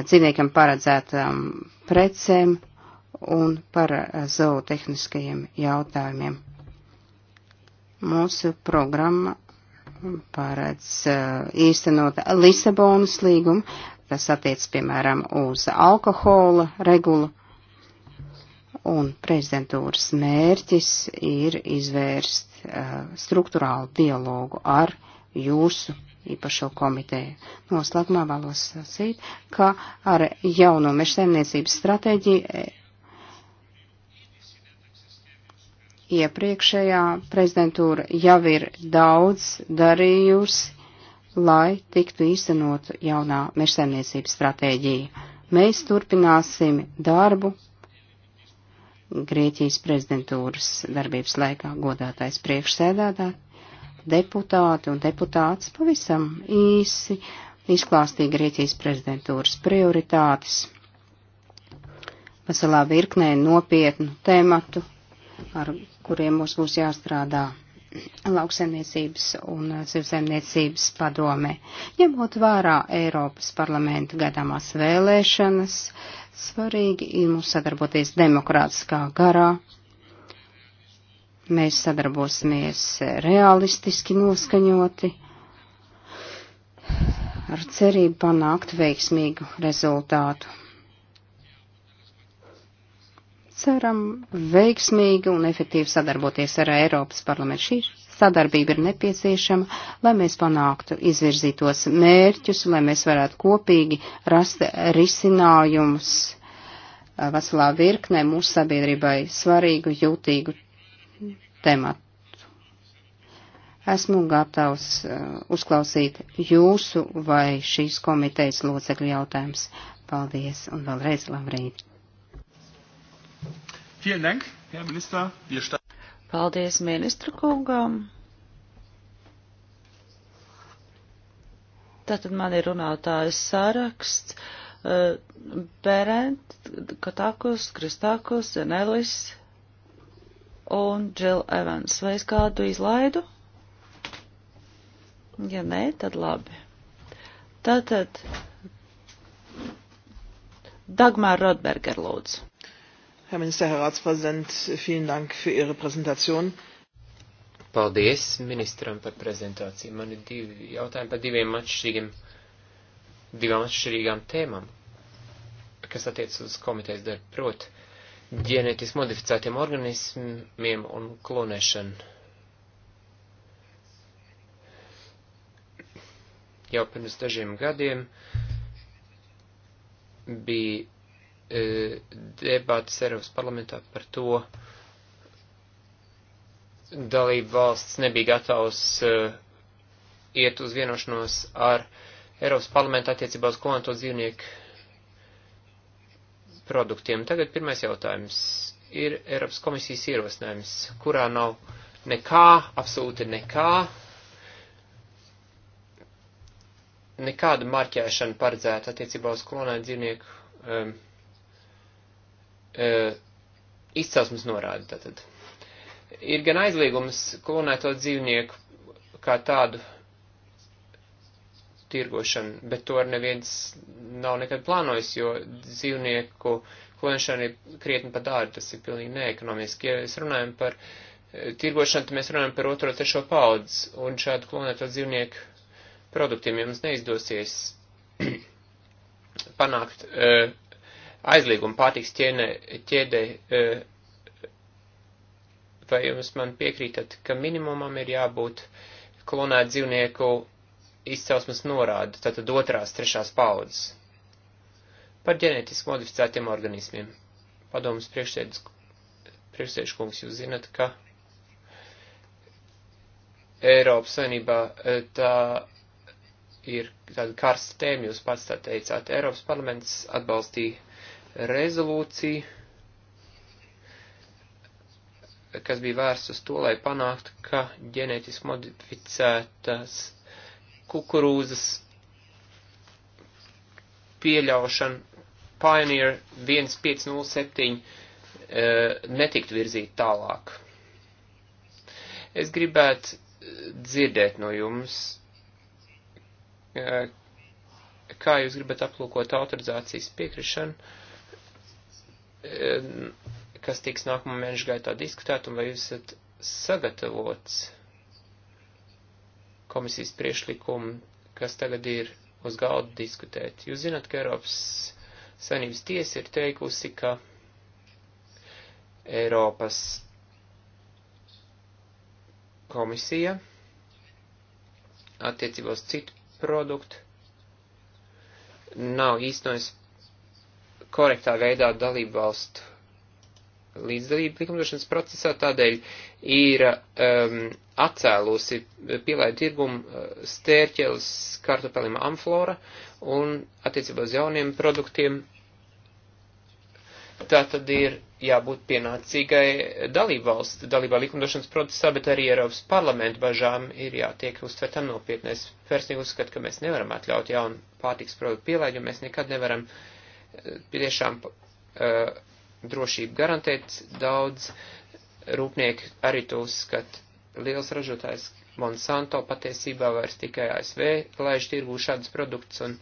dzīvniekam paredzētām precēm un par zootehniskajiem jautājumiem. Mūsu programma paredz īstenot Lisabonas līgumu, tas attiec, piemēram, uz alkohola regulu un prezidentūras mērķis ir izvērst uh, struktūrālu dialogu ar jūsu īpašo komiteju. Noslēgumā vēlos sacīt, ka ar jauno mežsaimniecības stratēģiju eh, iepriekšējā prezidentūra jau ir daudz darījusi, lai tiktu īstenot jaunā mežsaimniecības stratēģija. Mēs turpināsim darbu Grieķijas prezidentūras darbības laikā godātais priekšsēdētāji, deputāti un deputāts pavisam īsi izklāstīja Grieķijas prezidentūras prioritātes. Veselā virknē nopietnu tēmatu, ar kuriem mums būs jāstrādā lauksaimniecības un uh, zivsaimniecības padome. Ņemot vērā Eiropas parlamenta gadāmās vēlēšanas, svarīgi ir mums sadarboties demokrātiskā garā. Mēs sadarbosimies realistiski noskaņoti ar cerību panākt veiksmīgu rezultātu ceram veiksmīgi un efektīvi sadarboties ar Eiropas parlamentu. Šī sadarbība ir nepieciešama, lai mēs panāktu izvirzītos mērķus, lai mēs varētu kopīgi rast risinājumus veselā virknē mūsu sabiedrībai svarīgu, jūtīgu tematu. Esmu gatavs uzklausīt jūsu vai šīs komitejas locekļu jautājumus. Paldies un vēlreiz labrīt! Vielen Dank, Herr Minister. Wir Paldies ministru kungam. Tātad man ir runātājs saraksts. Eh, Berent, Katakus, Kristakus, Zenelis un Džil Evans. Vai es kādu izlaidu? Ja nē, tad labi. Tātad Dagmāra Rodberger lūdzu. Herr Minister, Herr Ratspräsident, vielen Dank für Ihre Präsentation. Paldies ministram par prezentāciju. Man ir divi jautājumi par diviem atšķirīgiem, divām atšķirīgām tēmām, kas attiec uz komitejas darbu, proti, ģenētiski modificētiem organismiem un klonēšanu. Jau pirms dažiem gadiem bija E, debātas Eiropas parlamentā par to dalību valsts nebija gatavs e, iet uz vienošanos ar Eiropas parlamentu attiecībā uz klonoto dzīvnieku produktiem. Tagad pirmais jautājums ir Eiropas komisijas ierosinājums, kurā nav nekā, absolūti nekā, nekāda marķēšana paredzēta attiecībā uz klonēt dzīvnieku um, E, izcelsmes norādi tātad. Ir gan aizliegums klonēto dzīvnieku kā tādu tirgošanu, bet to ar neviens nav nekad plānojis, jo dzīvnieku klonēšana ir krietni par dārgi, tas ir pilnīgi neekonomiski. Ja mēs runājam par e, tirgošanu, tad mēs runājam par otro, trešo paudzi un šādu klonēto dzīvnieku produktiem jums neizdosies panākt uh, aizliegumu pārtiks ķēnē, ķēdē, e, vai jums man piekrītat, ka minimumam ir jābūt klonēt dzīvnieku izcelsmes norāda, tātad otrās, trešās paudzes. Par ģenētiski modificētiem organismiem. Padomus priekšsēdškungs, jūs zinat, ka Eiropas Savienībā e, tā ir tāda karsta tēma, jūs pats tā teicāt. Eiropas parlaments atbalstīja rezolūciju, kas bija vērsts uz to, lai panāktu, ka ģenētiski modificētas kukurūzas pieļaušana Pioneer 1507 eh, netiktu virzīt tālāk. Es gribētu eh, dzirdēt no jums, eh, kā jūs gribat aplūkot autorizācijas piekrišanu Ehm, kas tiks nākamā mēneša gaitā diskutēt, un vai jūs esat sagatavots komisijas priešlikumu, kas tagad ir uz galda diskutēt. Jūs zināt, ka Eiropas Savienības tiesa ir teikusi, ka Eiropas komisija attiecībos citu produktu nav īstenojis korektā veidā dalību valstu līdzdalību likumdošanas procesā, tādēļ ir um, atcēlusi pielaidu tirgumu uh, stērķeles kartupelim amflora un attiecībā uz jauniem produktiem. Tā tad ir jābūt pienācīgai dalību valsts, dalībā likumdošanas procesā, bet arī Eiropas parlamentu bažām ir jātiek uztvertam nopietnēs. Personīgi uzskatu, ka mēs nevaram atļaut jaunu pārtiks produktu pielaidu, jo mēs nekad nevaram uh, tiešām uh, drošību garantēt. Daudz rūpnieki arī to uzskata. Liels ražotājs Monsanto patiesībā vairs tikai ASV laiž tirgū šādus produktus un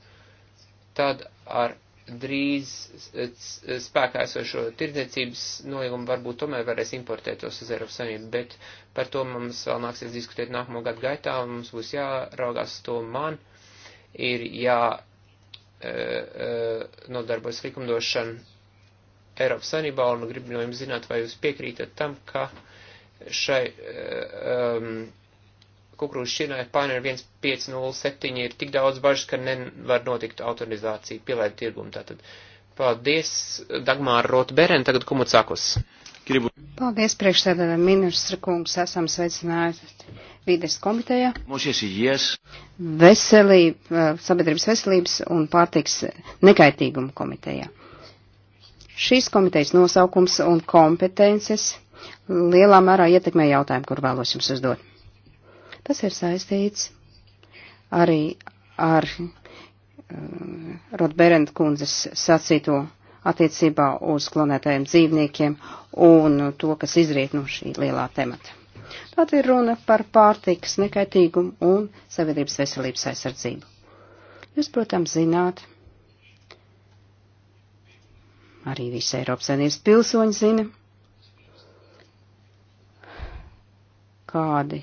tad ar drīz eh, eh, spēkā esošo tirdzniecības nolīgumu varbūt tomēr varēs importēt tos uz Eiropas Savienību, bet par to mums vēl nāksies diskutēt nākamo gadu gaitā, mums būs jāraugās to man, ir jā nodarbojas likumdošana Eiropas Sanībā, un gribu no jums zināt, vai jūs piekrītat tam, ka šai um, kukurūzu šķirnai Pioneer 1507 ir tik daudz bažas, ka nevar notikt autorizācija pielaid tirgumu. Tātad paldies Dagmāra Rotberen, tagad Kumucākus. Uh, Gribu... Paldies, priekšsēdētā ministra kungs, esam sveicināti vides komitejā. Veselība, sabiedrības veselības un pārtiks nekaitīguma komitejā. Šīs komitejas nosaukums un kompetences lielā mērā ietekmē jautājumu, kur vēlos jums uzdot. Tas ir saistīts arī ar uh, Rotberenda kundzes sacīto attiecībā uz klonētajiem dzīvniekiem un to, kas izriet no šī lielā temata. Tātad ir runa par pārtikas nekaitīgumu un sabiedrības veselības aizsardzību. Jūs, protams, zināt, arī visi Eiropas Savienības pilsoņi zina, kādi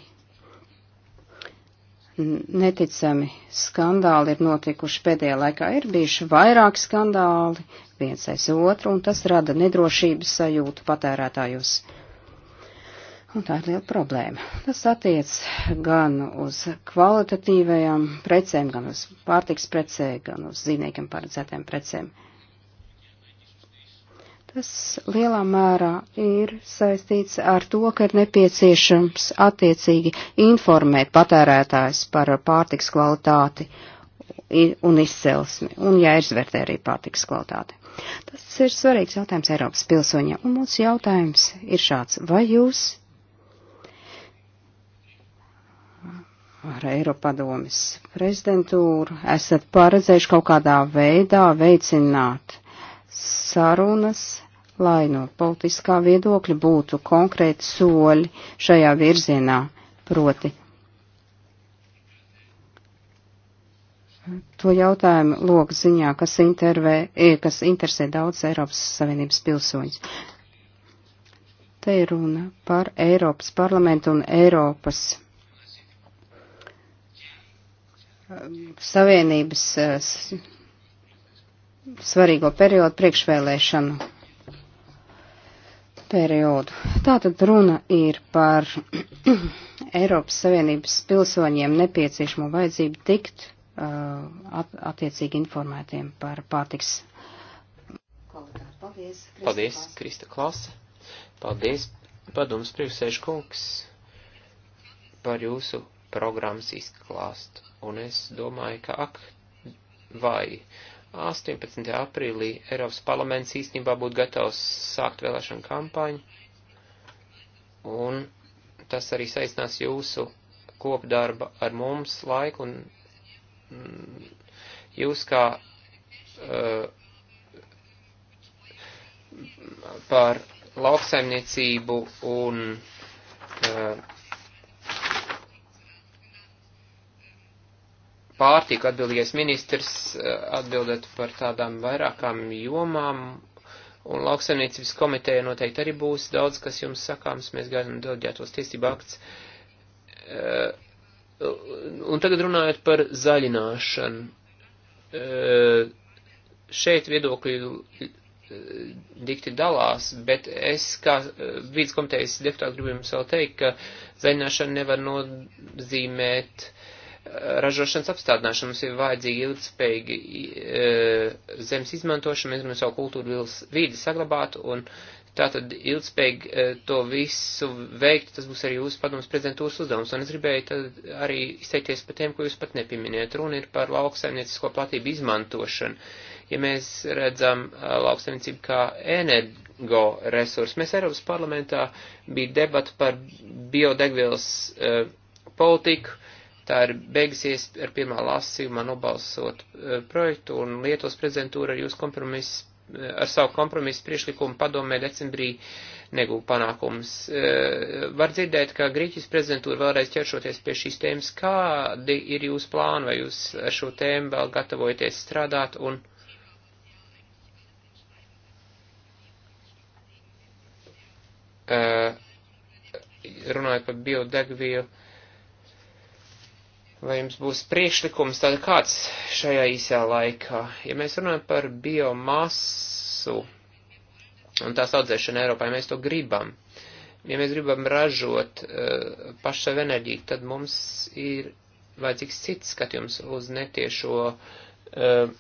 neticami skandāli ir notikuši pēdējā laikā. Ir bijuši vairāki skandāli, viens aiz otru, un tas rada nedrošības sajūtu patērētājus. Un tā ir liela problēma. Tas attiec gan uz kvalitatīvajām precēm, gan uz pārtiks precē, gan uz zīmniekiem paredzētām precēm. Uh, Tas lielā mērā ir saistīts ar to, ka ir nepieciešams attiecīgi informēt patērētājs par pārtiks kvalitāti un izcelsmi, un jāizvērtē arī pārtiks kvalitāti. Tas ir svarīgs jautājums Eiropas pilsoņiem, un mūsu jautājums ir šāds. Vai jūs ar Eiropadomis prezidentūru esat paredzējuši kaut kādā veidā veicināt sarunas, lai no politiskā viedokļa būtu konkrēti soļi šajā virzienā, proti to jautājumu loku ziņā, kas, intervē, e, kas interesē daudz Eiropas Savienības pilsoņus. Te ir runa par Eiropas parlamentu un Eiropas um, Savienības uh, svarīgo periodu priekšvēlēšanu periodu. Tātad runa ir par Eiropas Savienības pilsoņiem nepieciešamo vajadzību tikt uh, at attiecīgi informētiem par pārtiks kvalitāti. Paldies, Krista Paldies, Krista Klasa. Paldies, padoms priekšsēžu kungs, par jūsu programmas izklāstu. Un es domāju, ka ak, vai 18. aprīlī Eiropas parlaments īstenībā būtu gatavs sākt vēlēšanu kampaņu, un tas arī saistās jūsu kopdarba ar mums laiku, un mm, jūs kā uh, par lauksaimniecību un uh, pārtika atbildīgais ministrs eh, atbildēt par tādām vairākām jomām, un lauksaimniecības komiteja noteikti arī būs daudz, kas jums sakāms, mēs gaidām delģētos tiesību akts. Eh, un tagad runājot par zaļināšanu. Eh, šeit viedokļi dikti dalās, bet es kā vīdes komitejas deputāts gribu jums vēl teikt, ka zaļināšana nevar nozīmēt uh, ražošanas apstādināšana. Mums ir vajadzīga ilgspējīga e, zemes izmantošana, mēs gribam savu kultūru vīdi saglabāt, un tātad ilgspējīgi e, to visu veikt, tas būs arī jūsu padomas prezidentūras uzdevums. Un es gribēju tad arī izteikties par tiem, ko jūs pat nepieminiet. Runa ir par lauksaimniecisko platību izmantošanu. Ja mēs redzam e, lauksaimniecību kā energo resursu, mēs Eiropas parlamentā bija debata par biodegvielas e, politiku, uh, tā ir beigusies ar pirmā lasījumā nobalsot e, projektu un Lietuvas prezidentūra ar jūs kompromisu, e, ar savu kompromisu priešlikumu padomē decembrī negūv panākums. E, var dzirdēt, ka Grieķijas prezidentūra vēlreiz ķeršoties pie šīs tēmas, kādi ir jūsu plāni, vai jūs ar šo tēmu vēl gatavojaties strādāt un. runājot par biodegvielu, vai jums būs priekšlikums tāda kāds šajā īsā laikā. Ja mēs runājam par biomasu un tās audzēšanu Eiropā, ja mēs to gribam, ja mēs gribam ražot uh, eh, pašsav enerģiju, tad mums ir vajadzīgs cits skatījums uz netiešo uh,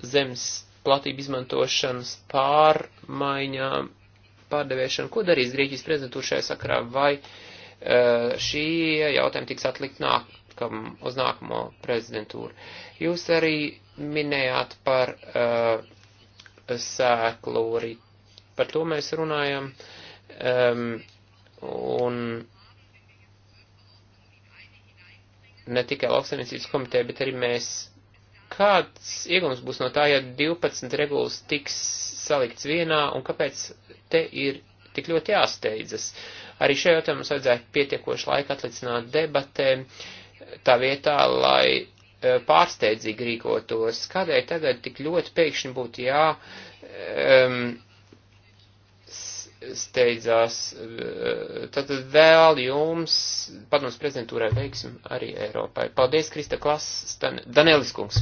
zemes platību izmantošanas pārmaiņām, pārdevēšanu. Ko darīs Grieķijas prezidentūra šajā sakarā? Vai uh, Eh, šie jautājumi tiks atlikt nākam, uz nākamo prezidentūru. Jūs arī minējāt par uh, sēklu, arī par to mēs runājam. Um, un ne tikai lauksaimniecības komiteja, bet arī mēs. Kāds iegums būs no tā, ja 12 regulas tiks salikts vienā, un kāpēc te ir tik ļoti jāsteidzas. Arī šajā jautājumā mums vajadzētu pietiekoši laika atlicināt debatēm, tā vietā, lai e, pārsteidzīgi rīkotos. Kādēļ tagad tik ļoti pēkšņi būtu jā um, steidzās? E, tad vēl jums, padoms prezidentūrai, veiksim arī Eiropai. Paldies, Krista Klass, Danielis Kungs.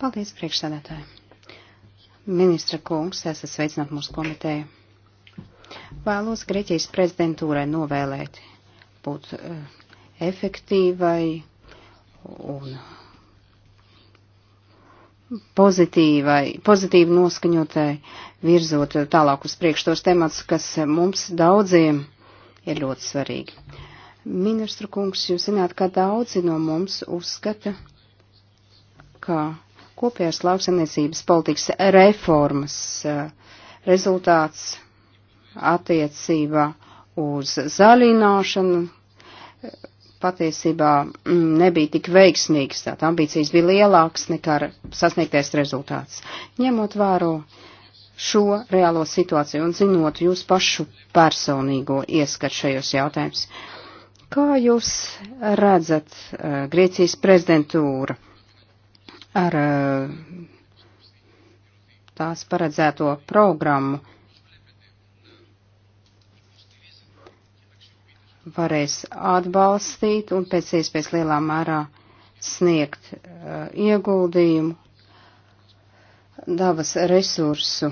Paldies, priekšsēdētāji. Ministra kungs, esat sveicināt mūsu komiteju. Vēlos Grieķijas prezidentūrai novēlēt būt uh, efektīvai un pozitīvai, pozitīvi noskaņotai, virzot tālāk uz priekšu tos temats, kas mums daudziem ir ļoti svarīgi. Ministru kungs, jūs zināt, ka daudzi no mums uzskata, ka kopējās lauksaimniecības politikas reformas eh, rezultāts attiecībā uz zaļināšanu patiesībā mm, nebija tik veiksmīgs, tātad ambīcijas bija lielāks nekā sasniegtais rezultāts. Ņemot vēro šo reālo situāciju un zinot jūs pašu personīgo ieskatu šajos jautājumus, kā jūs redzat uh, Grieķijas prezidentūra ar uh, tās paredzēto programmu? varēs atbalstīt un pēc iespējas lielā mērā sniegt uh, ieguldījumu dabas resursu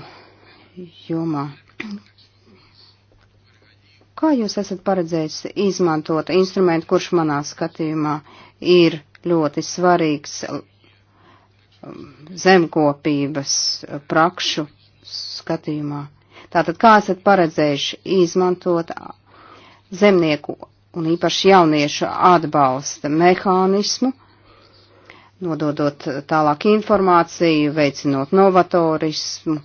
jomā. Kā jūs esat paredzējis izmantot instrumentu, kurš manā skatījumā ir ļoti svarīgs um, zemkopības prakšu skatījumā? Tātad, kā esat paredzējuši izmantot zemnieku un īpaši jauniešu atbalsta mehānismu, nododot tālāk informāciju, veicinot novatorismu.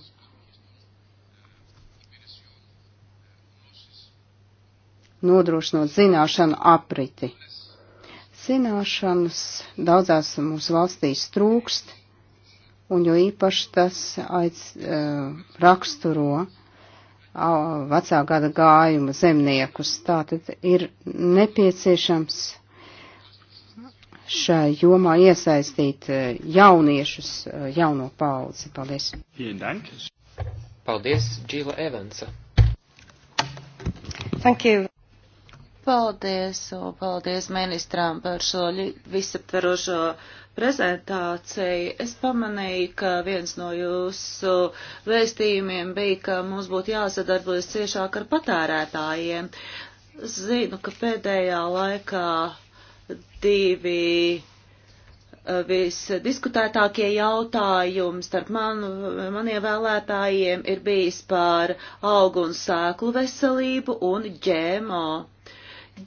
nodrošinot zināšanu apriti. Zināšanas daudzās mūsu valstīs trūkst, un jo īpaši tas aiz, uh, raksturo uh, vecā gada gājuma zemniekus. Tātad ir nepieciešams šai jomā iesaistīt e, jauniešus, e, jauno paudzi. Paldies. Paldies, Džila Evansa. Thank you. Paldies, un paldies ministrām par šo visaptverošo prezentāciju, es pamanīju, ka viens no jūsu vēstījumiem bija, ka mums būtu jāsadarbojas ciešāk ar patērētājiem. Zinu, ka pēdējā laikā divi eh, visdiskutētākie jautājumi starp man, maniem vēlētājiem ir bijis par augu un sēklu veselību un ģēmo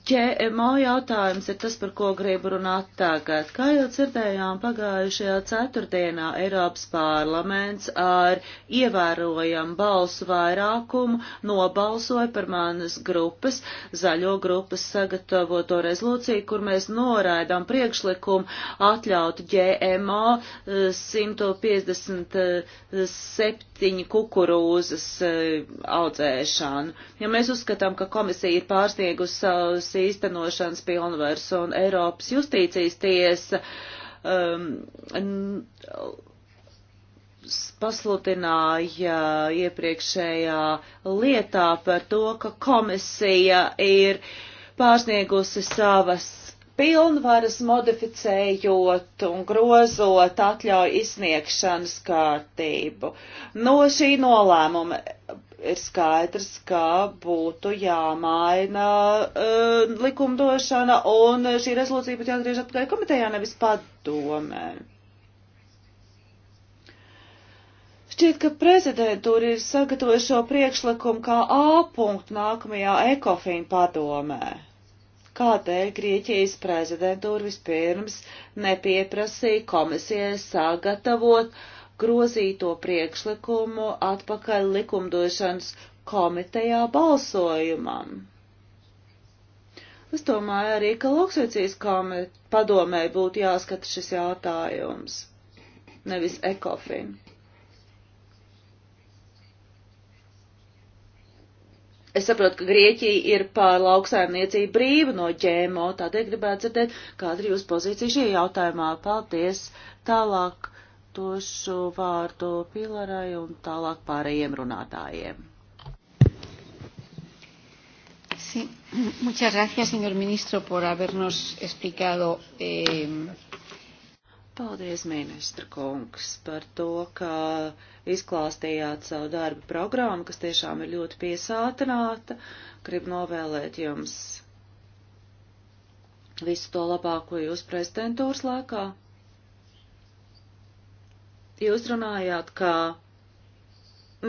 ģēmo jautājums ir tas, par ko gribu runāt tagad. Kā jau dzirdējām pagājušajā ceturtdienā, Eiropas parlaments ar ievērojamu balsu vairākumu nobalsoja par manas grupas, zaļo grupas sagatavoto rezolūciju, kur mēs noraidām priekšlikumu atļaut ģēmo 157 eh, kukurūzas eh, audzēšanu. Ja mēs uzskatām, ka komisija ir pārsniegusi savu bijusi īstenošanas pilnvars un Eiropas justīcijas tiesa um, pasludināja iepriekšējā lietā par to, ka komisija ir pārsniegusi savas pilnvaras modificējot un grozot atļauju izsniegšanas kārtību. No šī nolēmuma ir skaidrs, ka būtu jāmaina uh, likumdošana un šī rezolūcija būtu jāatgriež atpakaļ komitejā, nevis padomē. Šķiet, ka prezidentūra ir sagatavojuši šo priekšlikumu kā A punktu nākamajā ekofīna padomē kādēļ Grieķijas prezidentūra vispirms nepieprasīja komisijai sagatavot grozīto priekšlikumu atpakaļ likumdošanas komitejā balsojumam. Es domāju arī, ka lauksveicīs padomē būtu jāskata šis jautājums, nevis ekofin. Es saprotu, ka Grieķija ir pār lauksaimniecību brīva no ģēmo, tādēļ gribētu dzirdēt, kāda ir jūsu pozīcija šajā jautājumā. Paldies! Tālāk došu vārdu Pilarai un tālāk pārējiem runātājiem. Sí. Muchas gracias, señor ministro, por habernos explicado eh, Paldies, ministra kungs, par to, ka izklāstījāt savu darbu programmu, kas tiešām ir ļoti piesātināta. Gribu novēlēt jums visu to labāko jūsu prezidentūras laikā. Jūs runājāt, ka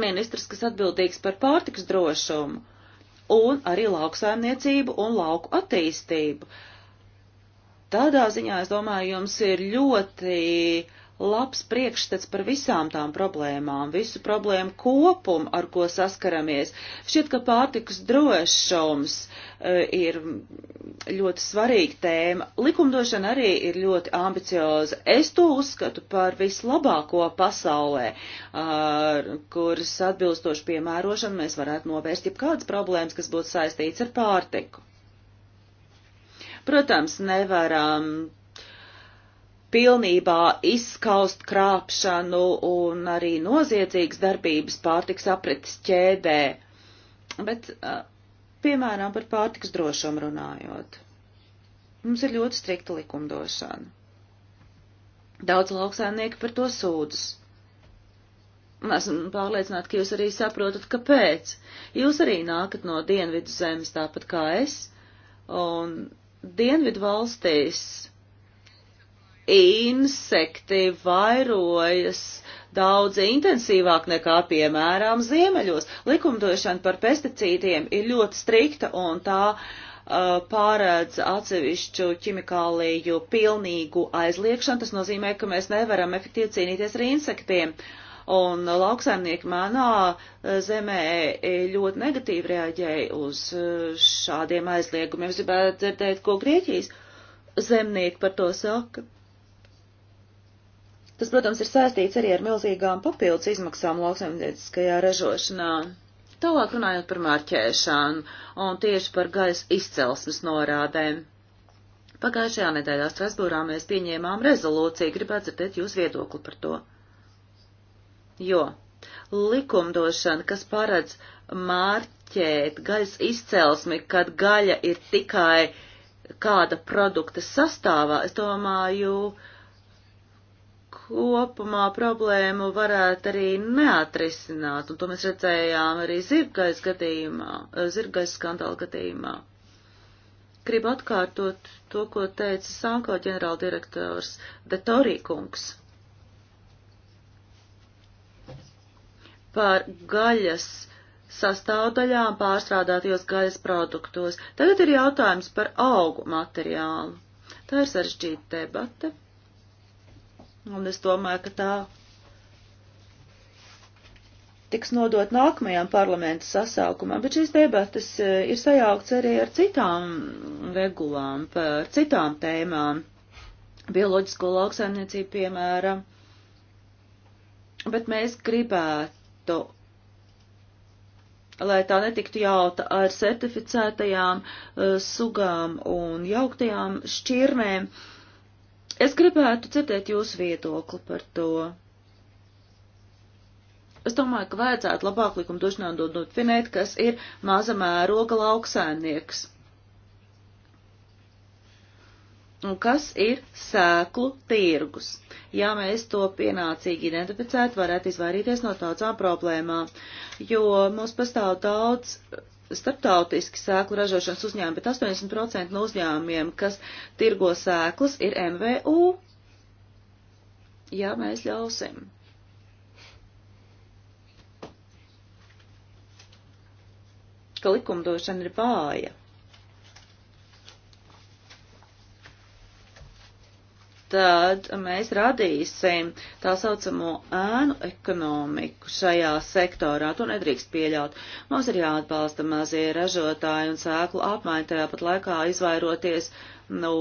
ministrs, kas atbildīgs par pārtiks drošumu un arī lauksaimniecību un lauku attīstību. Uh, Tādā ziņā, es domāju, jums ir ļoti labs priekšstats par visām tām problēmām, visu problēmu kopumu, ar ko saskaramies. Šķiet, ka pārtikas drošums e, ir ļoti svarīga tēma. Likumdošana arī ir ļoti ambicioza. Es to uzskatu par vislabāko pasaulē, e, kuras atbilstoši piemērošanu mēs varētu novērst jebkādas problēmas, kas būtu saistīts ar pārtiku. Protams, nevaram pilnībā izskaust krāpšanu un arī noziedzīgas darbības pārtiks apretes ķēdē, bet, piemēram, par pārtiks drošumu runājot. Mums ir ļoti strikta likumdošana. Daudz lauksēmnieki par to sūdzas. Un esmu pārliecināta, ka jūs arī saprotat, kāpēc. Jūs arī nākat no dienvidu zemes tāpat kā es, un Dienvidu valstīs insekti vairojas daudz intensīvāk nekā, piemēram, ziemeļos. Likumdošana par pesticīdiem ir ļoti strikta un tā uh, pārēdz atsevišķu ķimikāliju pilnīgu aizliekšanu. Tas nozīmē, ka mēs nevaram efektīvi cīnīties ar insektiem. Uh, un lauksaimnieki manā eh, zemē eh, ļoti negatīvi reaģēja uz eh, šādiem aizliegumiem. Es gribētu dzirdēt, ko Grieķijas zemnieki par to saka. Tas, protams, ir saistīts arī ar milzīgām papildus izmaksām lauksaimnieciskajā ražošanā. Tālāk runājot par marķēšanu un tieši par gaisa izcelsmes norādēm. Pagājušajā nedēļā Strasbūrā mēs pieņēmām rezolūciju, gribētu dzirdēt jūs viedokli par to jo likumdošana, kas paredz mārķēt gaļas izcelsmi, kad gaļa ir tikai kāda produkta sastāvā, es domāju, kopumā problēmu varētu arī neatrisināt, un to mēs redzējām arī zirgais gadījumā, zirgais skandāla gadījumā. Gribu atkārtot to, ko teica Sanko ģenerāldirektors Detorīkungs. par gaļas sastāvdaļām pārstrādātajos gaļas produktos. Tagad ir jautājums par augu materiālu. Tā ir sarežģīta debata, un es domāju, ka tā tiks nodot nākamajam parlamenta sasaukumam, bet šīs debatas e, ir sajaukts arī ar citām regulām, par citām tēmām, bioloģisko lauksaimniecību piemēram, bet mēs gribētu tiktu, lai tā netiktu jauta ar certificētajām uh, sugām un jauktajām šķirnēm. Es gribētu dzirdēt jūsu viedokli par to. Es domāju, ka vajadzētu labāk likumdošanā nodefinēt, kas ir maza mēroga lauksēmnieks un kas ir sēklu tirgus. Ja mēs to pienācīgi identificētu, varētu izvairīties no daudzām problēmām, jo mums pastāv daudz starptautiski sēklu ražošanas uzņēmumi, bet 80% no uzņēmumiem, kas tirgo sēklas, ir MVU. Ja mēs ļausim. ka likumdošana ir vāja. tad mēs radīsim tā saucamo ēnu ekonomiku šajā sektorā. To nedrīkst pieļaut. Mums ir jāatbalsta mazie ražotāji un sēklu apmaiņa tajā pat laikā izvairoties no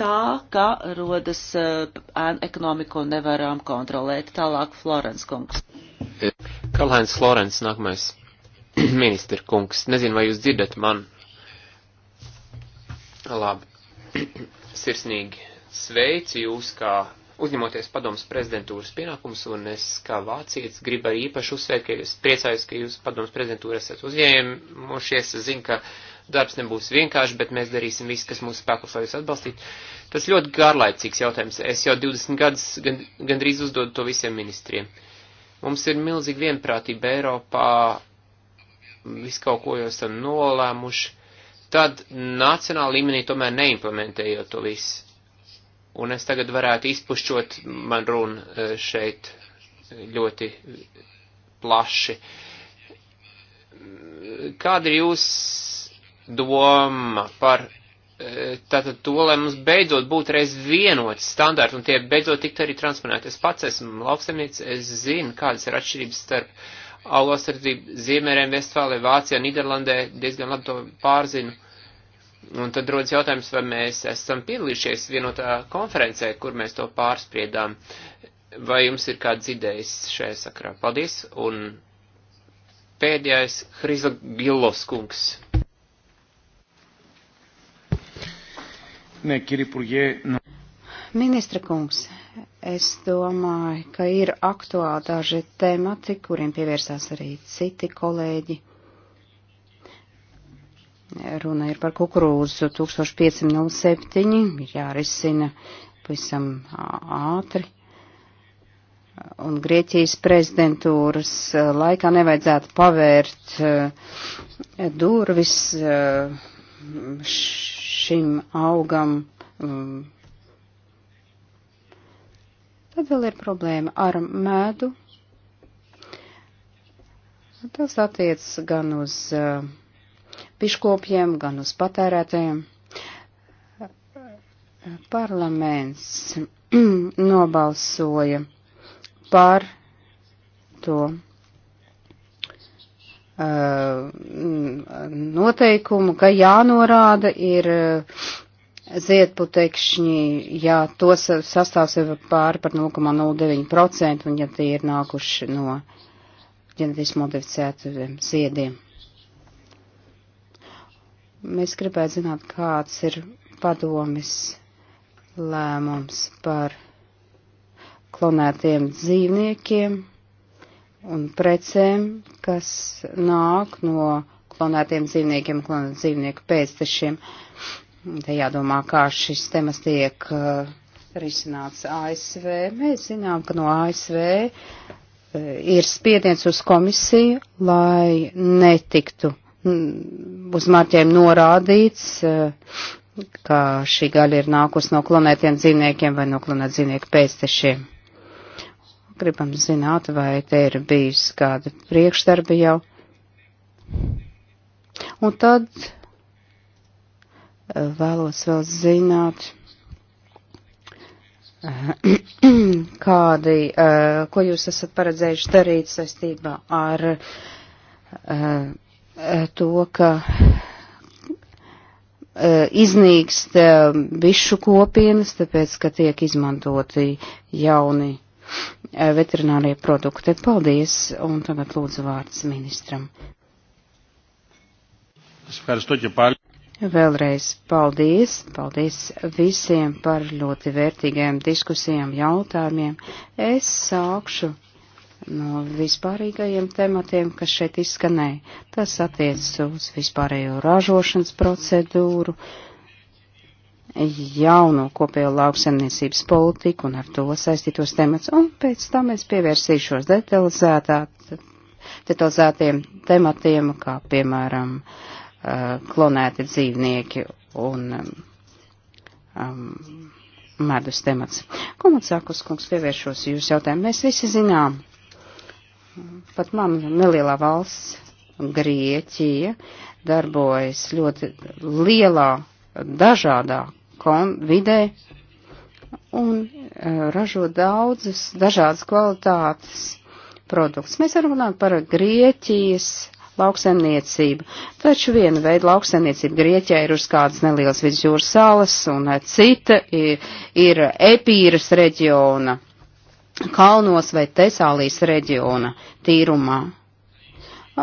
tā, ka rodas eh, ēnu ekonomiku un nevaram kontrolēt. Tālāk Florence kungs. Kalhēns Florence nākamais. Ministra kungs, nezinu, vai jūs dzirdat man. Labi. Sirsnīgi sveicu jūs kā uzņemoties padomas prezidentūras pienākumus, un es kā vācietis gribu arī īpaši uzsvērt, ka es priecājos, ka jūs padomas prezidentūra esat uzņēmušies. Es zinu, ka darbs nebūs vienkārši, bet mēs darīsim visu, kas mūsu spēkos, lai jūs atbalstītu. Tas ļoti garlaicīgs jautājums. Es jau 20 gadus gan, gandrīz uzdodu to visiem ministriem. Mums ir milzīga vienprātība Eiropā, visu kaut ko jau esam nolēmuši. Tad nacionāla līmenī tomēr neimplementējot to visu Un es tagad varētu izpušķot man runu e, šeit ļoti plaši. Kāda ir jūs doma par e, tātad to, lai mums beidzot būtu reiz vienoti standarti un tie beidzot tiktu arī transponēti? Es pats esmu lauksemnieks, es zinu, kādas ir atšķirības starp augostardību Ziemerēm, Vestfālē, Vācijā, Nīderlandē, diezgan labi to pārzinu. Un tad rodas jautājums, vai mēs esam piedalījušies vienotā konferencē, kur mēs to pārspriedām. Vai jums ir kāds idejas šajā sakrā? Paldies! Un pēdējais Hrizogilos kungs. Nu. Ministra kungs, es domāju, ka ir aktuāli daži temati, kuriem pievērsās arī citi kolēģi. Runa ir par kukurūzu 1507, ir jārisina pavisam ātri. Un Grieķijas prezidentūras laikā nevajadzētu pavērt durvis šim augam. Tad vēl ir problēma ar mēdu. Tas attiec gan uz uh, biškopiem, gan uz patērētājiem. Parlaments nobalsoja par to uh, noteikumu, ka jānorāda ir uh, ziedputekšņi, ja tos sastāvs ir pāri par 0,09% un ja tie ir nākuši no ģenetiski modificētiem ziediem. Mēs gribētu zināt, kāds ir padomis lēmums par klonētiem dzīvniekiem un precēm, kas nāk no klonētiem dzīvniekiem, klonēt dzīvnieku pēctešiem. Te jādomā, kā šis temats tiek uh, risināts ASV. Mēs zinām, ka no ASV uh, ir spiediens uz komisiju, lai netiktu uz mm, marķiem norādīts, e, ka šī gaļa ir nākus no klonētiem dzīvniekiem vai no klonēt dzīvnieku pēstešiem. Gribam zināt, vai te ir bijusi kāda priekšdarbi jau. Un tad e, vēlos vēl zināt, kādi, e, ko jūs esat paredzējuši darīt saistībā ar Eh, to, ka eh, iznīkst bišu eh, kopienas, tāpēc, ka tiek izmantoti jauni veterinārie produkti. Paldies, un tagad lūdzu vārds ministram. Vēlreiz paldies, paldies visiem par ļoti vērtīgajām diskusijām, jautājumiem. Es sākšu no vispārīgajiem tematiem, kas šeit izskanēja. Tas attiecas uz vispārējo ražošanas procedūru, jauno kopējo lauksemniecības politiku un ar to saistītos temats, un pēc tam es pievērsīšos detalizētiem tematiem, kā piemēram eh, klonēti dzīvnieki un um, medus temats. Komatsākus kungs pievēršos jūsu jautājumu. Mēs visi zinām, pat man nelielā valsts, Grieķija, darbojas ļoti lielā, dažādā vidē un e, ražo daudzas dažādas kvalitātes produktus. Mēs varam runāt par Grieķijas lauksaimniecību. Taču viena veida lauksaimniecība Grieķijā ir uz kādas nelielas vidusjūras salas, un e, cita ir, ir Epīras reģiona kalnos vai Tesālijas reģiona tīrumā.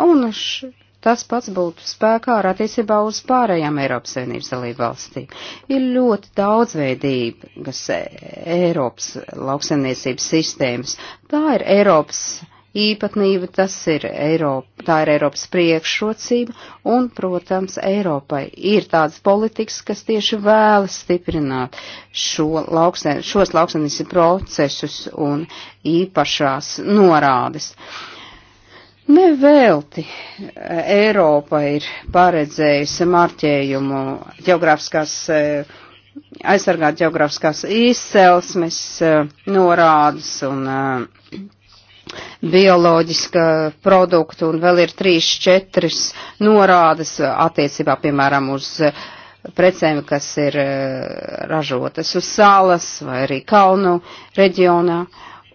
Un š, tas pats būtu spēkā ar attiecībā uz pārējām Eiropas Savienības dalību valstīm. Ir ļoti daudzveidība, kas Eiropas lauksaimniecības sistēmas. Tā ir Eiropas īpatnība, tas ir Eiropa, tā ir Eiropas priekšrocība, un, protams, Eiropai ir tādas politikas, kas tieši vēlas stiprināt šo lauksē, šos lauksaimniecības procesus un īpašās norādes. Nevelti Eiropa ir paredzējusi marķējumu geogrāfiskās aizsargāt geogrāfiskās izcelsmes eh, norādes un uh, bioloģiska produkta un vēl ir trīs, četras norādes attiecībā, piemēram, uz precēm, kas ir eh, ražotas uz salas vai arī kalnu reģionā.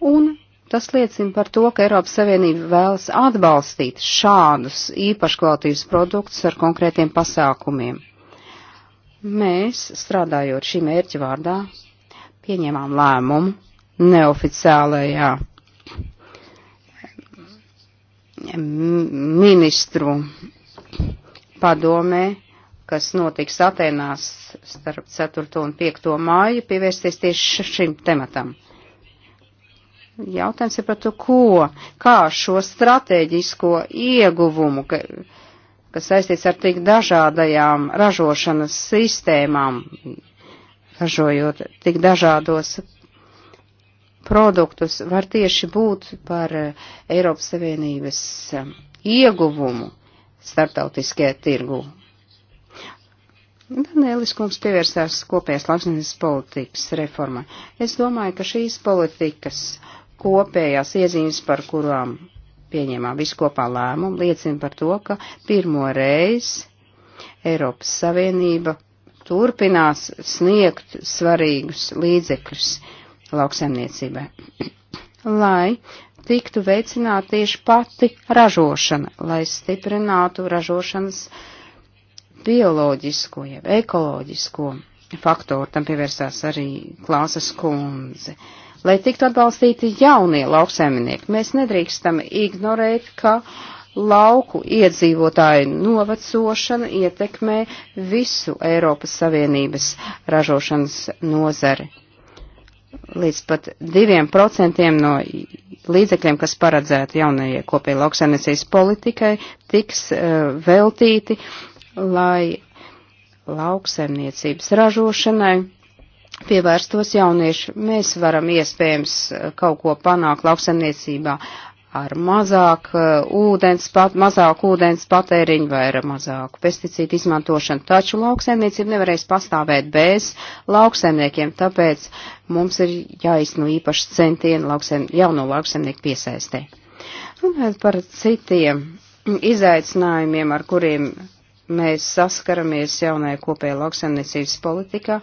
Un tas liecina par to, ka Eiropas Savienība vēlas atbalstīt šādus īpašklātības produktus ar konkrētiem pasākumiem. Mēs, strādājot šī mērķa vārdā, pieņemām lēmumu neoficiālajā ministru padomē, kas notiks Atenās starp 4. un 5. māju, pievērsties tieši šim tematam. Jautājums ir par to, ko, kā šo strateģisko ieguvumu, ka, kas saistīts ar tik dažādajām ražošanas sistēmām, ražojot tik dažādos produktus var tieši būt par eh, Eiropas Savienības eh, ieguvumu starptautiskajā tirgu. Danēlis kungs pievērsās kopējās lauksnes politikas reformai. Es domāju, ka šīs politikas kopējās iezīmes, par kurām pieņēmām viskopā lēmumu, liecina par to, ka pirmo reizi Eiropas Savienība turpinās sniegt svarīgus līdzekļus lauksaimniecībai, lai tiktu veicināta tieši pati ražošana, lai stiprinātu ražošanas bioloģisko, jeb ekoloģisko faktoru, tam pievērsās arī klāsas kundze. Lai tiktu atbalstīti jaunie lauksaimnieki, mēs nedrīkstam ignorēt, ka lauku iedzīvotāju novecošana ietekmē visu Eiropas Savienības ražošanas nozari līdz pat diviem procentiem no līdzekļiem, kas paredzēti jaunajai kopēji lauksaimniecības politikai, tiks uh, veltīti, lai lauksaimniecības ražošanai pievērstos jaunieši. Mēs varam iespējams eh, kaut ko panākt lauksaimniecībā ar mazāk eh, ūdens, pat, mazāk ūdens patēriņu vai ar mazāku pesticīdu izmantošanu. Taču lauksaimniecība nevarēs pastāvēt bez lauksaimniekiem, tāpēc mums ir jāizno īpaši centieni lauksaim, jauno lauksaimnieku piesaistē. Runājot par citiem izaicinājumiem, ar kuriem mēs saskaramies jaunajā kopējā lauksaimniecības politikā,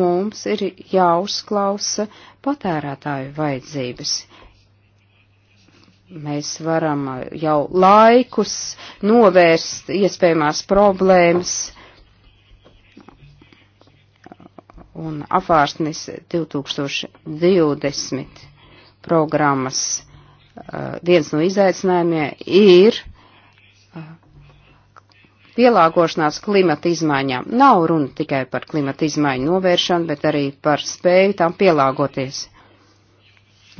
mums ir jāuzklausa patērētāju vajadzības mēs varam uh, jau laikus novērst iespējamās problēmas. Un apvārsnis 2020 programmas uh, viens no izaicinājumiem ir uh, pielāgošanās klimata izmaiņām. Nav runa tikai par klimata izmaiņu novēršanu, bet arī par spēju tām pielāgoties. Uh,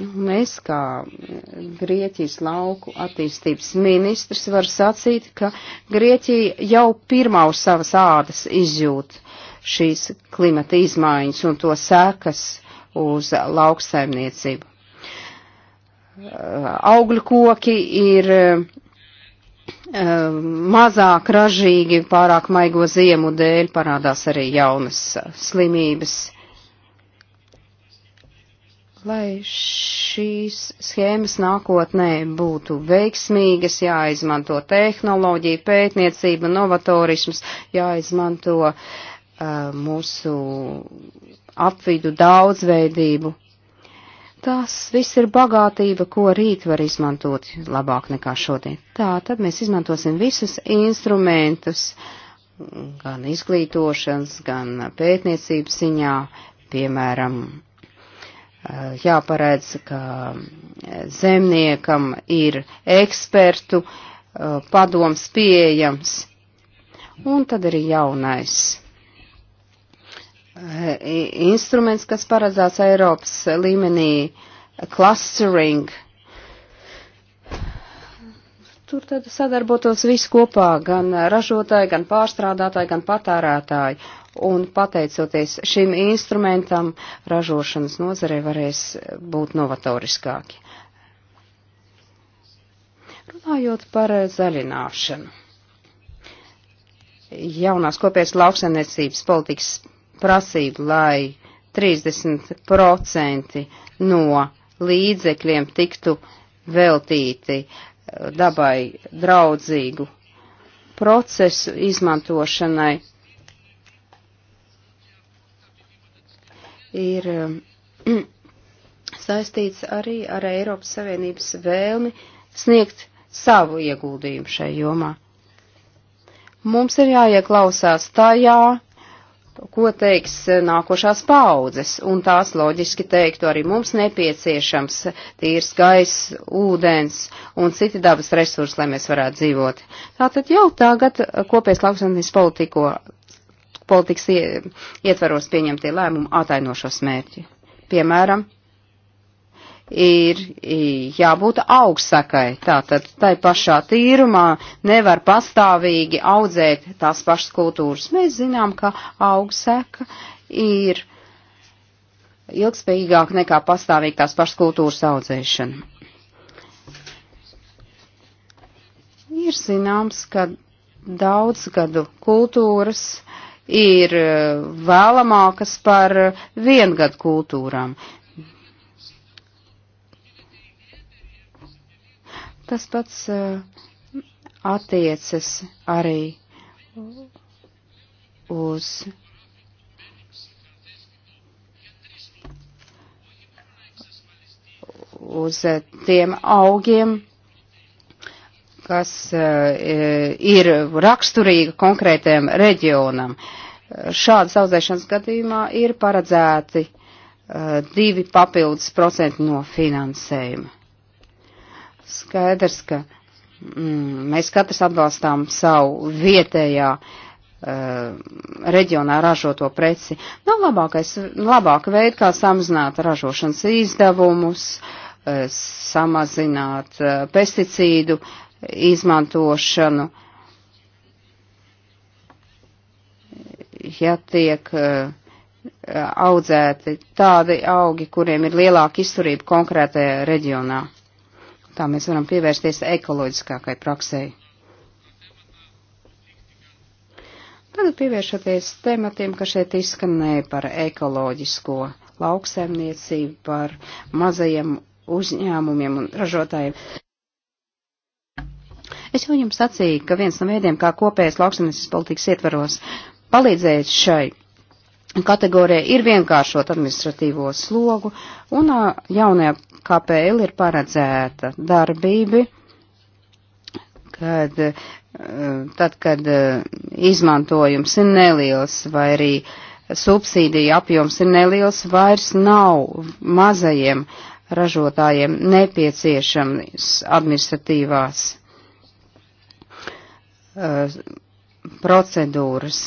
Mēs, kā Grieķijas lauku attīstības ministrs, var sacīt, ka Grieķija jau pirmā uz savas ādas izjūt šīs klimata izmaiņas un to sekas uz lauksaimniecību. Augļu koki ir eh, mazāk ražīgi, pārāk maigo ziemu dēļ parādās arī jaunas slimības Lai šīs schēmas nākotnē būtu veiksmīgas, jāizmanto tehnoloģija, pētniecība, novatorisms, jāizmanto uh, mūsu apvidu daudzveidību. Tās viss ir bagātība, ko rīt var izmantot labāk nekā šodien. Tā tad mēs izmantosim visus instrumentus, gan izglītošanas, gan pētniecības ziņā, piemēram, Eh, jāparedz, ka eh, zemniekam ir ekspertu eh, padoms pieejams. Un tad arī jaunais instruments, kas paredzēts Eiropas līmenī, clustering. Tur tad sadarbotos visi kopā, gan ražotāji, gan pārstrādātāji, gan patērētāji un pateicoties šim instrumentam, ražošanas nozare varēs būt novatoriskāki. Runājot par zaļināšanu. Jaunās kopējas lauksainiecības politikas prasība, lai 30% no līdzekļiem tiktu veltīti eh, dabai draudzīgu procesu izmantošanai ir saistīts arī ar Eiropas Savienības vēlmi sniegt savu ieguldījumu šai jomā. Mums ir jāieklausās tajā, ko teiks nākošās paudzes, un tās loģiski teiktu arī mums nepieciešams tīrs gaiss, ūdens un citi dabas resursi, lai mēs varētu dzīvot. Tātad jau tagad kopējas lauksaimniecības politiko politikas ietvaros pieņemtie lēmumi atainošos mērķi. Piemēram, ir jābūt augstsakai. Tātad tai pašā tīrumā nevar pastāvīgi audzēt tās pašas kultūras. Mēs zinām, ka augstsaka ir ilgspējīgāk nekā pastāvīgi tās pašas kultūras audzēšana. Ir zināms, ka daudz gadu kultūras uh, ir eh, vēlamākas par viengadu kultūrām. Tas pats eh, attiecas arī uz uz eh, tiem augiem, kas e, e, ir raksturīga konkrētajam reģionam. Šādas audzēšanas gadījumā ir paredzēti e, divi papildus procenti no finansējuma. Skaidrs, ka mm, mēs katrs atbalstām savu vietējā uh, reģionā ražoto preci. Nav labākais, labāka veida, kā samazināt ražošanas izdevumus, uh, samazināt uh, pesticīdu izmantošanu. Ja tiek e, audzēti tādi augi, kuriem ir lielāka izturība konkrētajā reģionā. Tā mēs varam pievērsties ekoloģiskākai praksēji. Tagad pievēršoties tematiem, kas šeit izskanēja par ekoloģisko lauksaimniecību, par mazajiem uzņēmumiem un ražotājiem. Es jau jums sacīju, ka viens no veidiem, kā kopējas lauksaimniecības politikas ietvaros palīdzēt šai kategorijai, ir vienkāršot administratīvo slogu, un jaunajā KPL ir paredzēta darbība, kad, tad, kad izmantojums ir neliels vai arī subsīdija apjoms ir neliels, vairs nav mazajiem ražotājiem nepieciešams administratīvās Eh, procedūras.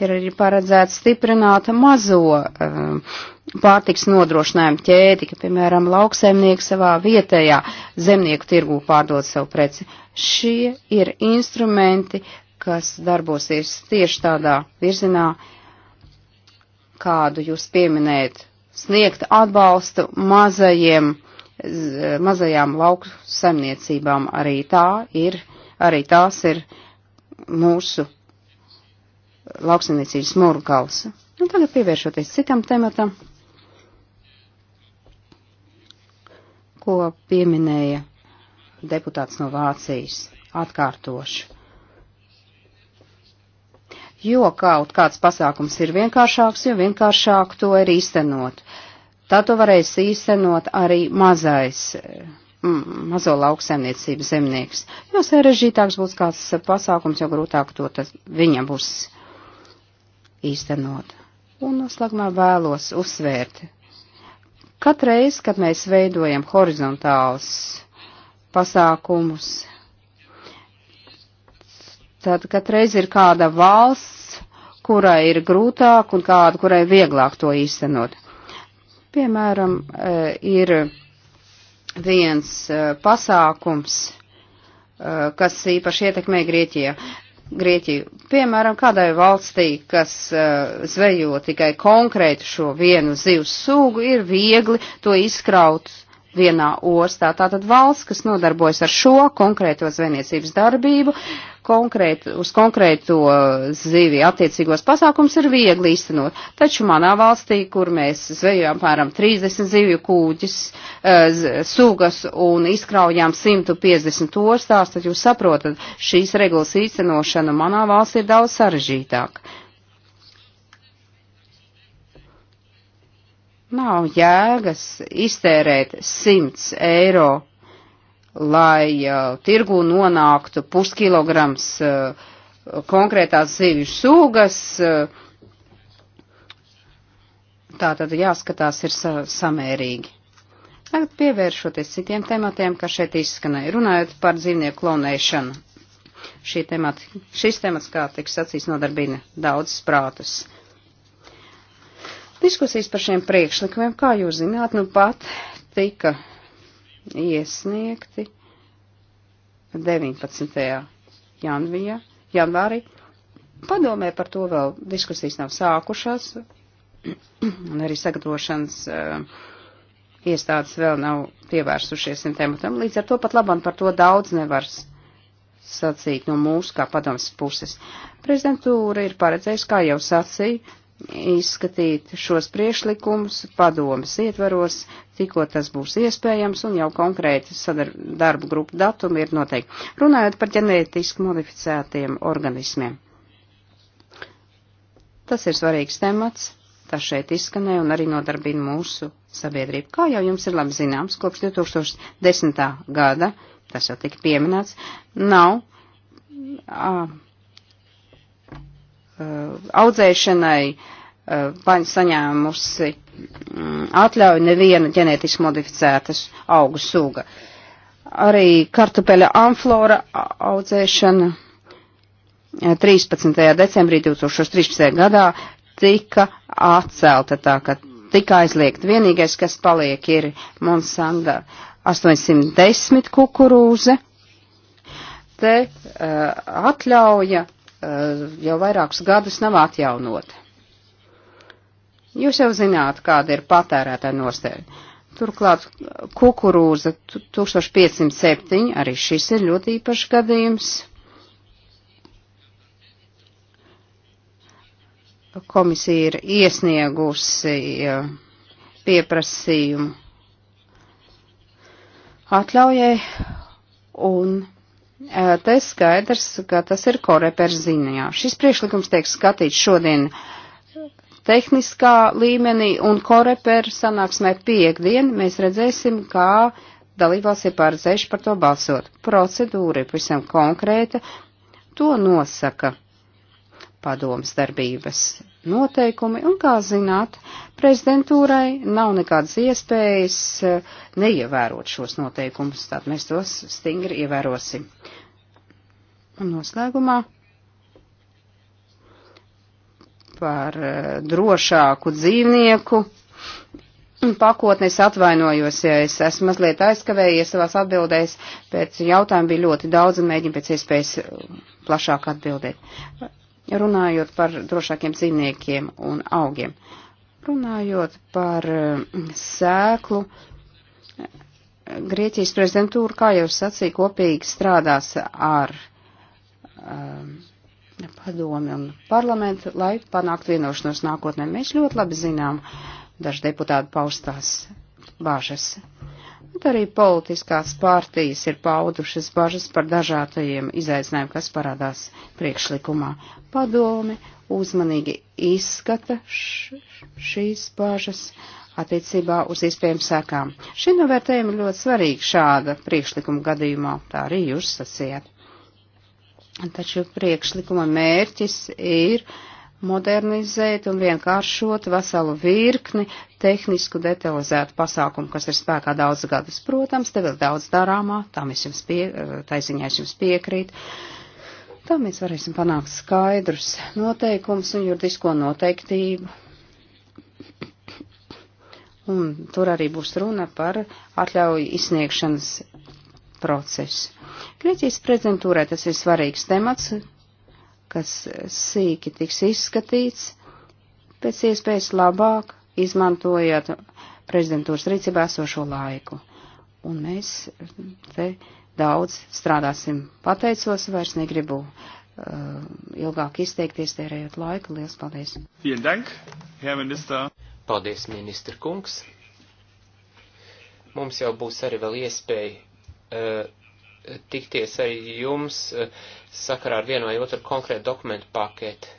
Ir arī paredzēts stiprināt mazo eh, pārtiks nodrošinājumu ķēdi, ka, piemēram, lauksaimnieki savā vietējā zemnieku tirgū pārdod savu preci. Šie ir instrumenti, kas darbosies tieši tādā virzienā, kādu jūs pieminējat, sniegt atbalstu mazajiem, mazajām lauku saimniecībām. Arī tā ir Arī tās ir mūsu lauksaimniecības murgals. Un tagad pievēršoties citam tematam, ko pieminēja deputāts no Vācijas. Atkārtošu. Jo kaut kāds pasākums ir vienkāršāks, jo vienkāršāk to ir īstenot. Tā to varēs īstenot arī mazais Mm, mazo lauksaimniecību zemnieks. Jo sarežģītāks būs kāds pasākums, jo grūtāk to viņam būs īstenot. Un noslēgumā vēlos uzsvērt. Katreiz, kad mēs veidojam horizontālus pasākumus, tad katreiz ir kāda valsts, kurai ir grūtāk un kāda, kurai vieglāk to īstenot. Piemēram, eh, ir viens uh, pasākums, uh, kas īpaši ietekmē Grieķijā. Grieķiju. Piemēram, kādai valstī, kas uh, zvejo tikai konkrētu šo vienu zivs sugu, ir viegli to izkraut vienā ostā. Tātad valsts, kas nodarbojas ar šo konkrēto zvejniecības darbību, uh, konkrēt, uz konkrēto zivi attiecīgos pasākums ir viegli īstenot. Taču manā valstī, kur mēs zvejojām pāram 30 zivju kūģis, eh, sugas un izkraujām 150 ostās, tad jūs saprotat, šīs regulas īstenošana manā valstī ir daudz sarežģītāka. Nav jēgas iztērēt 100 eiro lai uh, tirgu nonāktu puskilograms uh, konkrētās zivju sugas. Uh, tā tad jāskatās ir sa samērīgi. Tagad pievēršoties citiem tematiem, kas šeit izskanēja, runājot par dzīvnieku klonēšanu. Šī temata, šis temats, kā tiks sacīts, nodarbina daudzas prātus. Diskusijas par šiem priekšlikumiem, kā jūs zināt, nu pat tika iesniegti 19. Janvija, janvārī. Padomē par to vēl diskusijas nav sākušās, un arī sagatavošanas uh, iestādes vēl nav pievērsušies šim tematam. Līdz ar to pat labam par to daudz nevar sacīt no mūsu kā padomas puses. Prezidentūra ir paredzējusi, kā jau sacīja, izskatīt šos priešlikumus padomas ietvaros, tikko tas būs iespējams un jau konkrēti darbu grupu datumi ir noteikti. Runājot par ģenētiski modificētiem organismiem. Tas ir svarīgs temats, tas šeit izskanē un arī nodarbina mūsu sabiedrību. Kā jau jums ir labi zināms, kopš 2010. gada, tas jau tika pieminēts, nav. Uh, Uh, audzēšanai uh, saņēmusi mm, atļauju neviena ģenētiski modificētas augu suga. Arī kartupeļa amflora audzēšana 13. Uh, decembrī 2013. gadā tika atcelta tā, ka tika aizliegt. Vienīgais, kas paliek, ir Monsanda 810 kukurūze. Te uh, atļauja Eh, jau vairākus gadus nav atjaunota. Jūs jau zināt, kāda ir patērētāja nostēja. Turklāt kukurūza 1507, arī šis ir ļoti īpašs gadījums. Komisija ir iesniegusi eh, pieprasījumu atļaujai un Eh, te skaidrs, ka tas ir korepers ziņā. Šis priekšlikums tiek skatīts šodien tehniskā līmenī un koreper sanāksmē piekdien. Mēs redzēsim, kā dalībās ir pārdzējuši par to balsot. Procedūra ir pavisam konkrēta. To nosaka padomas darbības noteikumi, un, kā zināt, prezidentūrai nav nekādas iespējas eh, neievērot šos noteikumus, tad mēs tos stingri ievērosim. Un noslēgumā par eh, drošāku dzīvnieku pakotnes atvainojos, ja es esmu mazliet aizkavējies savās atbildēs, pēc jautājumu bija ļoti daudz un mēģinu pēc iespējas eh, plašāk atbildēt runājot par drošākiem dzīvniekiem un augiem. Runājot par mm, sēklu, Grieķijas prezidentūra, kā jau sacīja, kopīgi strādās ar um, padomi un parlamentu, lai panāktu vienošanos nākotnē. Mēs ļoti labi zinām dažu deputātu paustās bāžas bet arī politiskās pārtījas ir paudušas bažas par dažādajiem izaicinājumiem, kas parādās priekšlikumā. Padomi uzmanīgi izskata š, šīs bažas attiecībā uz iespējām sekām. Šī novērtējuma ir ļoti svarīga šāda priekšlikuma gadījumā, tā arī jūs sacījāt. Taču priekšlikuma mērķis ir uh, modernizēt un vienkāršot veselu virkni tehnisku detalizētu pasākumu, kas ir spēkā daudz gadus. Protams, te vēl daudz darāmā, tam es jums pie, taisiņā es jums piekrītu. Tā mēs varēsim panākt skaidrus noteikumus un juridisko noteiktību. Un tur arī būs runa par atļauju izsniegšanas procesu. Grieķijas prezidentūrē tas ir svarīgs temats, kas sīki tiks izskatīts, pēc iespējas labāk izmantojot prezidentūras rīcībā esošo laiku. Un mēs te daudz strādāsim. Pateicos, vairs negribu uh, ilgāk izteikties, tērējot laiku. Lielas paldies! Dank, paldies, ministra kungs! Mums jau būs arī vēl iespēja uh, tikties ar jums eh, sakarā ar vienu vai otru konkrētu dokumentu paketi.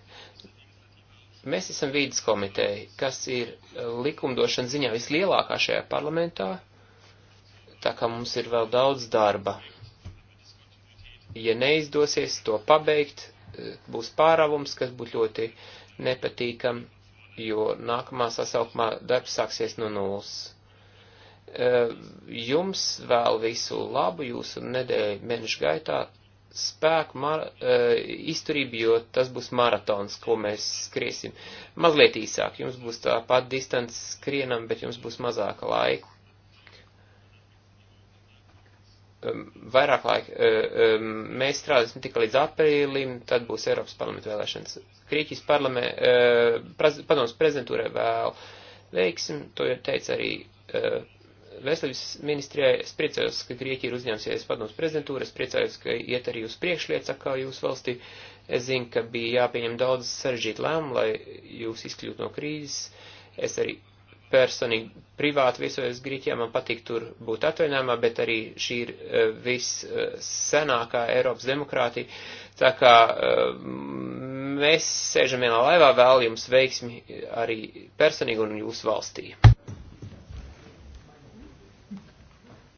Mēs esam vīdes komiteja, kas ir eh, likumdošana ziņā vislielākā šajā parlamentā, tā kā mums ir vēl daudz darba. Ja neizdosies to pabeigt, eh, būs pāravums, kas būtu ļoti nepatīkam, jo nākamā sasaukumā darbs sāksies no nulles. E, jums vēl visu labu jūsu nedēļu mēnešu gaitā spēku, mar, e, izturību, jo tas būs maratons, ko mēs skriesim. Mazliet īsāk, jums būs tā pat distance skrienam, bet jums būs mazāka laika. E, vairāk laika. Mēs strādāsim tikai līdz aprīlim, tad būs Eiropas parlamenta vēlēšanas. Krieķijas parlamē, padoms prezidentūrē vēl veiksim, to jau teica arī veselības ministrijai. Es priecājos, ka Grieķija ir uzņēmusies padomus prezidentūru, es priecājos, ka iet arī uz priekšlietas atkal jūsu valstī. Es zinu, ka bija jāpieņem daudz sarežģītu lēmumu, lai jūs izkļūtu no krīzes. Es arī personīgi privāti viesojos Grieķijā, man patīk tur būt atvaļinājumā, bet arī šī ir uh, vissenākā uh, Eiropas demokrātija. Tā kā uh, mēs sēžam vienā laivā, vēl jums veiksmi arī personīgi un jūsu valstī.